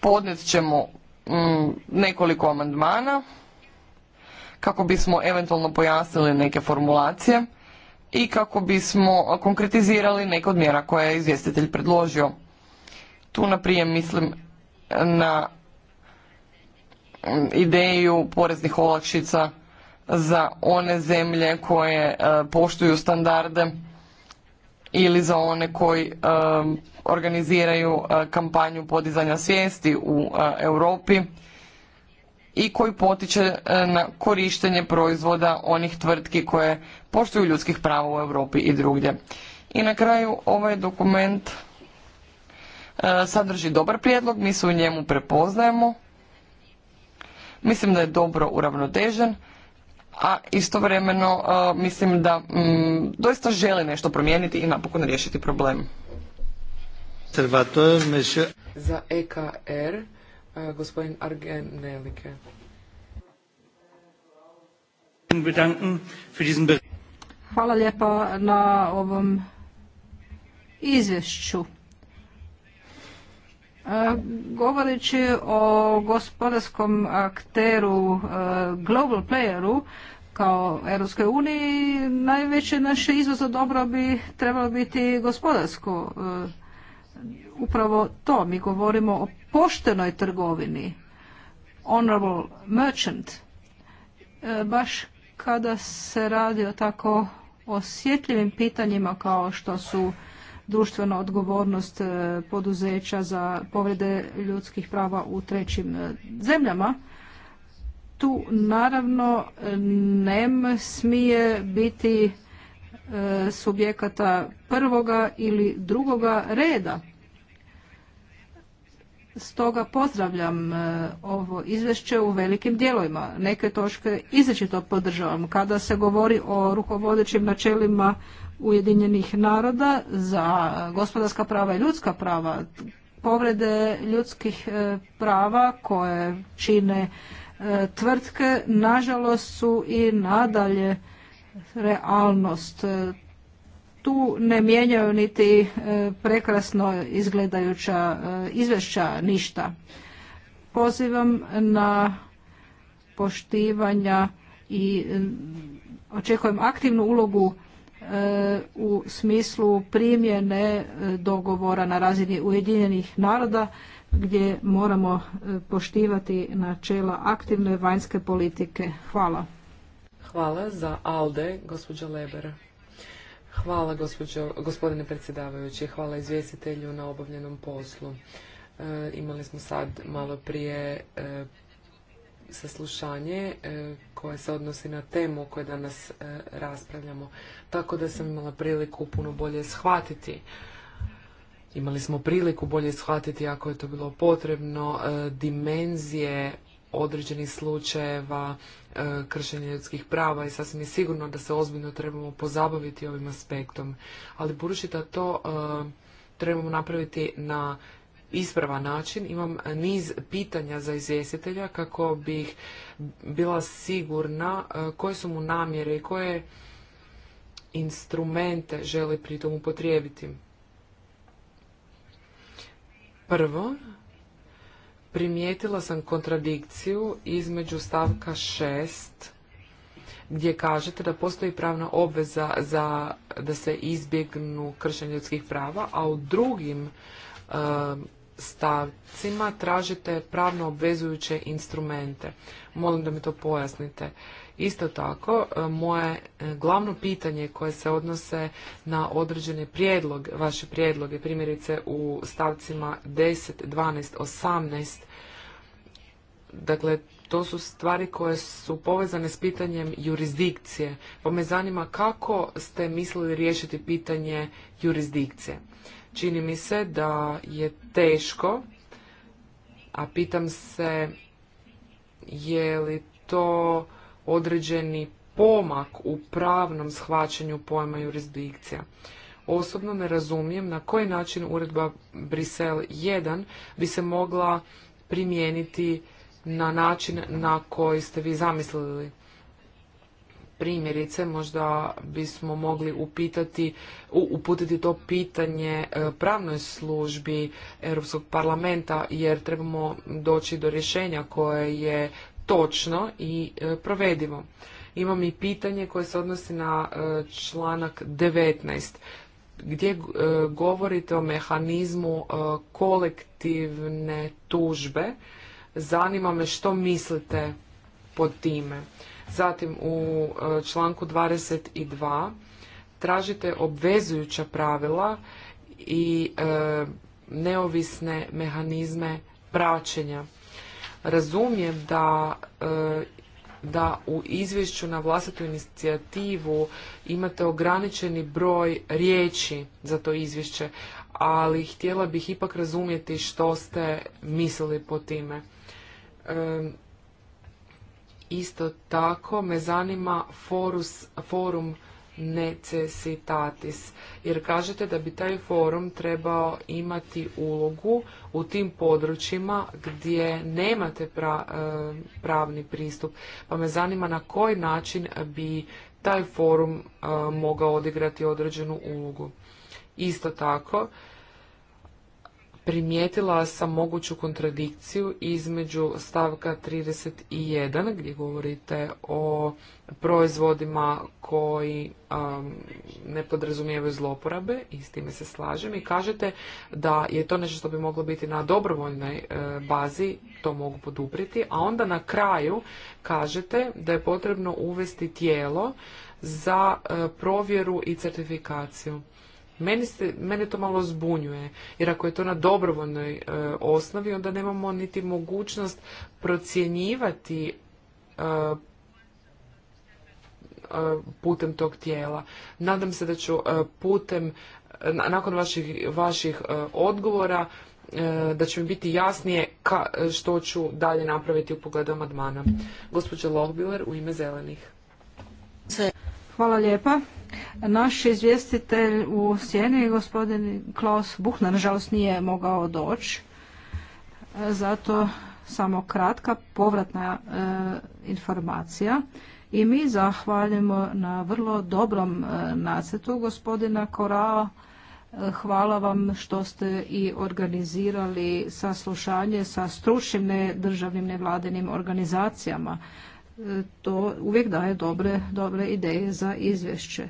podnijet ćemo Mm, nekoliko amandmana kako bismo eventualno pojasnili neke formulacije i kako bismo konkretizirali neke od mjera koje je izvjestitelj predložio. Tu naprijem mislim na mm, ideju poreznih olakšica za one zemlje koje e, poštuju standarde ili za one koji um, organiziraju uh, kampanju podizanja svijesti u uh, Europi i koji potiče uh, na korištenje proizvoda onih tvrtki koje poštuju ljudskih prava u Europi i drugdje. I na kraju ovaj dokument sadrži dobar prijedlog, mi se u njemu prepoznajemo. Mislim da je dobro uravnotežen a istovremeno mislim da mm, doista žele nešto promijeniti i napokon riješiti problem. Za EKR, gospodin Argen Nelike. Hvala lijepa na ovom izvješću. E, govoreći o gospodarskom akteru, e, global playeru, kao Europskoj uniji najveće naše izvozno dobro bi trebalo biti gospodarsko. E, upravo to mi govorimo o poštenoj trgovini. Honorable merchant. E, baš kada se radi o tako osjetljivim pitanjima kao što su društvena odgovornost e, poduzeća za povrede ljudskih prava u trećim zemljama, tu naravno ne smije biti e, subjekata prvoga ili drugoga reda. Stoga pozdravljam e, ovo izvješće u velikim dijelovima. Neke točke izrečito podržavam. Kada se govori o rukovodećim načelima Ujedinjenih naroda za gospodarska prava i ljudska prava, povrede ljudskih e, prava koje čine tvrtke nažalost su i nadalje realnost. Tu ne mijenjaju niti e, prekrasno izgledajuća e, izvješća ništa. Pozivam na poštivanja i e, očekujem aktivnu ulogu u smislu primjene dogovora na razini Ujedinjenih naroda gdje moramo e, poštivati načela aktivne vanjske politike. Hvala. Hvala za Alde, gospođa Lebera. Hvala gospodine predsjedavajući, hvala izvjestitelju na obavljenom poslu. E, imali smo sad malo prije e, saslušanje koje se odnosi na temu o kojoj danas raspravljamo, tako da sam imala priliku puno bolje shvatiti Imali smo priliku bolje shvatiti ako je to bilo potrebno e, dimenzije određenih slučajeva e, kršenja ljudskih prava i sasvim je sigurno da se ozbiljno trebamo pozabaviti ovim aspektom. Ali budući da to e, trebamo napraviti na ispravan način, imam niz pitanja za izvjestitelja kako bih bila sigurna koje su mu namjere i koje instrumente želi pritom upotrijebiti. Prvo, primijetila sam kontradikciju između stavka šest gdje kažete da postoji pravna obveza za da se izbjegnu kršenje ljudskih prava, a u drugim e, stavcima tražite pravno obvezujuće instrumente. Molim da mi to pojasnite. Isto tako, e, moje e, glavno pitanje koje se odnose na određene prijedlog, vaše prijedloge, primjerice u stavcima 10, 12, 18, dakle, to su stvari koje su povezane s pitanjem jurisdikcije. Pa me zanima kako ste mislili riješiti pitanje jurisdikcije. Čini mi se da je teško, a pitam se je li to određeni pomak u pravnom shvaćanju pojma jurisdikcija. Osobno ne razumijem na koji način uredba Brisel 1 bi se mogla primijeniti na način na koji ste vi zamislili. Primjerice, možda bismo mogli upitati, uputiti to pitanje e, pravnoj službi Europskog parlamenta jer trebamo doći do rješenja koje je točno i e, provedivo. Imam i pitanje koje se odnosi na e, članak 19 gdje e, govorite o mehanizmu kolektivne tužbe. Zanima me što mislite pod time. Zatim u članku 22 tražite obvezujuća pravila i neovisne mehanizme praćenja. Razumijem da e, da u izvješću na vlastitu inicijativu imate ograničeni broj riječi za to izvješće, ali htjela bih ipak razumjeti što ste mislili po time. E, isto tako me zanima forus, forum necesitatis. Jer kažete da bi taj forum trebao imati ulogu u tim područjima gdje nemate pra, e, pravni pristup. Pa me zanima na koji način bi taj forum e, mogao odigrati određenu ulogu. Isto tako, primijetila sam moguću kontradikciju između stavka 31 gdje govorite o proizvodima koji ne podrazumijevaju zloporabe i s time se slažem i kažete da je to nešto što bi moglo biti na dobrovoljnoj e, bazi, to mogu poduprijeti, a onda na kraju kažete da je potrebno uvesti tijelo za e, provjeru i certifikaciju. Meni mene to malo zbunjuje, jer ako je to na dobrovoljnoj e, osnovi, onda nemamo niti mogućnost procjenjivati e, e, putem tog tijela. Nadam se da ću putem, nakon vaših, vaših odgovora, da će mi biti jasnije ka, što ću dalje napraviti u pogledu amadmana. Gospođa Lohbiler u ime zelenih. Hvala lijepa. Naš izvjestitelj u Sjeni, gospodin Klaus Buchner, nažalost nije mogao doći, zato samo kratka povratna e, informacija. I mi zahvaljujemo na vrlo dobrom e, nacetu gospodina Korao. Hvala vam što ste i organizirali saslušanje sa stručnim državnim nevladinim organizacijama. E, to uvijek daje dobre, dobre ideje za izvješće.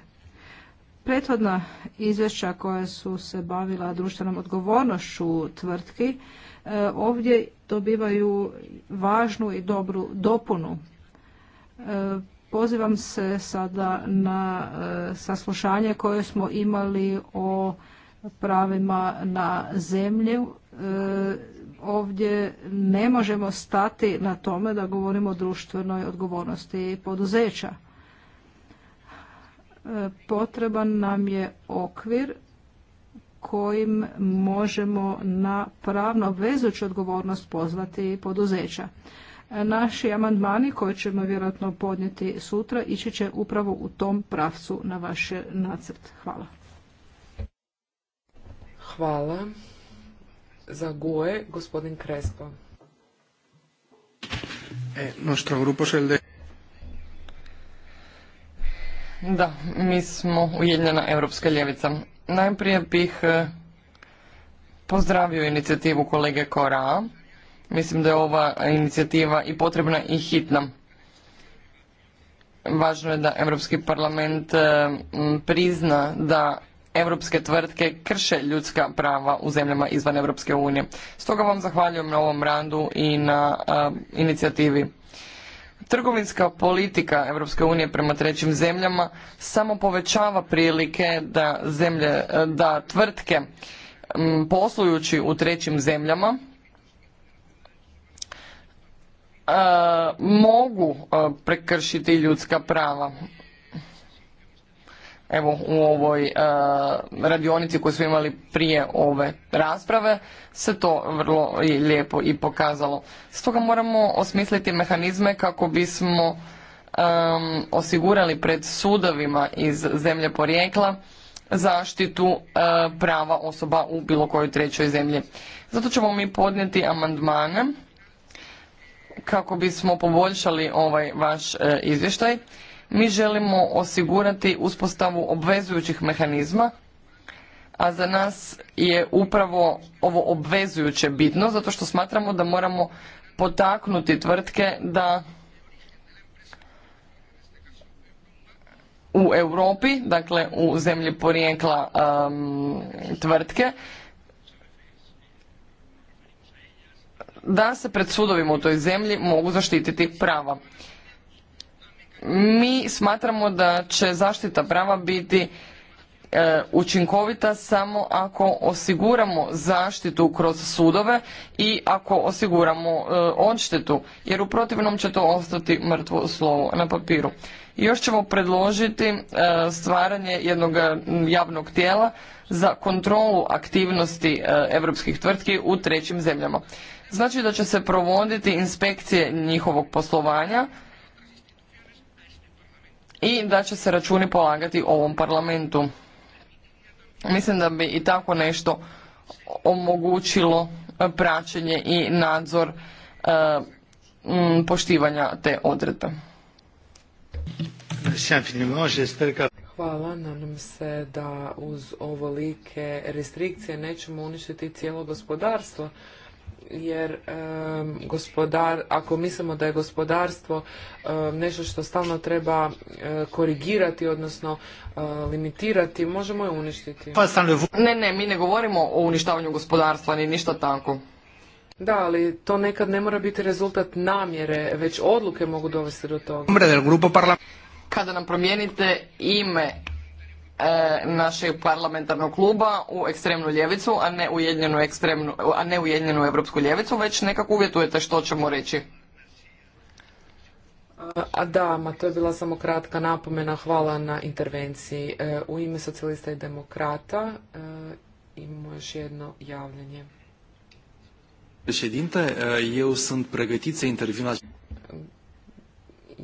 Prethodna izvješća koja su se bavila društvenom odgovornošću tvrtki e, ovdje dobivaju važnu i dobru dopunu. E, pozivam se sada na e, saslušanje koje smo imali o pravima na zemlju. Ovdje ne možemo stati na tome da govorimo o društvenoj odgovornosti poduzeća potreban nam je okvir kojim možemo na pravno obvezujuću odgovornost pozvati poduzeća. Naši amandmani koje ćemo vjerojatno podnijeti sutra ići će upravo u tom pravcu na vaš nacrt. Hvala. Hvala. Za goje, gospodin Krespo. E, da, mi smo Ujedinjena europska ljevica. Najprije bih e, pozdravio inicijativu kolege Kora, Mislim da je ova inicijativa i potrebna i hitna. Važno je da Europski parlament e, prizna da europske tvrtke krše ljudska prava u zemljama izvan Europske unije. Stoga vam zahvaljujem na ovom randu i na e, inicijativi. Trgovinska politika Europske unije prema trećim zemljama samo povećava prilike da da tvrtke poslujući u trećim zemljama e, mogu e, prekršiti ljudska prava evo u ovoj e, radionici koju smo imali prije ove rasprave se to vrlo i lijepo i pokazalo. Stoga moramo osmisliti mehanizme kako bismo osigurali pred sudovima iz zemlje porijekla zaštitu e, prava osoba u bilo kojoj trećoj zemlji. Zato ćemo mi podnijeti amandmane kako bismo poboljšali ovaj vaš e, izvještaj mi želimo osigurati uspostavu obvezujućih mehanizma, a za nas je upravo ovo obvezujuće bitno zato što smatramo da moramo potaknuti tvrtke da u Europi, dakle u zemlji porijekla um, tvrtke, da se pred sudovima u toj zemlji mogu zaštititi prava. Mi smatramo da će zaštita prava biti e, učinkovita samo ako osiguramo zaštitu kroz sudove i ako osiguramo e, odštetu, jer u protivnom će to ostati mrtvo slovo na papiru. Još ćemo predložiti e, stvaranje jednog javnog tijela za kontrolu aktivnosti europskih tvrtki u trećim zemljama. Znači da će se provoditi inspekcije njihovog poslovanja, i da će se računi polagati ovom parlamentu. Mislim da bi i tako nešto omogućilo e, praćenje i nadzor e, poštivanja te odredbe. Hvala, nadam se da uz ovolike restrikcije nećemo uništiti cijelo gospodarstvo jer gospodar, ako mislimo da je gospodarstvo nešto što stalno treba e, korigirati, odnosno e, limitirati, možemo je uništiti. Pa ne, ne, mi ne govorimo o uništavanju gospodarstva, ni ništa tako. Da, ali to nekad ne mora biti rezultat namjere, već odluke mogu dovesti do toga. Kada nam promijenite ime E, našeg parlamentarnog kluba u ekstremnu ljevicu, a ne ujedinjenu ekstremnu, a ne ujedinjenu europsku ljevicu, već nekako uvjetujete što ćemo reći. A da, ma to je bila samo kratka napomena. Hvala na intervenciji. E, u ime socijalista i demokrata e, imamo još jedno javljanje.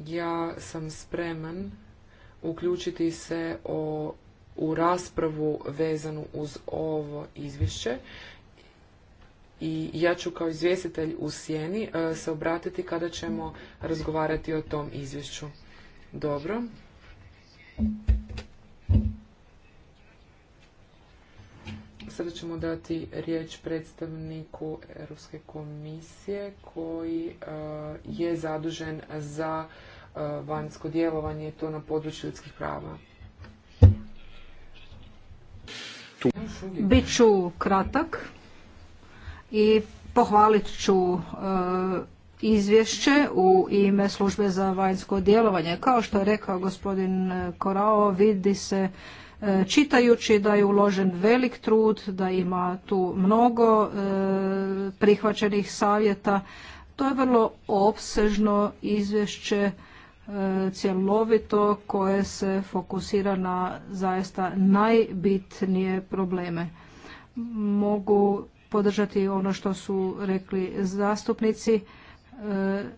Ja sam spreman uključiti se o u raspravu vezanu uz ovo izvješće i ja ću kao izvjestitelj u sjeni e, se obratiti kada ćemo razgovarati o tom izvješću. Dobro. Sada ćemo dati riječ predstavniku Europske komisije koji e, je zadužen za e, vanjsko djelovanje i to na području ljudskih prava. Biću kratak i pohvalit ću e, izvješće u ime službe za vanjsko djelovanje. Kao što je rekao gospodin Korao, vidi se e, čitajući da je uložen velik trud, da ima tu mnogo e, prihvaćenih savjeta. To je vrlo opsežno izvješće cjelovito koje se fokusira na zaista najbitnije probleme. Mogu podržati ono što su rekli zastupnici, e,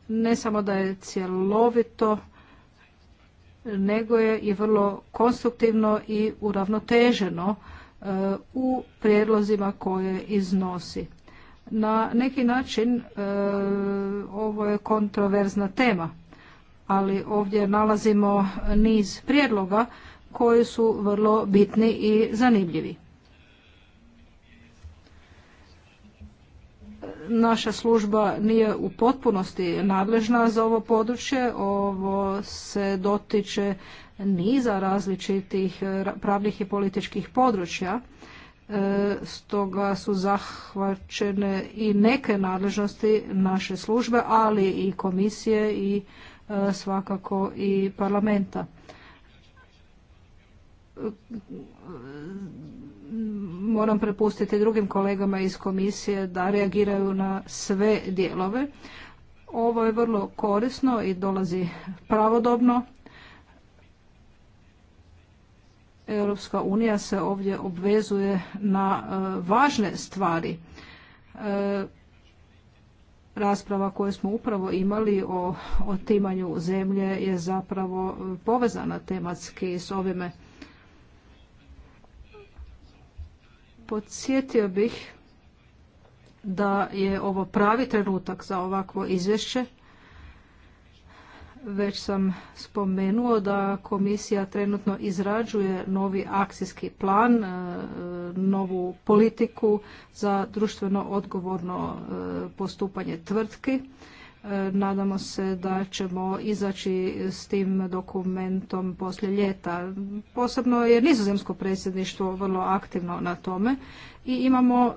ne samo da je cjelovito, nego je i vrlo konstruktivno i uravnoteženo e, u prijedlozima koje iznosi. Na neki način e, ovo je kontroverzna tema ali ovdje nalazimo niz prijedloga koji su vrlo bitni i zanimljivi. Naša služba nije u potpunosti nadležna za ovo područje, ovo se dotiče niza različitih pravnih i političkih područja, e, stoga su zahvaćene i neke nadležnosti naše službe, ali i komisije i E, svakako i parlamenta. Moram prepustiti drugim kolegama iz komisije da reagiraju na sve dijelove. Ovo je vrlo korisno i dolazi pravodobno. Europska unija se ovdje obvezuje na e, važne stvari e, rasprava koju smo upravo imali o otimanju zemlje je zapravo povezana tematski s ovime. Podsjetio bih da je ovo pravi trenutak za ovakvo izvješće već sam spomenuo da komisija trenutno izrađuje novi akcijski plan, e, novu politiku za društveno odgovorno e, postupanje tvrtki. E, nadamo se da ćemo izaći s tim dokumentom poslije ljeta. Posebno je nizozemsko predsjedništvo vrlo aktivno na tome i imamo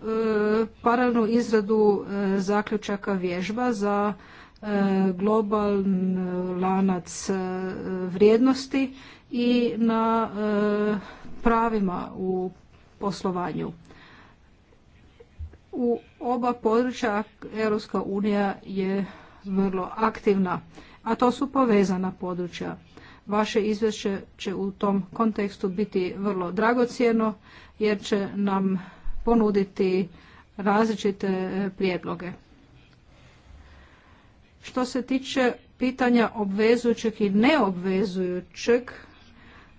paralelnu izradu zaključaka vježba za E, globalan lanac e, vrijednosti i na e, pravima u poslovanju. U oba područja Europska unija je vrlo aktivna, a to su povezana područja. Vaše izvješće će u tom kontekstu biti vrlo dragocjeno jer će nam ponuditi različite prijedloge. Što se tiče pitanja obvezujućeg i neobvezujućeg,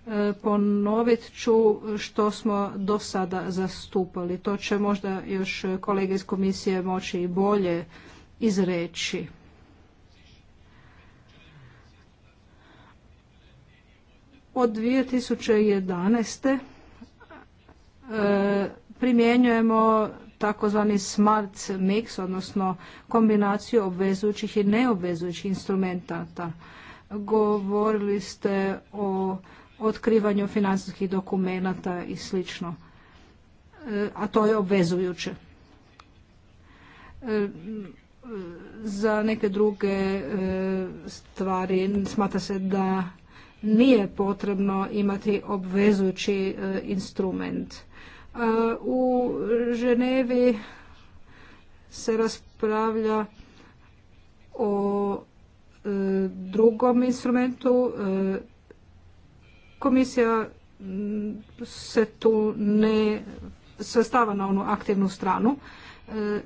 e, ponovit ću što smo do sada zastupali. To će možda još kolege iz komisije moći i bolje izreći. Od 2011. E, primjenjujemo takozvani smart mix, odnosno kombinaciju obvezujućih i neobvezujućih instrumentata. Govorili ste o otkrivanju financijskih dokumenata i slično, e, a to je obvezujuće. E, za neke druge e, stvari smata se da nije potrebno imati obvezujući instrument Uh, u Ženevi se raspravlja o e, drugom instrumentu. E, komisija se tu ne svrstava na onu aktivnu stranu. E,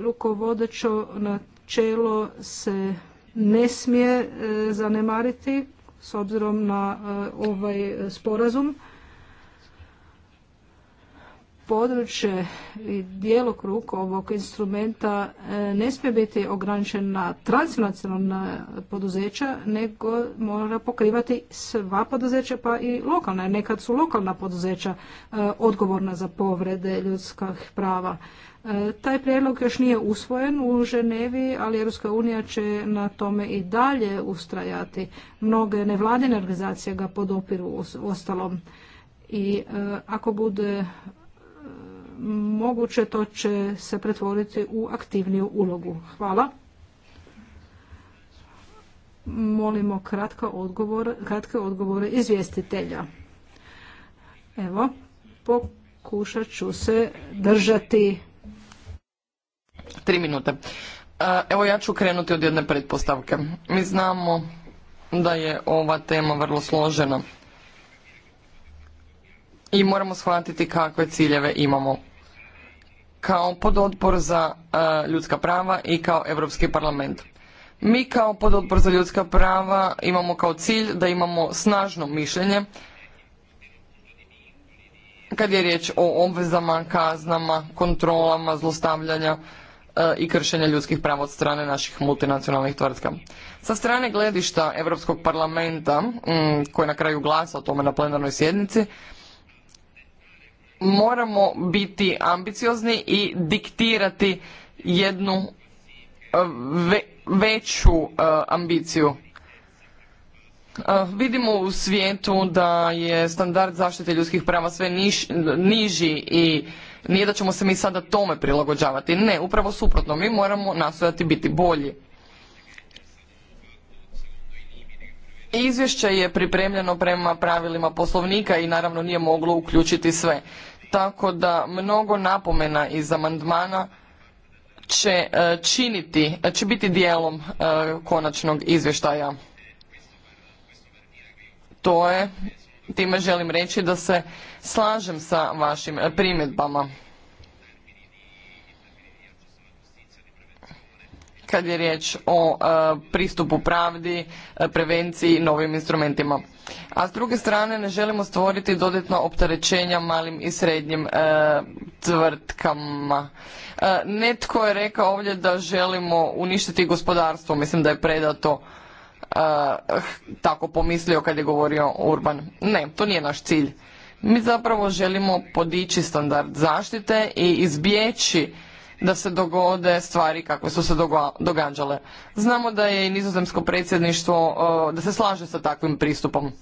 Rukovodeće načelo se ne smije zanemariti s obzirom na ovaj sporazum područje i djelokrug ovog instrumenta e, ne smije biti ograničen na transnacionalna poduzeća, nego mora pokrivati sva poduzeća pa i lokalna. Nekad su lokalna poduzeća e, odgovorna za povrede ljudskih prava. E, taj prijedlog još nije usvojen u Ženevi, ali Europska unija će na tome i dalje ustrajati. Mnoge nevladine organizacije ga podopiru ostalom i ako bude moguće to će se pretvoriti u aktivniju ulogu. Hvala. Molimo kratka odgovor, kratke odgovore izvjestitelja. Evo, pokušat ću se držati tri minute. E, evo ja ću krenuti od jedne pretpostavke. Mi znamo da je ova tema vrlo složena i moramo shvatiti kakve ciljeve imamo kao pododbor za e, ljudska prava i kao Europski parlament. Mi kao pododbor za ljudska prava imamo kao cilj da imamo snažno mišljenje kad je riječ o obvezama, kaznama, kontrolama, zlostavljanja e, i kršenja ljudskih prava od strane naših multinacionalnih tvrtka. Sa strane gledišta Europskog parlamenta, koji na kraju glasa o tome na plenarnoj sjednici, moramo biti ambiciozni i diktirati jednu e, veću e, ambiciju. E, vidimo u svijetu da je standard zaštite ljudskih prava sve niži i nije da ćemo se mi sada tome prilagođavati. Ne, upravo suprotno, mi moramo nastojati biti bolji. Izvješće je pripremljeno prema pravilima poslovnika i naravno nije moglo uključiti sve tako da mnogo napomena iz amandmana će e, činiti, će biti dijelom e, konačnog izvještaja. To je, time želim reći da se slažem sa vašim primjedbama. kad je riječ o e, pristupu pravdi, e, prevenciji i novim instrumentima. A s druge strane ne želimo stvoriti dodatna opterećenja malim i srednjim e, tvrtkama. Netko je rekao ovdje da želimo uništiti gospodarstvo, mislim da je predato tako pomislio kad je govorio Urban. Ne, to nije naš cilj. Mi zapravo želimo podići standard zaštite i izbjeći da se dogode stvari kakve su se događale. Znamo da je i nizozemsko predsjedništvo, da se slaže sa takvim pristupom.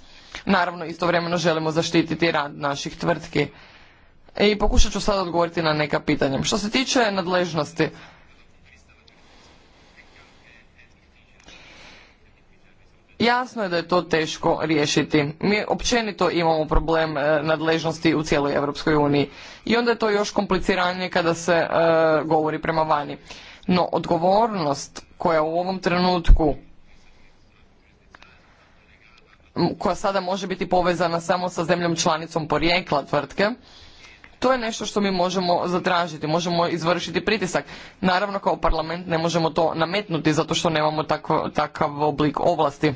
Naravno, istovremeno želimo zaštititi rad naših tvrtki. I pokušat ću sad odgovoriti na neka pitanja. Što se tiče nadležnosti, Jasno je da je to teško riješiti. Mi općenito imamo problem e, nadležnosti u cijeloj Europskoj uniji i onda je to još kompliciranije kada se e, govori prema vani. No odgovornost koja u ovom trenutku koja sada može biti povezana samo sa zemljom članicom porijekla tvrtke, to je nešto što mi možemo zatražiti, možemo izvršiti pritisak. Naravno kao parlament ne možemo to nametnuti zato što nemamo takav, takav oblik ovlasti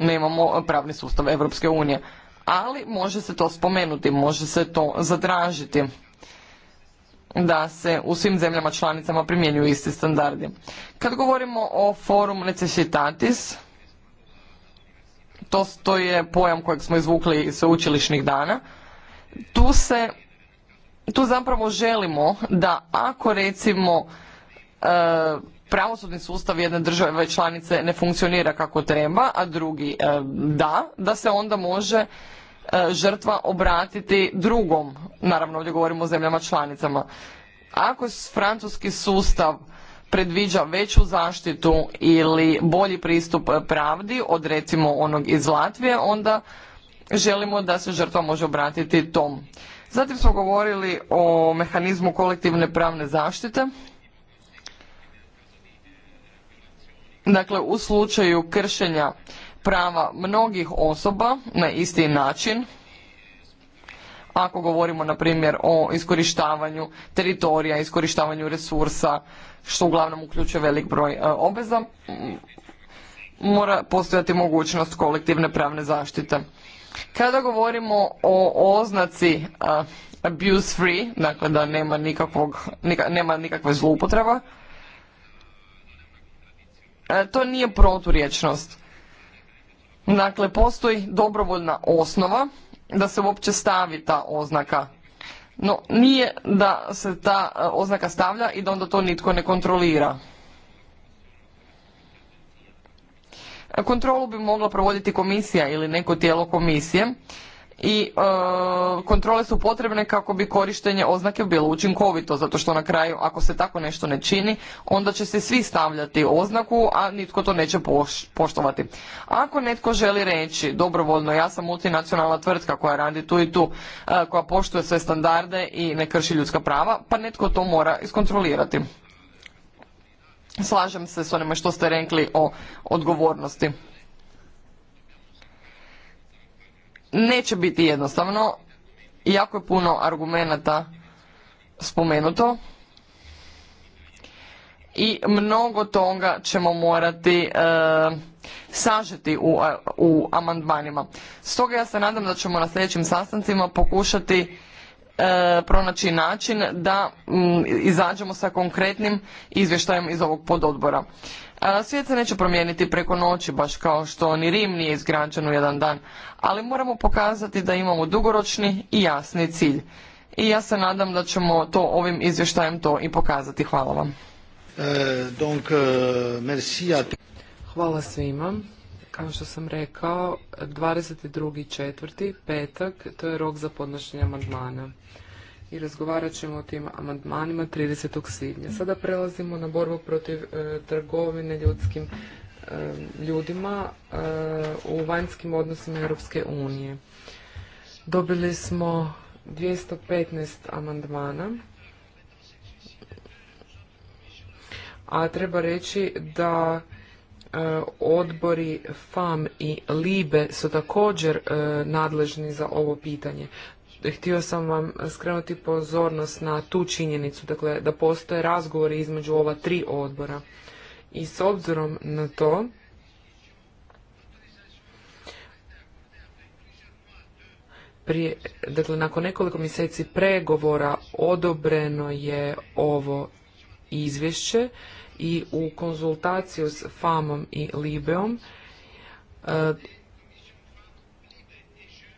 nemamo pravni sustav Europske unije. Ali može se to spomenuti, može se to zatražiti da se u svim zemljama članicama primjenjuju isti standardi. Kad govorimo o forum necessitatis, to, to je pojam kojeg smo izvukli iz sveučilišnih dana, tu se tu zapravo želimo da ako recimo e, pravosudni sustav jedne države članice ne funkcionira kako treba, a drugi e, da, da se onda može e, žrtva obratiti drugom. Naravno, ovdje govorimo o zemljama članicama. Ako francuski sustav predviđa veću zaštitu ili bolji pristup pravdi od recimo onog iz Latvije, onda želimo da se žrtva može obratiti tom. Zatim smo govorili o mehanizmu kolektivne pravne zaštite Dakle, u slučaju kršenja prava mnogih osoba na isti način, ako govorimo na primjer o iskorištavanju teritorija, iskorištavanju resursa, što uglavnom uključuje velik broj e, obveza, mora postojati mogućnost kolektivne pravne zaštite. Kada govorimo o oznaci e, abuse free, dakle da nema, nikakvog, nema nikakve zloupotreba, E, to nije proturječnost. Dakle, postoji dobrovoljna osnova da se uopće stavi ta oznaka. No, nije da se ta e, oznaka stavlja i da onda to nitko ne kontrolira. Kontrolu bi mogla provoditi komisija ili neko tijelo komisije i e, kontrole su potrebne kako bi korištenje oznake bilo učinkovito zato što na kraju ako se tako nešto ne čini onda će se svi stavljati oznaku a nitko to neće poštovati ako netko želi reći dobrovoljno ja sam multinacionalna tvrtka koja radi tu i tu e, koja poštuje sve standarde i ne krši ljudska prava pa netko to mora iskontrolirati slažem se s onima što ste rekli o odgovornosti Neće biti jednostavno, jako je puno argumenata spomenuto i mnogo toga ćemo morati e, sažeti u, amandmanima. Stoga ja se nadam da ćemo na sljedećim sastancima pokušati e, pronaći način da izađemo sa konkretnim izvještajem iz ovog pododbora. Svijet se neće promijeniti preko noći, baš kao što ni Rim nije izgrađen u jedan dan, ali moramo pokazati da imamo dugoročni i jasni cilj. I ja se nadam da ćemo to ovim izvještajem to i pokazati. Hvala vam. E, e, Hvala svima. Kao što sam rekao, četvrti, petak, to je rok za podnošenje amandmana i razgovarat ćemo o tim amandmanima 30. svibnja. Sada prelazimo na borbu protiv e, trgovine ljudskim e, ljudima e, u vanjskim odnosima Europske unije. Dobili smo 215 amandmana. A treba reći da odbori FAM i LIBE su također nadležni za ovo pitanje htio sam vam skrenuti pozornost na tu činjenicu, dakle da postoje razgovori između ova tri odbora. I s obzirom na to, prije, dakle nakon nekoliko mjeseci pregovora odobreno je ovo izvješće i u konzultaciju s FAMom i Libeom e,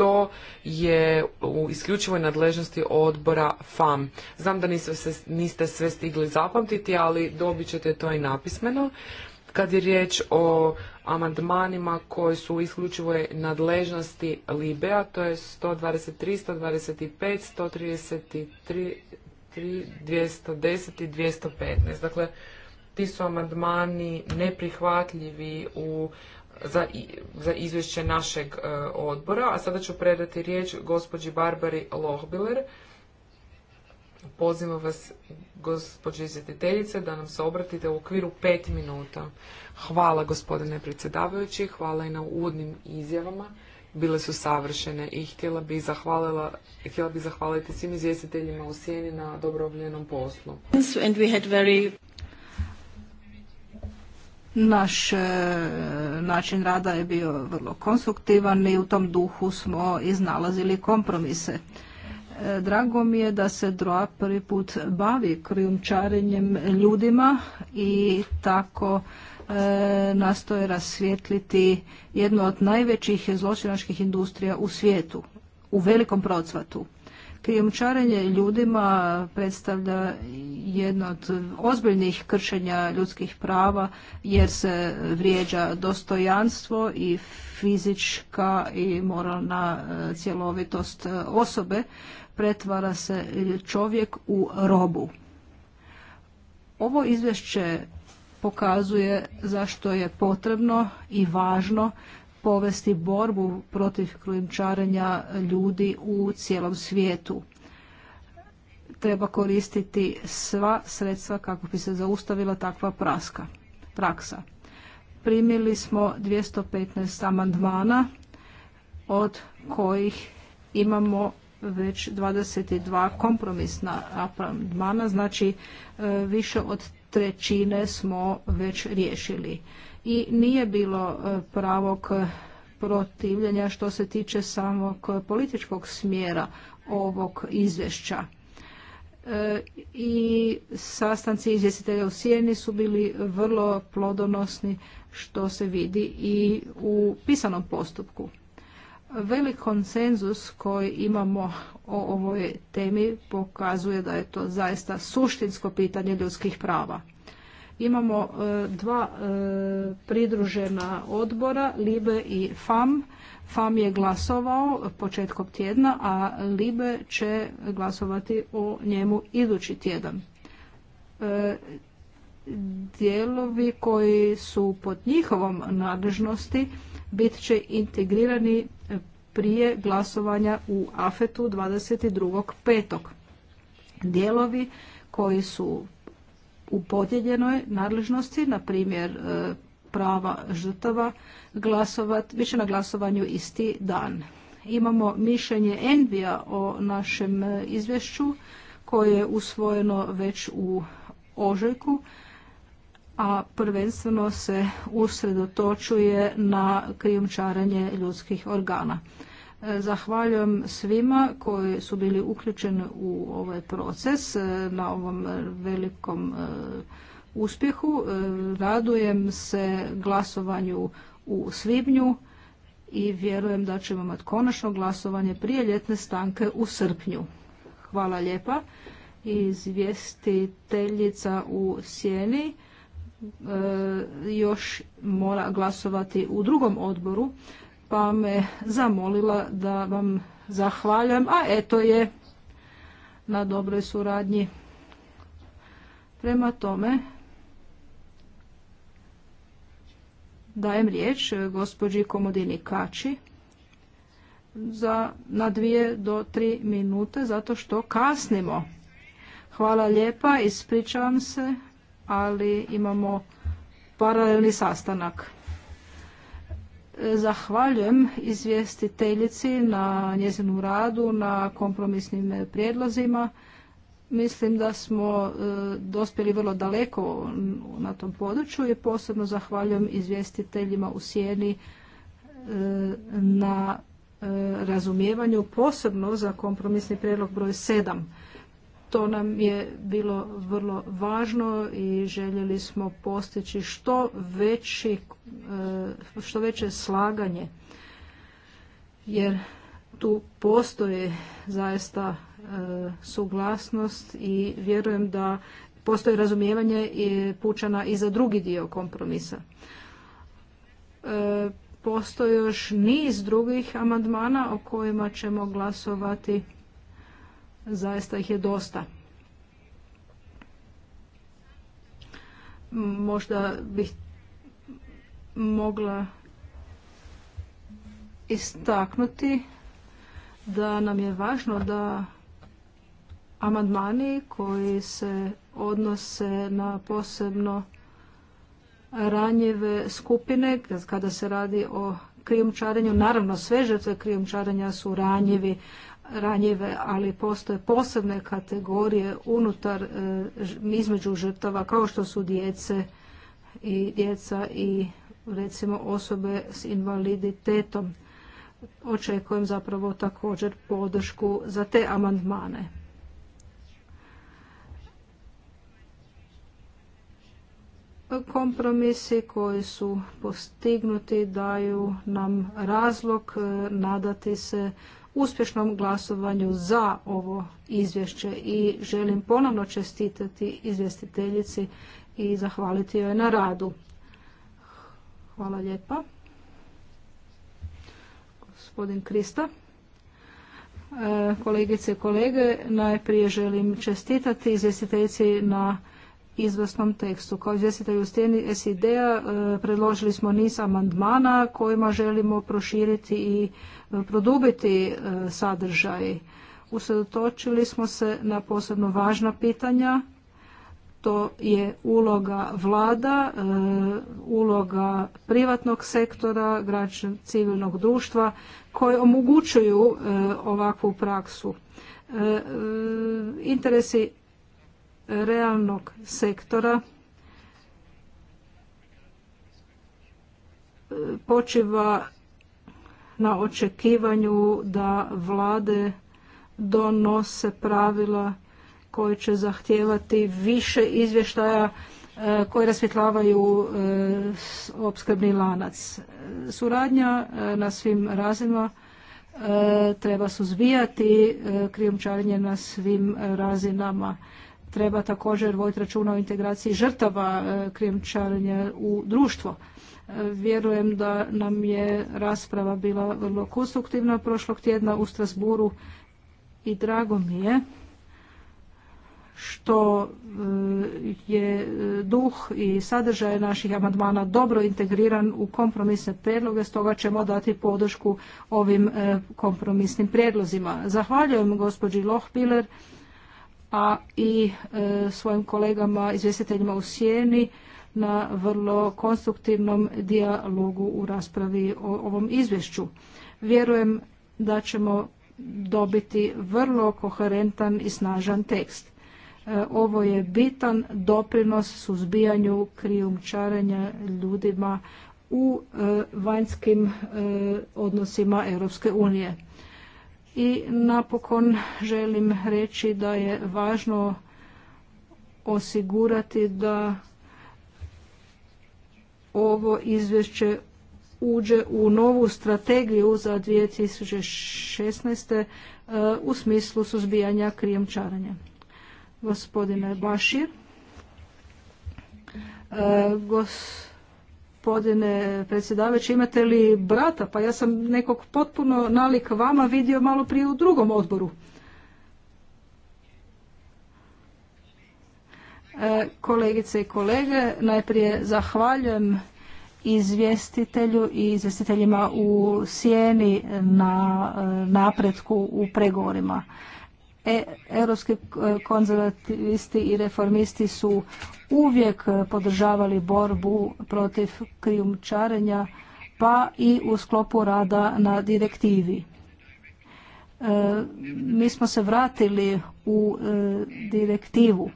to je u isključivoj nadležnosti odbora FAM. Znam da niste sve stigli zapamtiti, ali dobit ćete to i napismeno. Kad je riječ o amandmanima koji su u isključivoj nadležnosti Libea, to je 123, 125, 133, 210 i 215. Dakle, ti su amandmani neprihvatljivi u za, izvješće našeg e, odbora, a sada ću predati riječ gospođi Barbari Lohbiler. Pozivam vas, gospođe izvjetiteljice, da nam se obratite u okviru pet minuta. Hvala, gospodine predsjedavajući, hvala i na uvodnim izjavama. Bile su savršene i htjela bi, zahvalila, htjela bi zahvaliti svim izvjestiteljima u sjeni na dobro poslu. Naš e, način rada je bio vrlo konstruktivan i u tom duhu smo iznalazili kompromise. E, drago mi je da se DROA prvi put bavi krijumčarenjem ljudima i tako e, nastoje rasvjetliti jednu od najvećih zločinačkih industrija u svijetu, u velikom procvatu. Krijumčarenje ljudima predstavlja jedno od ozbiljnih kršenja ljudskih prava jer se vrijeđa dostojanstvo i fizička i moralna e, cjelovitost e, osobe. Pretvara se čovjek u robu. Ovo izvješće pokazuje zašto je potrebno i važno povesti borbu protiv krijumčarenja ljudi u cijelom svijetu. Treba koristiti sva sredstva kako bi se zaustavila takva praska, praksa. Primili smo 215 amandmana od kojih imamo već 22 kompromisna amandmana, znači e, više od trećine smo već riješili i nije bilo e, pravog protivljenja što se tiče samog političkog smjera ovog izvješća. E, I sastanci izvjestitelja u Sijeni su bili vrlo plodonosni što se vidi i u pisanom postupku. Velik konsenzus koji imamo o ovoj temi pokazuje da je to zaista suštinsko pitanje ljudskih prava. Imamo e, dva e, pridružena odbora, LIBE i FAM. FAM je glasovao početkom tjedna, a LIBE će glasovati o njemu idući tjedan. E, dijelovi koji su pod njihovom nadležnosti bit će integrirani prije glasovanja u AFET-u 22.5. Dijelovi koji su u podijeljenoj nadležnosti, na primjer e, prava žrtava, glasovat, bit na glasovanju isti dan. Imamo mišljenje Envija o našem e, izvješću koje je usvojeno već u ožujku, a prvenstveno se usredotočuje na krijumčaranje ljudskih organa. Zahvaljujem svima koji su bili uključeni u ovaj proces e, na ovom velikom e, uspjehu. E, radujem se glasovanju u svibnju i vjerujem da ćemo imati konačno glasovanje prije ljetne stanke u srpnju. Hvala lijepa. Izvjestiteljica u sjeni još mora glasovati u drugom odboru pa me zamolila da vam zahvaljam, a eto je na dobroj suradnji. Prema tome dajem riječ gospođi Komodini Kači za na dvije do tri minute zato što kasnimo. Hvala lijepa, ispričavam se, ali imamo paralelni sastanak. Zahvaljujem izvjestiteljici na njezinu radu, na kompromisnim prijedlozima. Mislim da smo e, dospjeli vrlo daleko na tom području i posebno zahvaljujem izvjestiteljima u Sijeni e, na e, razumijevanju, posebno za kompromisni prijedlog broj 7. To nam je bilo vrlo važno i željeli smo postići što, veći, e, što veće slaganje jer tu postoje zaista e, suglasnost i vjerujem da postoji razumijevanje i pučana i za drugi dio kompromisa. E, postoji još niz drugih amandmana o kojima ćemo glasovati zaista ih je dosta. Možda bih mogla istaknuti da nam je važno da amandmani koji se odnose na posebno ranjive skupine kada se radi o krijumčarenju. Naravno, sve žrtve krijumčarenja su ranjivi, ranjive, ali postoje posebne kategorije unutar e, između žrtava kao što su djece i djeca i recimo osobe s invaliditetom. Očekujem zapravo također podršku za te amandmane. Kompromisi koji su postignuti daju nam razlog e, nadati se uspješnom glasovanju za ovo izvješće i želim ponovno čestitati izvjestiteljici i zahvaliti joj na radu. Hvala lijepa. Gospodin Krista. E, kolegice i kolege, najprije želim čestitati izvjestiteljici na izvrsnom tekstu. Kao izvjestitelj u stjeni SID-a e, predložili smo niz amandmana kojima želimo proširiti i e, produbiti e, sadržaj. Usredotočili smo se na posebno važna pitanja, to je uloga vlada, uloga privatnog sektora, građan civilnog društva koje omogućuju ovakvu praksu. Interesi realnog sektora e, počiva na očekivanju da vlade donose pravila koje će zahtijevati više izvještaja e, koje rasvjetlavaju e, opskrbni lanac. Suradnja na svim razinama treba suzbijati krijumčarenje na svim razinama treba također voditi računa o integraciji žrtava e, krijumčarenja u društvo. E, vjerujem da nam je rasprava bila vrlo konstruktivna prošlog tjedna u Strasburu i drago mi je što e, je duh i sadržaj naših amandmana dobro integriran u kompromisne prijedloge, stoga ćemo dati podršku ovim kompromisnim prijedlozima. Zahvaljujem gospođi Lohpiler a i e, svojim kolegama izvjestiteljima u sjeni na vrlo konstruktivnom dijalogu u raspravi o ovom izvješću. Vjerujem da ćemo dobiti vrlo koherentan i snažan tekst. E, ovo je bitan doprinos suzbijanju krijumčarenja ljudima u e, vanjskim odnosima Europske unije. I napokon želim reći da je važno osigurati da ovo izvješće uđe u novu strategiju za 2016. E, u smislu suzbijanja krijemčaranja. Gospodine Bašir, e, gos Gospodine predsjedavajući, imate li brata? Pa ja sam nekog potpuno nalik vama vidio malo prije u drugom odboru. E, kolegice i kolege, najprije zahvaljujem izvjestitelju i izvjestiteljima u sjeni na e, napretku u pregovorima. E, europski e, konzervativisti i reformisti su uvijek podržavali borbu protiv krijumčarenja pa i u sklopu rada na direktivi. E, mi smo se vratili u e, direktivu.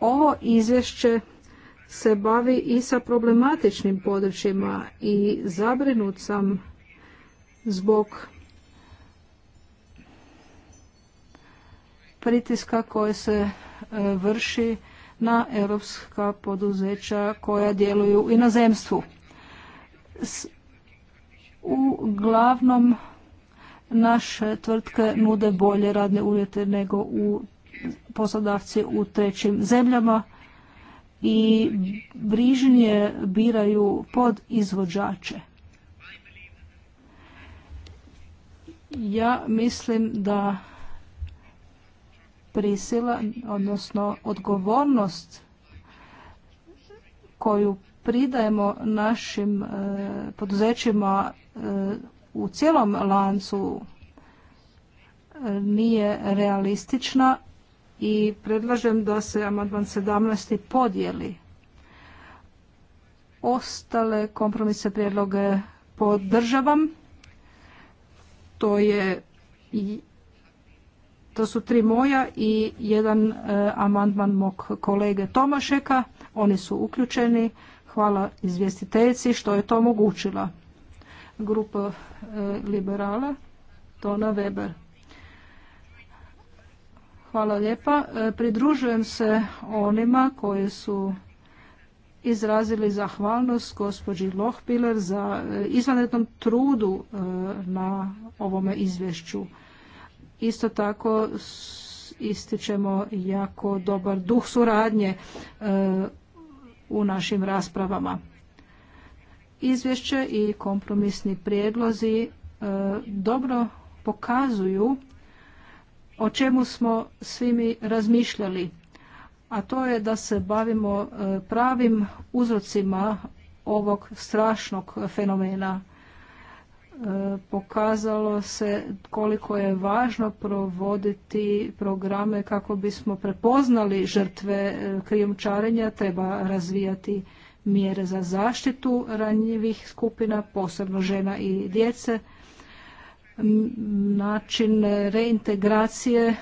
Ovo izvješće se bavi i sa problematičnim područjima i zabrinut sam zbog pritiska koje se e, vrši na europska poduzeća koja djeluju u inozemstvu. Uglavnom, naše tvrtke nude bolje radne uvjete nego u poslodavci u trećim zemljama i brižnije biraju pod izvođače. Ja mislim da prisila, odnosno odgovornost koju pridajemo našim e, poduzećima e, u cijelom lancu e, nije realistična i predlažem da se amandman 17. podijeli. Ostale kompromise prijedloge podržavam. To je i to su tri moja i jedan e, amandman mog kolege Tomašeka. Oni su uključeni. Hvala izvjestiteljici što je to omogućila. Grupa e, liberala Tona Weber. Hvala lijepa. E, pridružujem se onima koji su izrazili zahvalnost gospođi Lohpiler za izvanrednom trudu na ovome izvješću. Isto tako ističemo jako dobar duh suradnje e, u našim raspravama. Izvješće i kompromisni prijedlozi e, dobro pokazuju o čemu smo svi mi razmišljali, a to je da se bavimo e, pravim uzrocima ovog strašnog fenomena pokazalo se koliko je važno provoditi programe kako bismo prepoznali žrtve e, krijumčarenja, treba razvijati mjere za zaštitu ranjivih skupina, posebno žena i djece, način reintegracije e,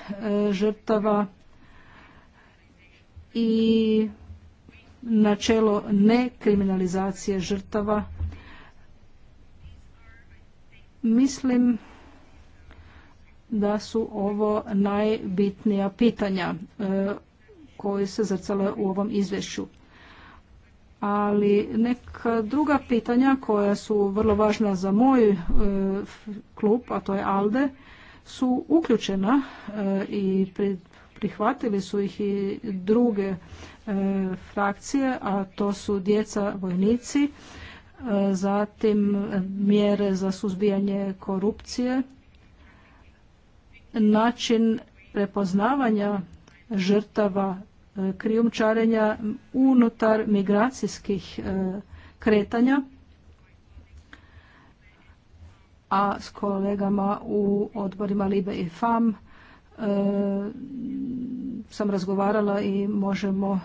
žrtava i načelo nekriminalizacije žrtava Mislim da su ovo najbitnija pitanja e, koji se zrcale u ovom izvješću. Ali neka druga pitanja koja su vrlo važna za moj e, klub, a to je ALDE, su uključena e, i prihvatili su ih i druge frakcije, a to su djeca vojnici, zatim mjere za suzbijanje korupcije, način prepoznavanja žrtava e, krijumčarenja unutar migracijskih e, kretanja, a s kolegama u odborima Libe i FAM e, sam razgovarala i možemo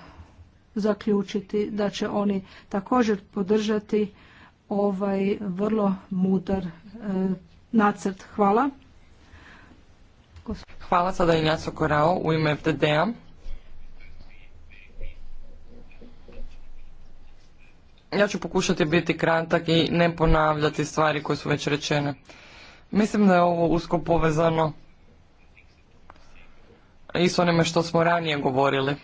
zaključiti da će oni također podržati ovaj vrlo mudar e, nacrt. Hvala. Hvala sada Iljaso Korao u ime FDD-a. Ja ću pokušati biti kratak i ne ponavljati stvari koje su već rečene. Mislim da je ovo usko povezano i s onime što smo ranije govorili.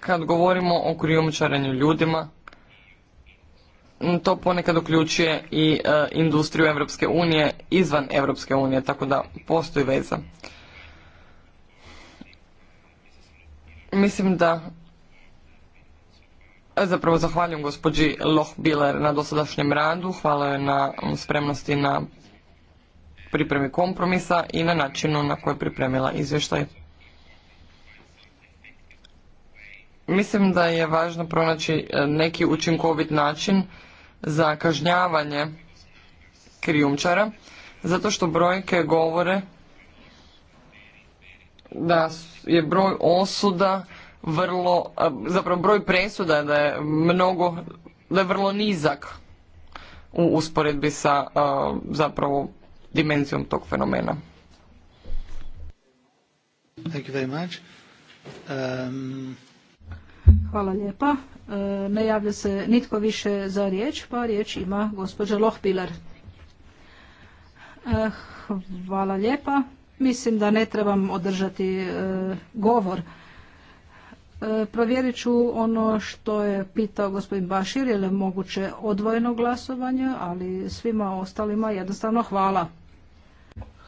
Kad govorimo o krijumčarenju ljudima, to ponekad uključuje i e, industriju Europske unije izvan Europske unije, tako da postoji veza. Mislim da zapravo zahvaljujem gospođi Lohbiler na dosadašnjem radu, hvala joj na spremnosti na pripremi kompromisa i na načinu na koji je pripremila izvještaj. Mislim da je važno pronaći e, neki učinkovit način za kažnjavanje krijumčara, zato što brojke govore da je broj osuda vrlo, zapravo broj presuda da je mnogo, da je vrlo nizak u usporedbi sa zapravo dimenzijom tog fenomena. Um, Hvala lijepa. E, ne javlja se nitko više za riječ, pa riječ ima gospođa Lohpilar. E, hvala lijepa. Mislim da ne trebam održati e, govor. Provjerit ću ono što je pitao gospodin Bašir, je li moguće odvojeno glasovanje, ali svima ostalima jednostavno hvala.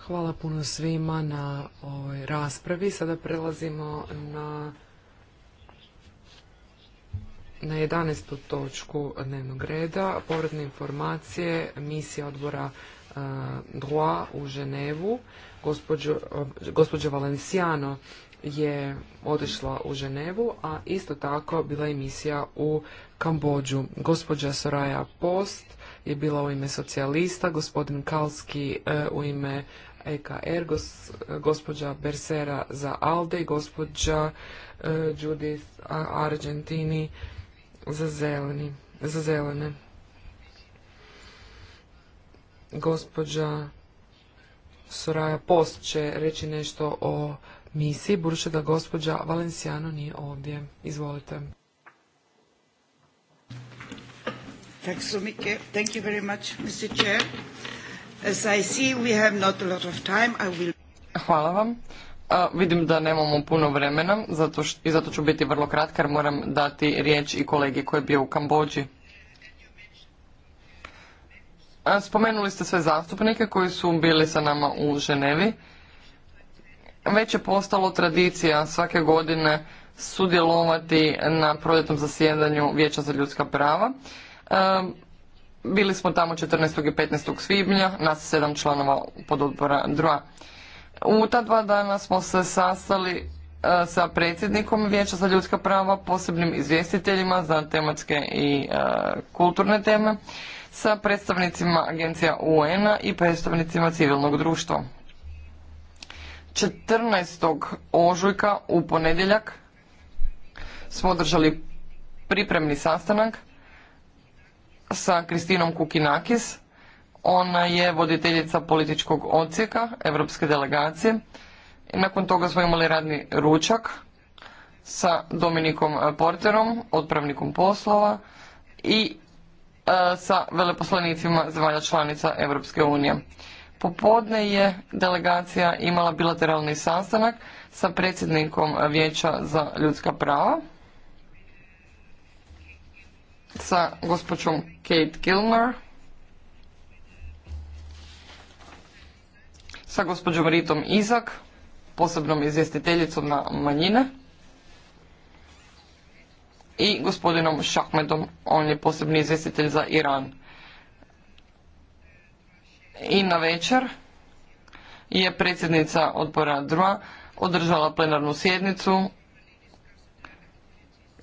Hvala puno svima na ovoj raspravi. Sada prelazimo na na 11. točku dnevnog reda povratne informacije misija odbora e, u Ženevu. E, gospođa Valenciano je otišla u Ženevu, a isto tako bila je misija u Kambođu. Gospođa Soraya Post je bila u ime socijalista, gospodin Kalski e, u ime EKR, gospođa Bersera za ALDE i gospođa e, Judith Argentini za, zeleni, za zelene. Gospođa Soraja Post će reći nešto o misiji, buduće da gospođa Valenciano nije ovdje. Izvolite. Thank you very much, Mr. Chair. As I see we have not a lot of time, I will... Hvala vam vidim da nemamo puno vremena i zato ću biti vrlo kratka jer moram dati riječ i kolegi koji je bio u Kambođi. spomenuli ste sve zastupnike koji su bili sa nama u Ženevi. Već je postalo tradicija svake godine sudjelovati na proljetnom zasjedanju Vijeća za ljudska prava. bili smo tamo 14. i 15. svibnja, nas sedam članova pododbora 2. U ta dva dana smo se sastali e, sa predsjednikom Vijeća za ljudska prava, posebnim izvjestiteljima za tematske i e, kulturne teme, sa predstavnicima agencija UN-a i predstavnicima civilnog društva. 14. ožujka u ponedjeljak smo održali pripremni sastanak sa Kristinom Kukinakis, ona je voditeljica političkog odsjeka Europske delegacije. I nakon toga smo imali radni ručak sa Dominikom e, Porterom, odpravnikom poslova i e, sa veleposlanicima zemalja članica Europske unije. Popodne je delegacija imala bilateralni sastanak sa predsjednikom Vijeća za ljudska prava, sa gospođom Kate Kilmer, sa gospođom Ritom Izak, posebnom izvjestiteljicom na manjine i gospodinom Šahmedom, on je posebni izvjestitelj za Iran. I na večer je predsjednica odbora DRA održala plenarnu sjednicu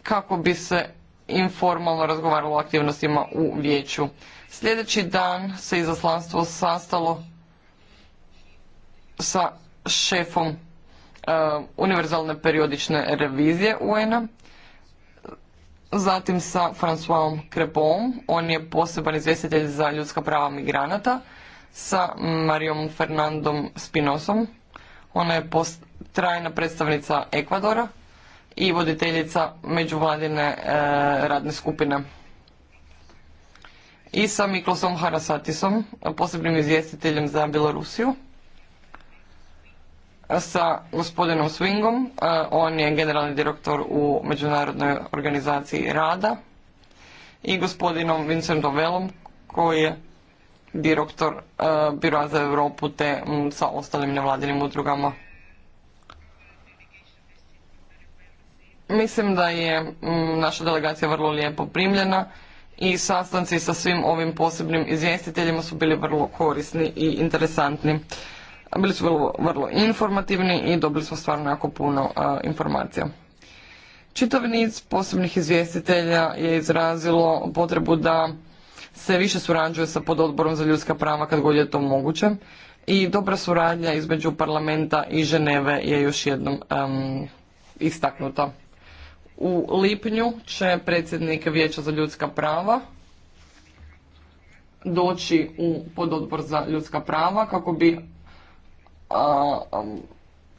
kako bi se informalno razgovaralo o aktivnostima u vijeću. Sljedeći dan se izaslanstvo sastalo sa šefom e, univerzalne periodične revizije UN-a, zatim sa Françoisom Crepom, on je poseban izvjestitelj za ljudska prava migranata, sa Marijom Fernandom Spinosom, ona je trajna predstavnica Ekvadora i voditeljica međuvladine e, radne skupine i sa Miklosom Harasatisom, posebnim izvjestiteljem za Bjelorusiju sa gospodinom Swingom. E, on je generalni direktor u Međunarodnoj organizaciji rada i gospodinom Vincentom Velom koji je direktor e, Biroa za Europu te sa ostalim nevladinim udrugama. Mislim da je naša delegacija vrlo lijepo primljena i sastanci sa svim ovim posebnim izvjestiteljima su bili vrlo korisni i interesantni bili su vrlo, informativni i dobili smo stvarno jako puno informacija. Čitav niz posebnih izvjestitelja je izrazilo potrebu da se više surađuje sa pododborom za ljudska prava kad god je to moguće i dobra suradnja između parlamenta i Ženeve je još jednom istaknuta. U lipnju će predsjednik Vijeća za ljudska prava doći u pododbor za ljudska prava kako bi Um,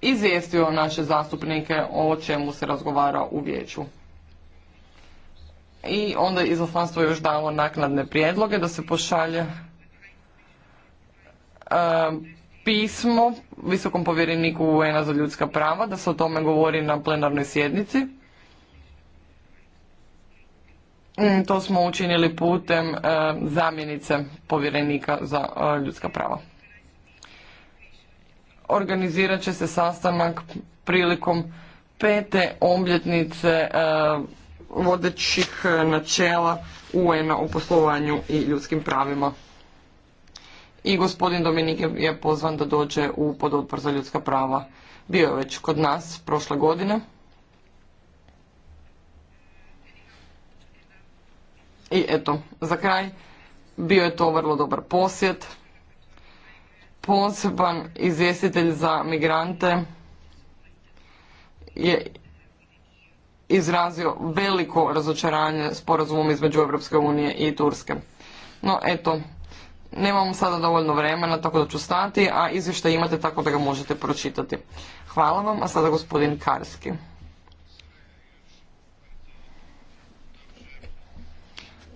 izvijestio naše zastupnike o čemu se razgovara u vijeću. I onda je izaslanstvo još dalo naknadne prijedloge da se pošalje um, pismo visokom povjereniku UN-a za ljudska prava da se o tome govori na plenarnoj sjednici. Mm, to smo učinili putem um, zamjenice povjerenika za uh, ljudska prava organizirat će se sastanak prilikom pete obljetnice e, vodećih načela UN-a u poslovanju i ljudskim pravima. I gospodin Dominik je pozvan da dođe u pododpor za ljudska prava. Bio je već kod nas prošle godine. I eto, za kraj, bio je to vrlo dobar posjet poseban izvjestitelj za migrante je izrazio veliko razočaranje sporazumom između Europske unije i Turske. No eto, nemam sada dovoljno vremena, tako da ću stati, a izvještaj imate tako da ga možete pročitati. Hvala vam, a sada gospodin Karski.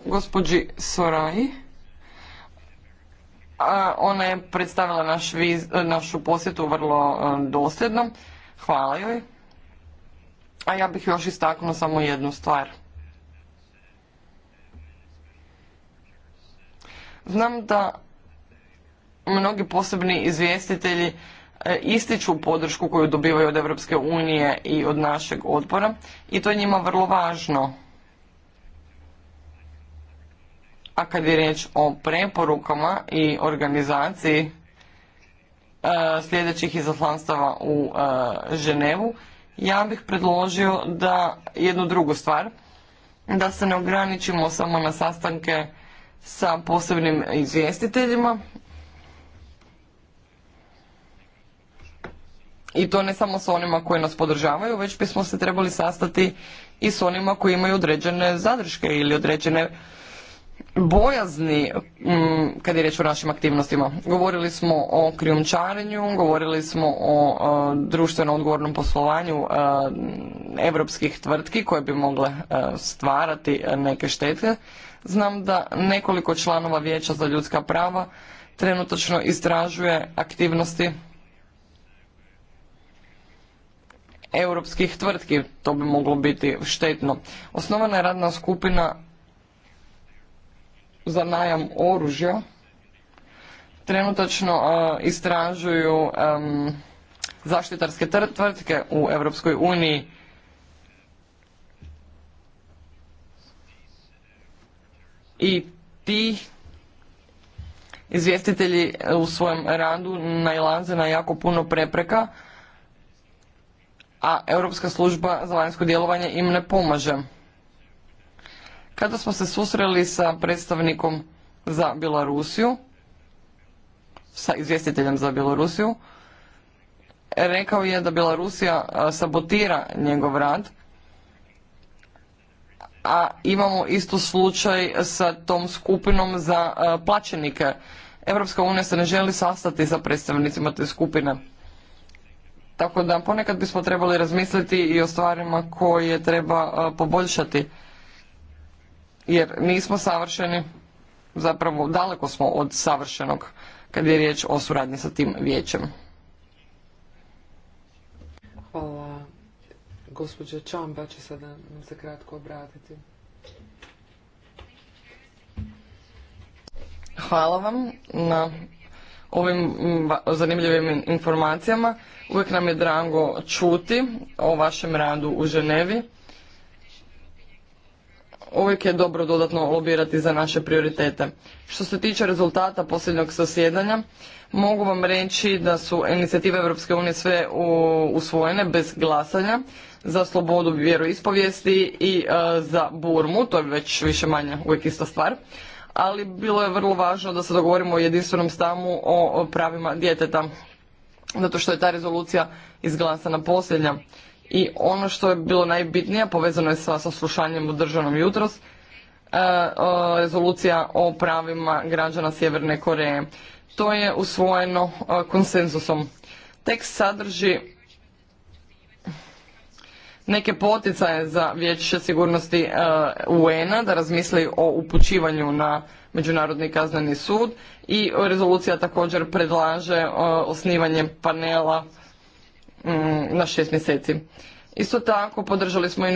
Gospođi Soraj. Ona je predstavila našu posjetu vrlo e, dosljedno. Hvala joj. A ja bih još istaknuo samo jednu stvar. Znam da mnogi posebni izvjestitelji e, ističu podršku koju dobivaju od Europske unije i od našeg odbora i to je njima vrlo važno. a kad je riječ o preporukama i organizaciji e, sljedećih izaslanstava u e, Ženevu, ja bih predložio da jednu drugu stvar, da se ne ograničimo samo na sastanke sa posebnim izvjestiteljima i to ne samo s onima koji nas podržavaju, već bismo se trebali sastati i s onima koji imaju određene zadrške ili određene bojazni mm, kad je riječ o našim aktivnostima. Govorili smo o krijumčarenju, govorili smo o, e, društveno odgovornom poslovanju europskih tvrtki koje bi mogle e, stvarati neke štete. Znam da nekoliko članova Vijeća za ljudska prava trenutačno istražuje aktivnosti europskih tvrtki. To bi moglo biti štetno. Osnovana je radna skupina za najam oružja trenutačno e, istražuju zaštitarske tvrtke u Europskoj uniji i ti izvjestitelji u svojem radu najlaze na jako puno prepreka, a Europska služba za vanjsko djelovanje im ne pomaže. Kada smo se susreli sa predstavnikom za Bjelorusiju, sa izvjestiteljem za Bjelorusiju, rekao je da Bjelorusija sabotira njegov rad, a imamo isto slučaj sa tom skupinom za plaćenike. Europska unija se ne želi sastati sa predstavnicima te skupine. Tako da ponekad bismo trebali razmisliti i o stvarima koje treba poboljšati jer nismo savršeni, zapravo daleko smo od savršenog kad je riječ o suradnji sa tim vijećem. Hvala. Gospođa Čamba će sada nam se kratko obratiti. Hvala vam na ovim zanimljivim informacijama. Uvijek nam je drago čuti o vašem radu u Ženevi uvijek je dobro dodatno lobirati za naše prioritete. Što se tiče rezultata posljednjeg sasjedanja, mogu vam reći da su inicijative Europske unije sve usvojene bez glasanja za slobodu vjeroispovijesti i e, za Burmu, to je već više manje uvijek ista stvar, ali bilo je vrlo važno da se dogovorimo o jedinstvenom stavu o pravima djeteta, zato što je ta rezolucija izglasana posljednja. I ono što je bilo najbitnije, povezano je sa saslušanjem u državnom jutros, e, rezolucija o pravima građana Sjeverne Koreje. To je usvojeno e, konsenzusom. Tekst sadrži neke poticaje za Vijeće sigurnosti e, UN-a da razmisli o upućivanju na Međunarodni kazneni sud i rezolucija također predlaže osnivanje panela Mm, na šest mjeseci. Isto tako podržali smo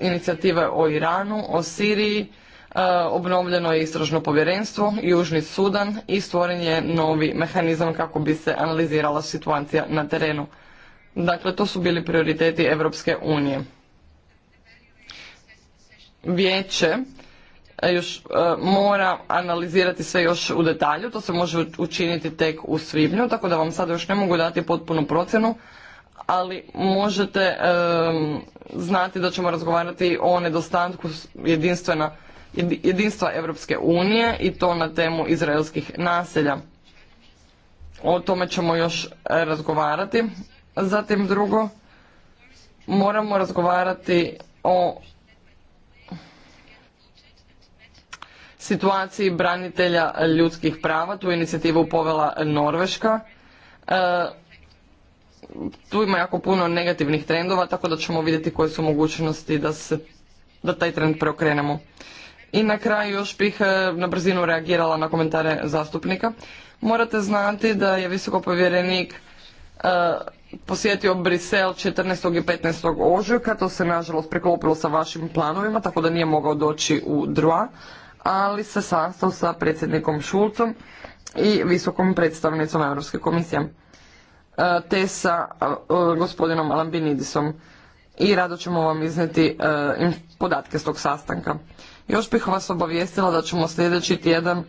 inicijative o Iranu, o Siriji, e, obnovljeno je istražno povjerenstvo, Južni Sudan i stvoren je novi mehanizam kako bi se analizirala situacija na terenu. Dakle, to su bili prioriteti Europske unije. Vijeće e, još e, mora analizirati sve još u detalju, to se može učiniti tek u svibnju, tako da vam sada još ne mogu dati potpunu procjenu, ali možete znati da ćemo razgovarati o nedostatku jedinstva Europske unije i to na temu izraelskih naselja. O tome ćemo još e, razgovarati. Zatim drugo, moramo razgovarati o situaciji branitelja ljudskih prava. Tu inicijativu povela Norveška. E, tu ima jako puno negativnih trendova, tako da ćemo vidjeti koje su mogućnosti da, se, da taj trend preokrenemo. I na kraju još bih e, na brzinu reagirala na komentare zastupnika. Morate znati da je visoko povjerenik e, posjetio Brisel 14. i 15. ožujka, to se nažalost preklopilo sa vašim planovima, tako da nije mogao doći u Drua, ali se sastao sa predsjednikom Šulcom i visokom predstavnicom Europske komisije. E, te sa gospodinom Alambinidisom i rado ćemo vam izneti e, podatke s tog sastanka. Još bih vas obavijestila da ćemo sljedeći tjedan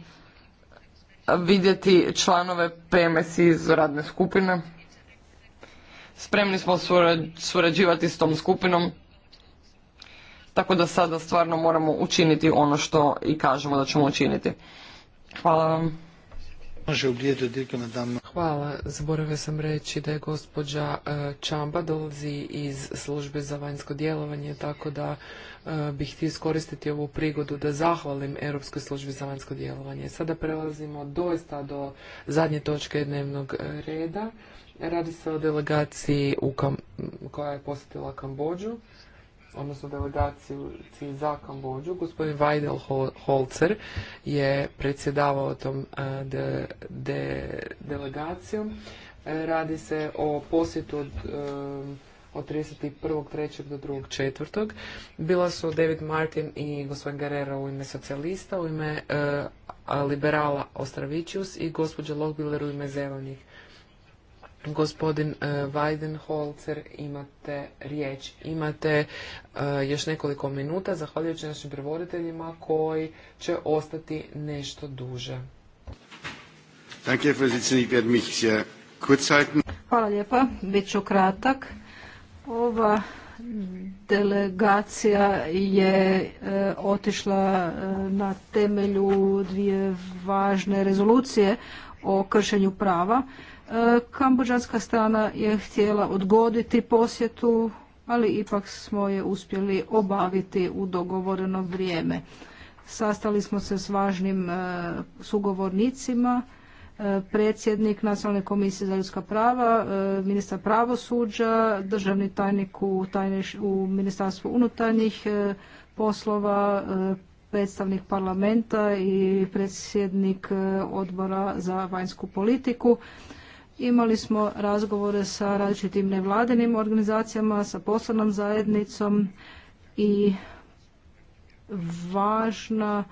vidjeti članove PMS iz radne skupine. Spremni smo surađivati s tom skupinom, tako da sada stvarno moramo učiniti ono što i kažemo da ćemo učiniti. Hvala vam. Hvala. Zaboravio sam reći da je gospođa e, Čamba dolazi iz službe za vanjsko djelovanje, tako da e, bih htio iskoristiti ovu prigodu da zahvalim Europskoj službi za vanjsko djelovanje. Sada prelazimo doista do zadnje točke dnevnog e, reda. Radi se o delegaciji koja je posjetila Kambođu odnosno delegaciju za Kambođu. Gospodin Vajdel Holzer je predsjedavao tom delegacijom. E, radi se o posjetu od, e, od 31.3. do 2.4. Bila su David Martin i gospodin Guerrero u ime socijalista, u ime e, liberala Ostravićius i gospođa Logbiller u ime zelenih. Gospodin e, Weidenholzer, imate riječ. Imate e, još nekoliko minuta, zahvaljujući našim prevoditeljima koji će ostati nešto duže. Hvala lijepa, bit ću kratak. Ova delegacija je e, otišla na temelju dvije važne rezolucije o kršenju prava. E, Kambođanska strana je htjela odgoditi posjetu, ali ipak smo je uspjeli obaviti u dogovoreno vrijeme. Sastali smo se s važnim e, sugovornicima, e, predsjednik Nacionalne komisije za ljudska prava, ministar pravosuđa, državni tajnik u, u Ministarstvu unutarnjih poslova, predstavnik parlamenta i predsjednik odbora za vanjsku politiku. Imali smo razgovore sa različitim nevladinim organizacijama, sa poslovnom zajednicom i važna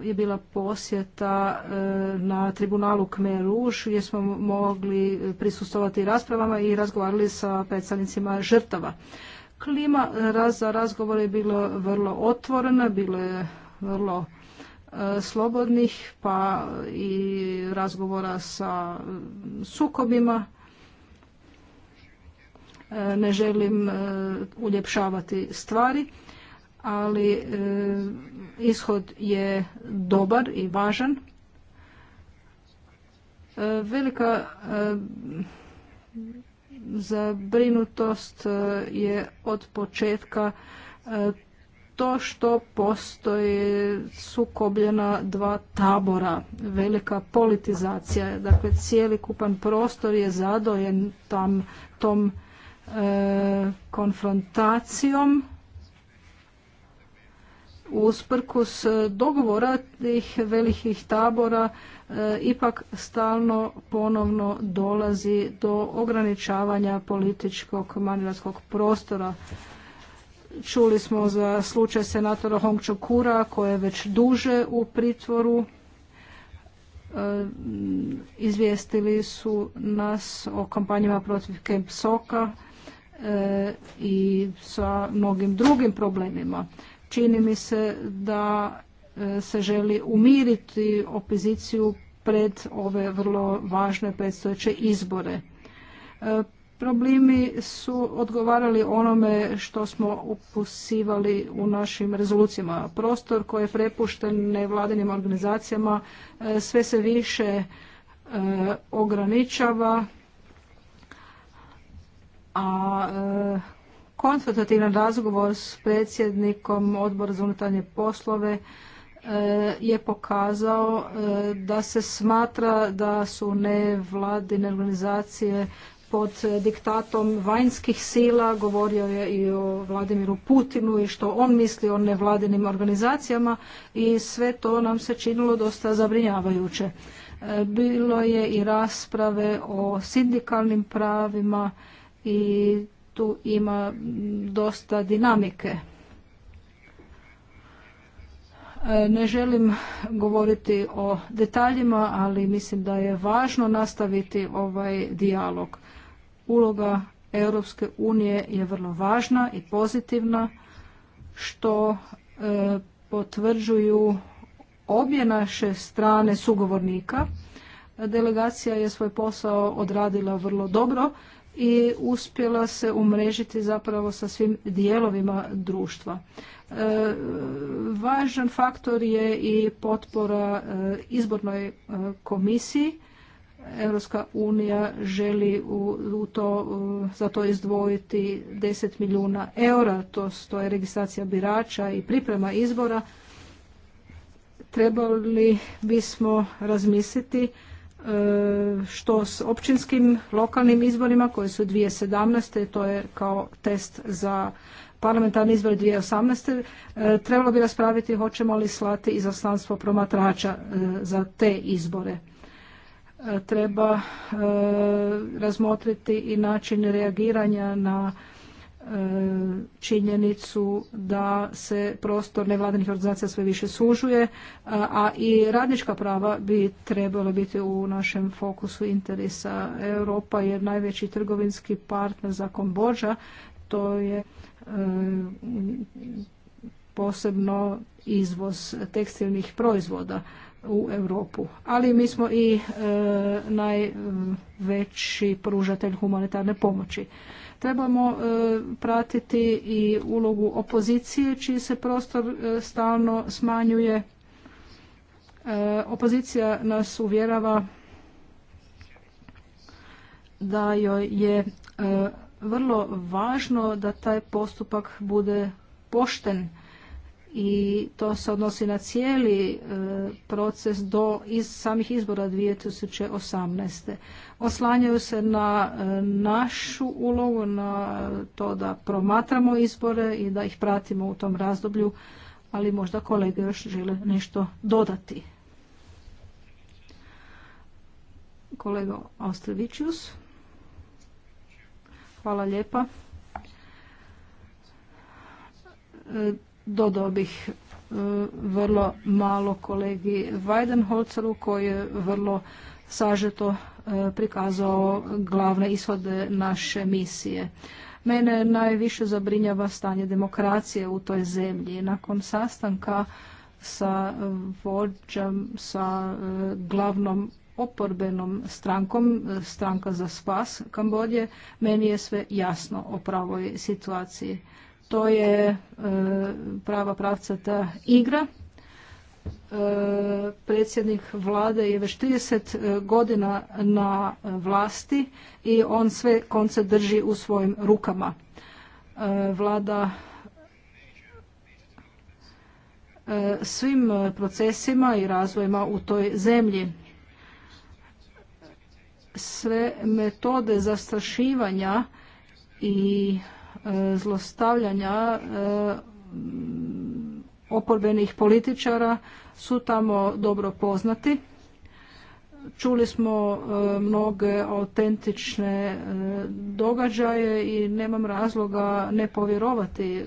je bila posjeta e, na tribunalu Kmeruš gdje smo mogli prisustovati raspravama i razgovarali sa predstavnicima žrtava. Klima e, za razgovore je bilo vrlo otvorena, bilo je vrlo E, slobodnih pa i razgovora sa sukobima. E, ne želim e, uljepšavati stvari, ali ishod je dobar i važan. Velika zabrinutost je od početka to što postoje sukobljena dva tabora, velika politizacija. Dakle, cijeli kupan prostor je zadojen tam, tom e, konfrontacijom usprkos dogovora tih velikih tabora e, ipak stalno ponovno dolazi do ograničavanja političkog manjarskog prostora Čuli smo za slučaj senatora Hongčokura koji je već duže u pritvoru. E, izvijestili su nas o kampanjama protiv Kemp Soka e, i sa mnogim drugim problemima. Čini mi se da e, se želi umiriti opoziciju pred ove vrlo važne predstojeće izbore problemi su odgovarali onome što smo upusivali u našim rezolucijama. Prostor koji je prepušten nevladinim organizacijama e, sve se više e, ograničava, a e, konfrontativan razgovor s predsjednikom odbora za unutarnje poslove e, je pokazao da se smatra da su nevladine organizacije pod diktatom vanjskih sila, govorio je i o Vladimiru Putinu i što on misli o nevladinim organizacijama i sve to nam se činilo dosta zabrinjavajuće. E, bilo je i rasprave o sindikalnim pravima i tu ima dosta dinamike. E, ne želim govoriti o detaljima, ali mislim da je važno nastaviti ovaj dijalog uloga Europske unije je vrlo važna i pozitivna što e, potvrđuju obje naše strane sugovornika. Delegacija je svoj posao odradila vrlo dobro i uspjela se umrežiti zapravo sa svim dijelovima društva. E, važan faktor je i potpora e, izbornoj komisiji Europska unija želi u to, za to izdvojiti 10 milijuna eura, to, to je registracija birača i priprema izbora, trebali bismo razmisliti e, što s općinskim lokalnim izborima koji su 2017. to je kao test za parlamentarni izbor 2018. E, trebalo bi raspraviti hoćemo li slati izaslanstvo promatrača e, za te izbore treba e, razmotriti i način reagiranja na e, činjenicu da se prostor nevladinih organizacija sve više sužuje, e, a i radnička prava bi trebala biti u našem fokusu interesa. Europa je najveći trgovinski partner za Kambodža, to je posebno izvoz tekstilnih proizvoda u Europu. Ali mi smo i e, najveći pružatelj humanitarne pomoći. Trebamo e, pratiti i ulogu opozicije čiji se prostor e, stalno smanjuje. E, opozicija nas uvjerava da joj je vrlo važno da taj postupak bude pošten i to se odnosi na cijeli e, proces do iz samih izbora 2018. Oslanjaju se na e, našu ulogu, na to da promatramo izbore i da ih pratimo u tom razdoblju, ali možda kolege još žele nešto dodati. Kolega Ostrevićius. Hvala lijepa e, dodao bih e, vrlo malo kolegi Weidenholzeru koji je vrlo sažeto e, prikazao glavne ishode naše misije. Mene najviše zabrinjava stanje demokracije u toj zemlji. Nakon sastanka sa vođom, sa e, glavnom oporbenom strankom, stranka za spas Kambodje, meni je sve jasno o pravoj situaciji to je e, prava pravca ta igra. E, predsjednik vlade je već 30 e, godina na vlasti i on sve konce drži u svojim rukama. Vlada svim procesima i razvojima u toj zemlji. Sve metode zastrašivanja i E, zlostavljanja e, oporbenih političara su tamo dobro poznati. Čuli smo e, mnoge autentične događaje i nemam razloga ne povjerovati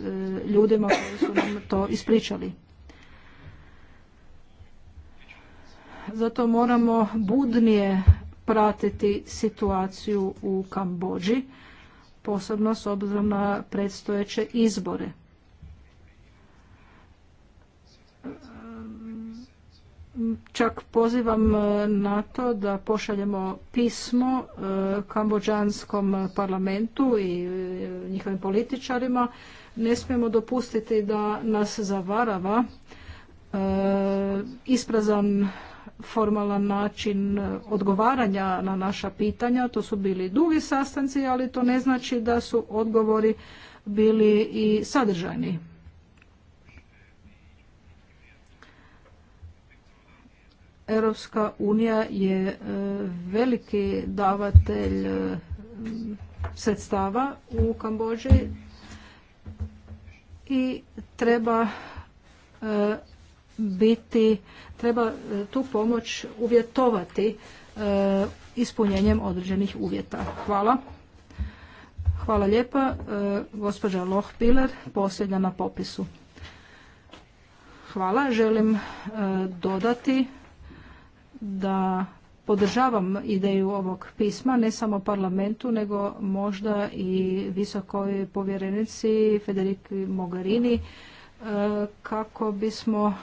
ljudima koji su nam to ispričali. Zato moramo budnije pratiti situaciju u Kambođi posebno s obzirom na predstojeće izbore. Čak pozivam e, na to da pošaljemo pismo e, kambođanskom parlamentu i e, njihovim političarima. Ne smijemo dopustiti da nas zavarava isprazan formalan način odgovaranja na naša pitanja. To su bili dugi sastanci, ali to ne znači da su odgovori bili i sadržajni. Europska unija je e, veliki davatelj e, sredstava u Kambođi i treba e, biti, treba e, tu pomoć uvjetovati e, ispunjenjem određenih uvjeta. Hvala. Hvala lijepa. E, gospođa Piler, posljednja na popisu. Hvala. Želim dodati da podržavam ideju ovog pisma, ne samo parlamentu, nego možda i visokoj povjerenici Federiki Mogarini kako bismo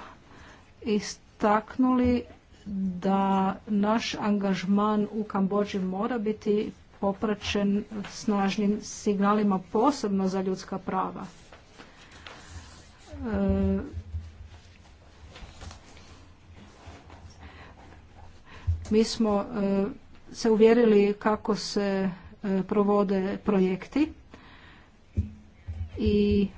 istaknuli da naš angažman u Kambođi mora biti popraćen snažnim signalima posebno za ljudska prava. E, mi smo e, se uvjerili kako se e, provode projekti i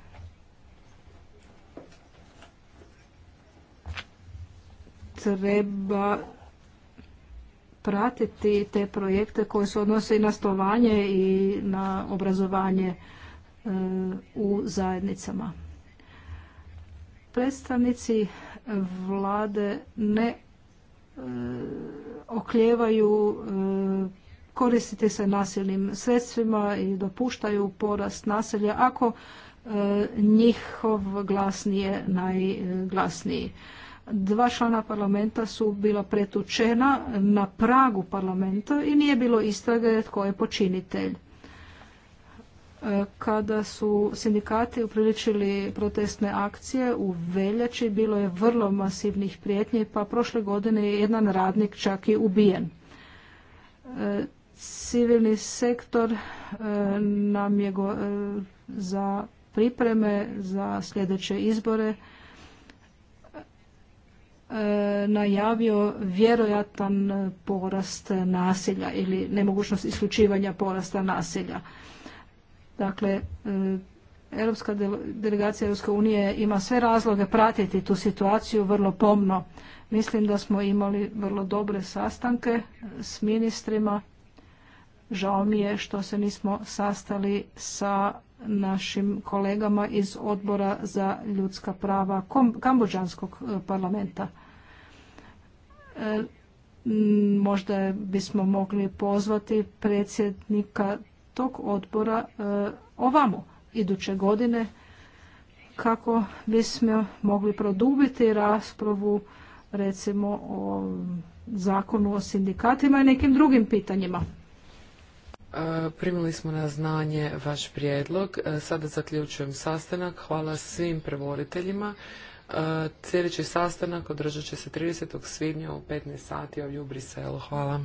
treba pratiti te projekte koje se odnose i na stovanje i na obrazovanje e, u zajednicama. Predstavnici vlade ne e, okljevaju e, koristiti se nasilnim sredstvima i dopuštaju porast nasilja ako njihov glas nije najglasniji dva člana parlamenta su bila pretučena na pragu parlamenta i nije bilo istrage tko je počinitelj. E, kada su sindikati upriličili protestne akcije u veljači, bilo je vrlo masivnih prijetnji, pa prošle godine je jedan radnik čak i ubijen. E, civilni sektor e, nam je za pripreme za sljedeće izbore E, najavio vjerojatan porast nasilja ili nemogućnost isključivanja porasta nasilja. Dakle, e, Europska delegacija Europske unije ima sve razloge pratiti tu situaciju vrlo pomno. Mislim da smo imali vrlo dobre sastanke s ministrima. Žao mi je što se nismo sastali sa našim kolegama iz odbora za ljudska prava Kambođanskog e, parlamenta. E, možda bismo mogli pozvati predsjednika tog odbora e, ovamo iduće godine kako bismo mogli produbiti raspravu recimo o zakonu o sindikatima i nekim drugim pitanjima. E, primili smo na znanje vaš prijedlog. Sada zaključujem sastanak. Hvala svim prevoditeljima. Sljedeći sastanak održat će se 30. svibnja u 15 sati ovdje u Briselu. Hvala.